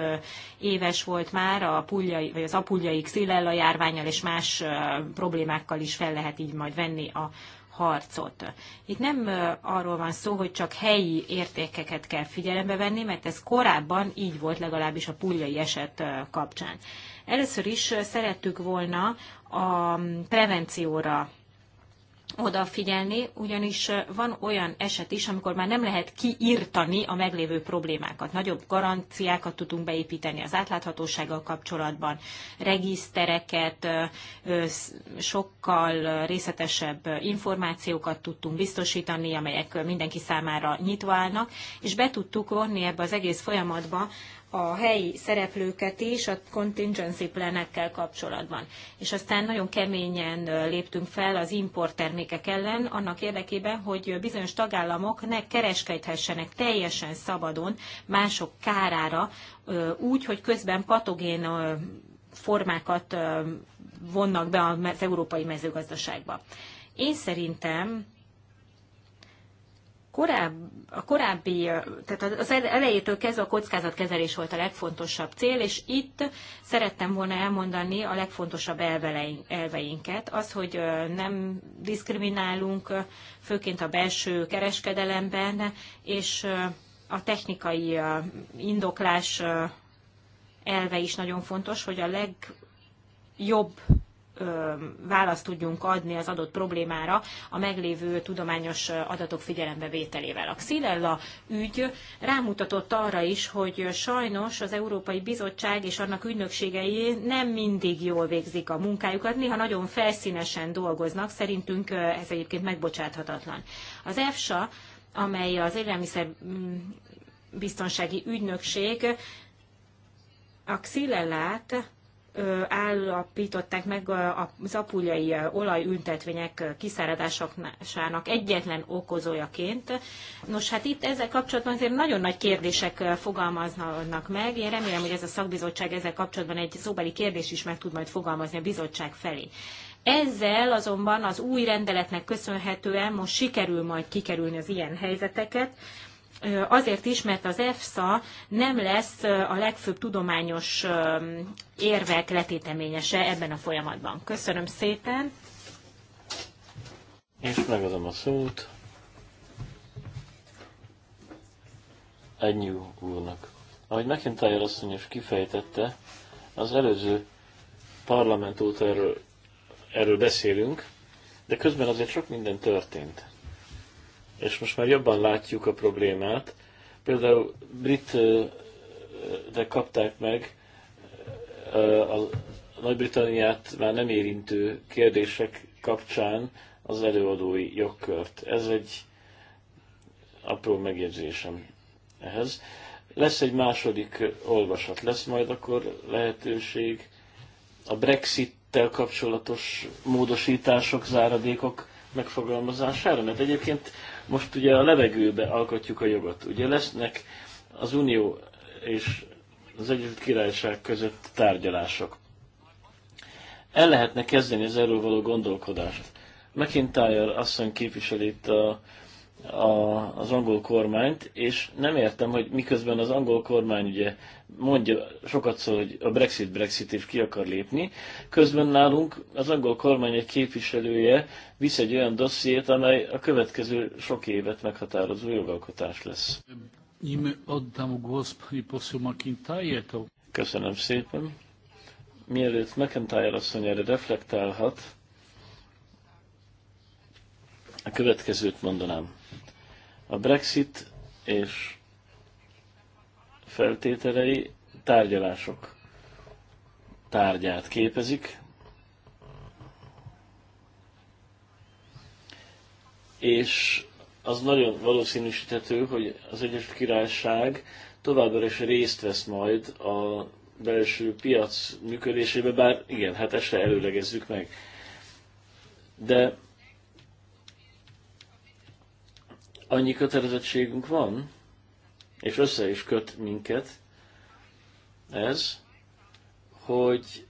Speaker 4: éves volt már, a puljai, vagy az apuljai xilella járványal és más problémákkal is fel lehet így majd venni a harcot. Itt nem arról van szó, hogy csak helyi értékeket kell figyelembe venni, mert ez korábban így volt legalábbis a puljai eset kapcsán. Először is szerettük volna a prevencióra odafigyelni, ugyanis van olyan eset is, amikor már nem lehet kiírtani a meglévő problémákat. Nagyobb garanciákat tudunk beépíteni az átláthatósággal kapcsolatban, regisztereket, sokkal részletesebb információkat tudtunk biztosítani, amelyek mindenki számára nyitva állnak, és be tudtuk vonni ebbe az egész folyamatba a helyi szereplőket is a contingency planekkel kapcsolatban. És aztán nagyon keményen léptünk fel az importtermékek ellen, annak érdekében, hogy bizonyos tagállamok ne kereskedhessenek teljesen szabadon mások kárára, úgy, hogy közben patogén formákat vonnak be az európai mezőgazdaságba. Én szerintem koráb, a korábbi, tehát az elejétől kezdve a kockázatkezelés volt a legfontosabb cél, és itt szerettem volna elmondani a legfontosabb elveinket. Az, hogy nem diszkriminálunk, főként a belső kereskedelemben, és a technikai indoklás elve is nagyon fontos, hogy a legjobb választ tudjunk adni az adott problémára a meglévő tudományos adatok figyelembevételével. A Xilella ügy rámutatott arra is, hogy sajnos az Európai Bizottság és annak ügynökségei nem mindig jól végzik a munkájukat, néha nagyon felszínesen dolgoznak, szerintünk ez egyébként megbocsáthatatlan. Az EFSA, amely az élelmiszer mm, biztonsági ügynökség, a xilellát állapították meg az apuljai olajüntetvények kiszáradásának egyetlen okozójaként. Nos, hát itt ezzel kapcsolatban azért nagyon nagy kérdések fogalmaznak meg. Én remélem, hogy ez a szakbizottság ezzel kapcsolatban egy szóbeli kérdés is meg tud majd fogalmazni a bizottság felé. Ezzel azonban az új rendeletnek köszönhetően most sikerül majd kikerülni az ilyen helyzeteket, azért is, mert az EFSA nem lesz a legfőbb tudományos érvek letéteményese ebben a folyamatban. Köszönöm szépen!
Speaker 2: És megadom a szót Ennyi úrnak. Ahogy McIntyre asszony is kifejtette, az előző parlament óta erről, erről beszélünk, de közben azért sok minden történt és most már jobban látjuk a problémát. Például brit de kapták meg a Nagy-Britanniát már nem érintő kérdések kapcsán az előadói jogkört. Ez egy apró megjegyzésem ehhez. Lesz egy második olvasat, lesz majd akkor lehetőség a Brexit-tel kapcsolatos módosítások, záradékok megfogalmazására, mert egyébként most ugye a levegőbe alkotjuk a jogot. Ugye lesznek az Unió és az Egyesült Királyság között tárgyalások. El lehetne kezdeni az erről való gondolkodást. McIntyre asszony képviselít itt a a, az angol kormányt, és nem értem, hogy miközben az angol kormány ugye mondja sokat szó, hogy a Brexit Brexit és ki akar lépni, közben nálunk az angol kormány egy képviselője visz egy olyan dossziét, amely a következő sok évet meghatározó jogalkotás lesz. Köszönöm szépen. Mielőtt McIntyre asszony erre reflektálhat, a következőt mondanám. A Brexit és feltételei tárgyalások tárgyát képezik, és az nagyon valószínűsíthető, hogy az Egyesült Királyság továbbra is részt vesz majd a belső piac működésébe, bár igen, hát ezt se előlegezzük meg. De annyi kötelezettségünk van, és össze is köt minket ez, hogy,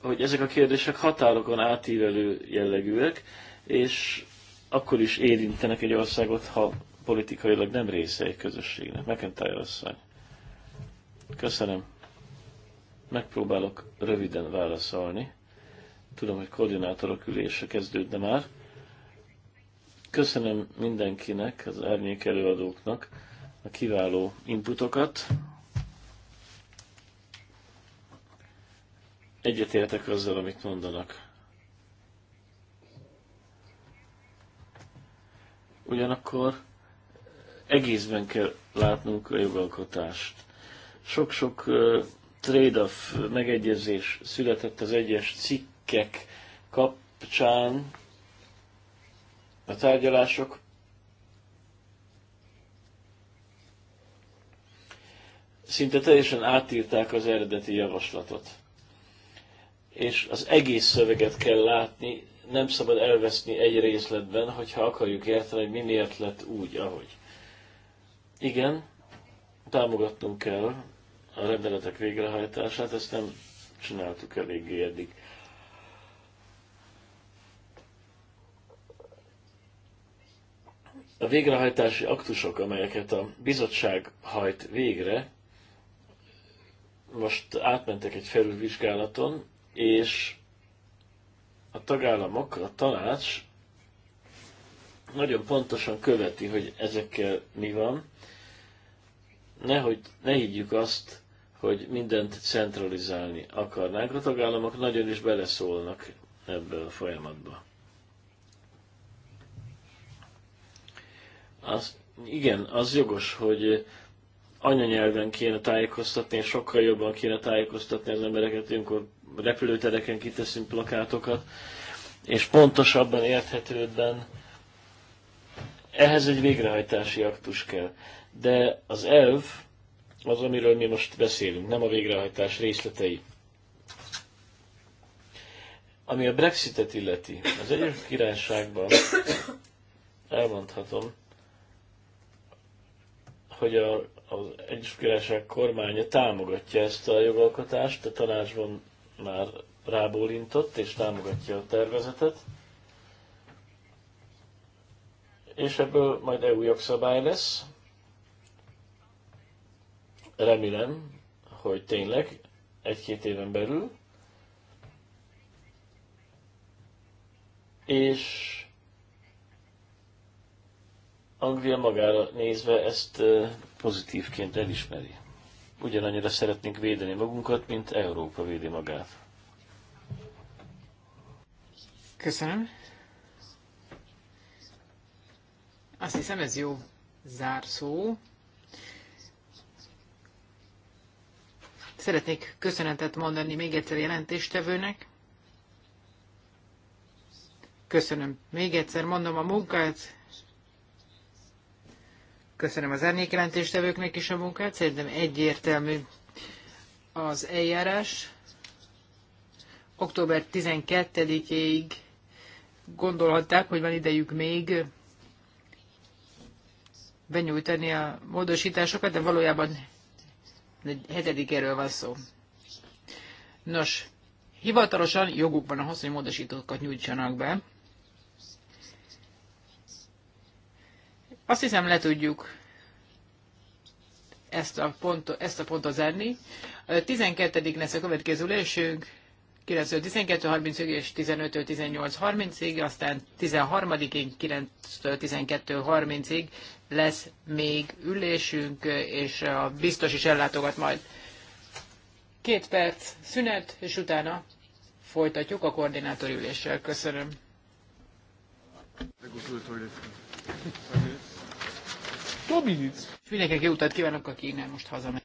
Speaker 2: hogy ezek a kérdések határokon átívelő jellegűek, és akkor is érintenek egy országot, ha politikailag nem része egy közösségnek. McIntyre asszony. Köszönöm. Megpróbálok röviden válaszolni. Tudom, hogy koordinátorok ülése kezdődne már. Köszönöm mindenkinek, az árnyék előadóknak a kiváló inputokat. Egyetértek azzal, amit mondanak. Ugyanakkor egészben kell látnunk a jogalkotást. Sok-sok trade-off megegyezés született az egyes cikkek kapcsán, a tárgyalások. Szinte teljesen átírták az eredeti javaslatot. És az egész szöveget kell látni, nem szabad elveszni egy részletben, hogyha akarjuk érteni, hogy mi miért lett úgy, ahogy. Igen, támogatnunk kell a rendeletek végrehajtását, ezt nem csináltuk eléggé eddig. A végrehajtási aktusok, amelyeket a bizottság hajt végre, most átmentek egy felülvizsgálaton, és a tagállamok, a tanács nagyon pontosan követi, hogy ezekkel mi van. Nehogy, ne higgyük azt, hogy mindent centralizálni akarnánk. A tagállamok nagyon is beleszólnak ebbe a folyamatba. az, igen, az jogos, hogy anyanyelven kéne tájékoztatni, és sokkal jobban kéne tájékoztatni az embereket, amikor repülőtereken kiteszünk plakátokat, és pontosabban, érthetőbben ehhez egy végrehajtási aktus kell. De az elv az, amiről mi most beszélünk, nem a végrehajtás részletei. Ami a Brexitet illeti, az Egyesült Királyságban elmondhatom, hogy a, az Egyesült Királyság kormánya támogatja ezt a jogalkotást, a tanácsban már rábólintott és támogatja a tervezetet, és ebből majd EU jogszabály lesz. Remélem, hogy tényleg egy-két éven belül, és Anglia magára nézve ezt pozitívként elismeri. Ugyanannyira szeretnénk védeni magunkat, mint Európa védi magát.
Speaker 3: Köszönöm. Azt hiszem ez jó zárszó. Szeretnék köszönetet mondani még egyszer jelentéstevőnek. Köszönöm még egyszer, mondom a munkát, Köszönöm az árnyékjelentéstevőknek is a munkát, szerintem egyértelmű az eljárás. Október 12-ig gondolhatták, hogy van idejük még benyújtani a módosításokat, de valójában hetedikéről van szó. Nos, hivatalosan joguk van ahhoz, hogy módosítókat nyújtsanak be. Azt hiszem, le tudjuk ezt a, pont, ezt a pontot zárni. A 12 lesz a következő ülésünk, 9-12.30-ig és 15-18.30-ig, aztán 13-én 9-12.30-ig lesz még ülésünk, és a biztos is ellátogat majd. Két perc szünet, és utána folytatjuk a koordinátori üléssel. Köszönöm. Köszönöm. Tobi minutes. És mindenkinek jó utat kívánok, aki innen most hazamegy.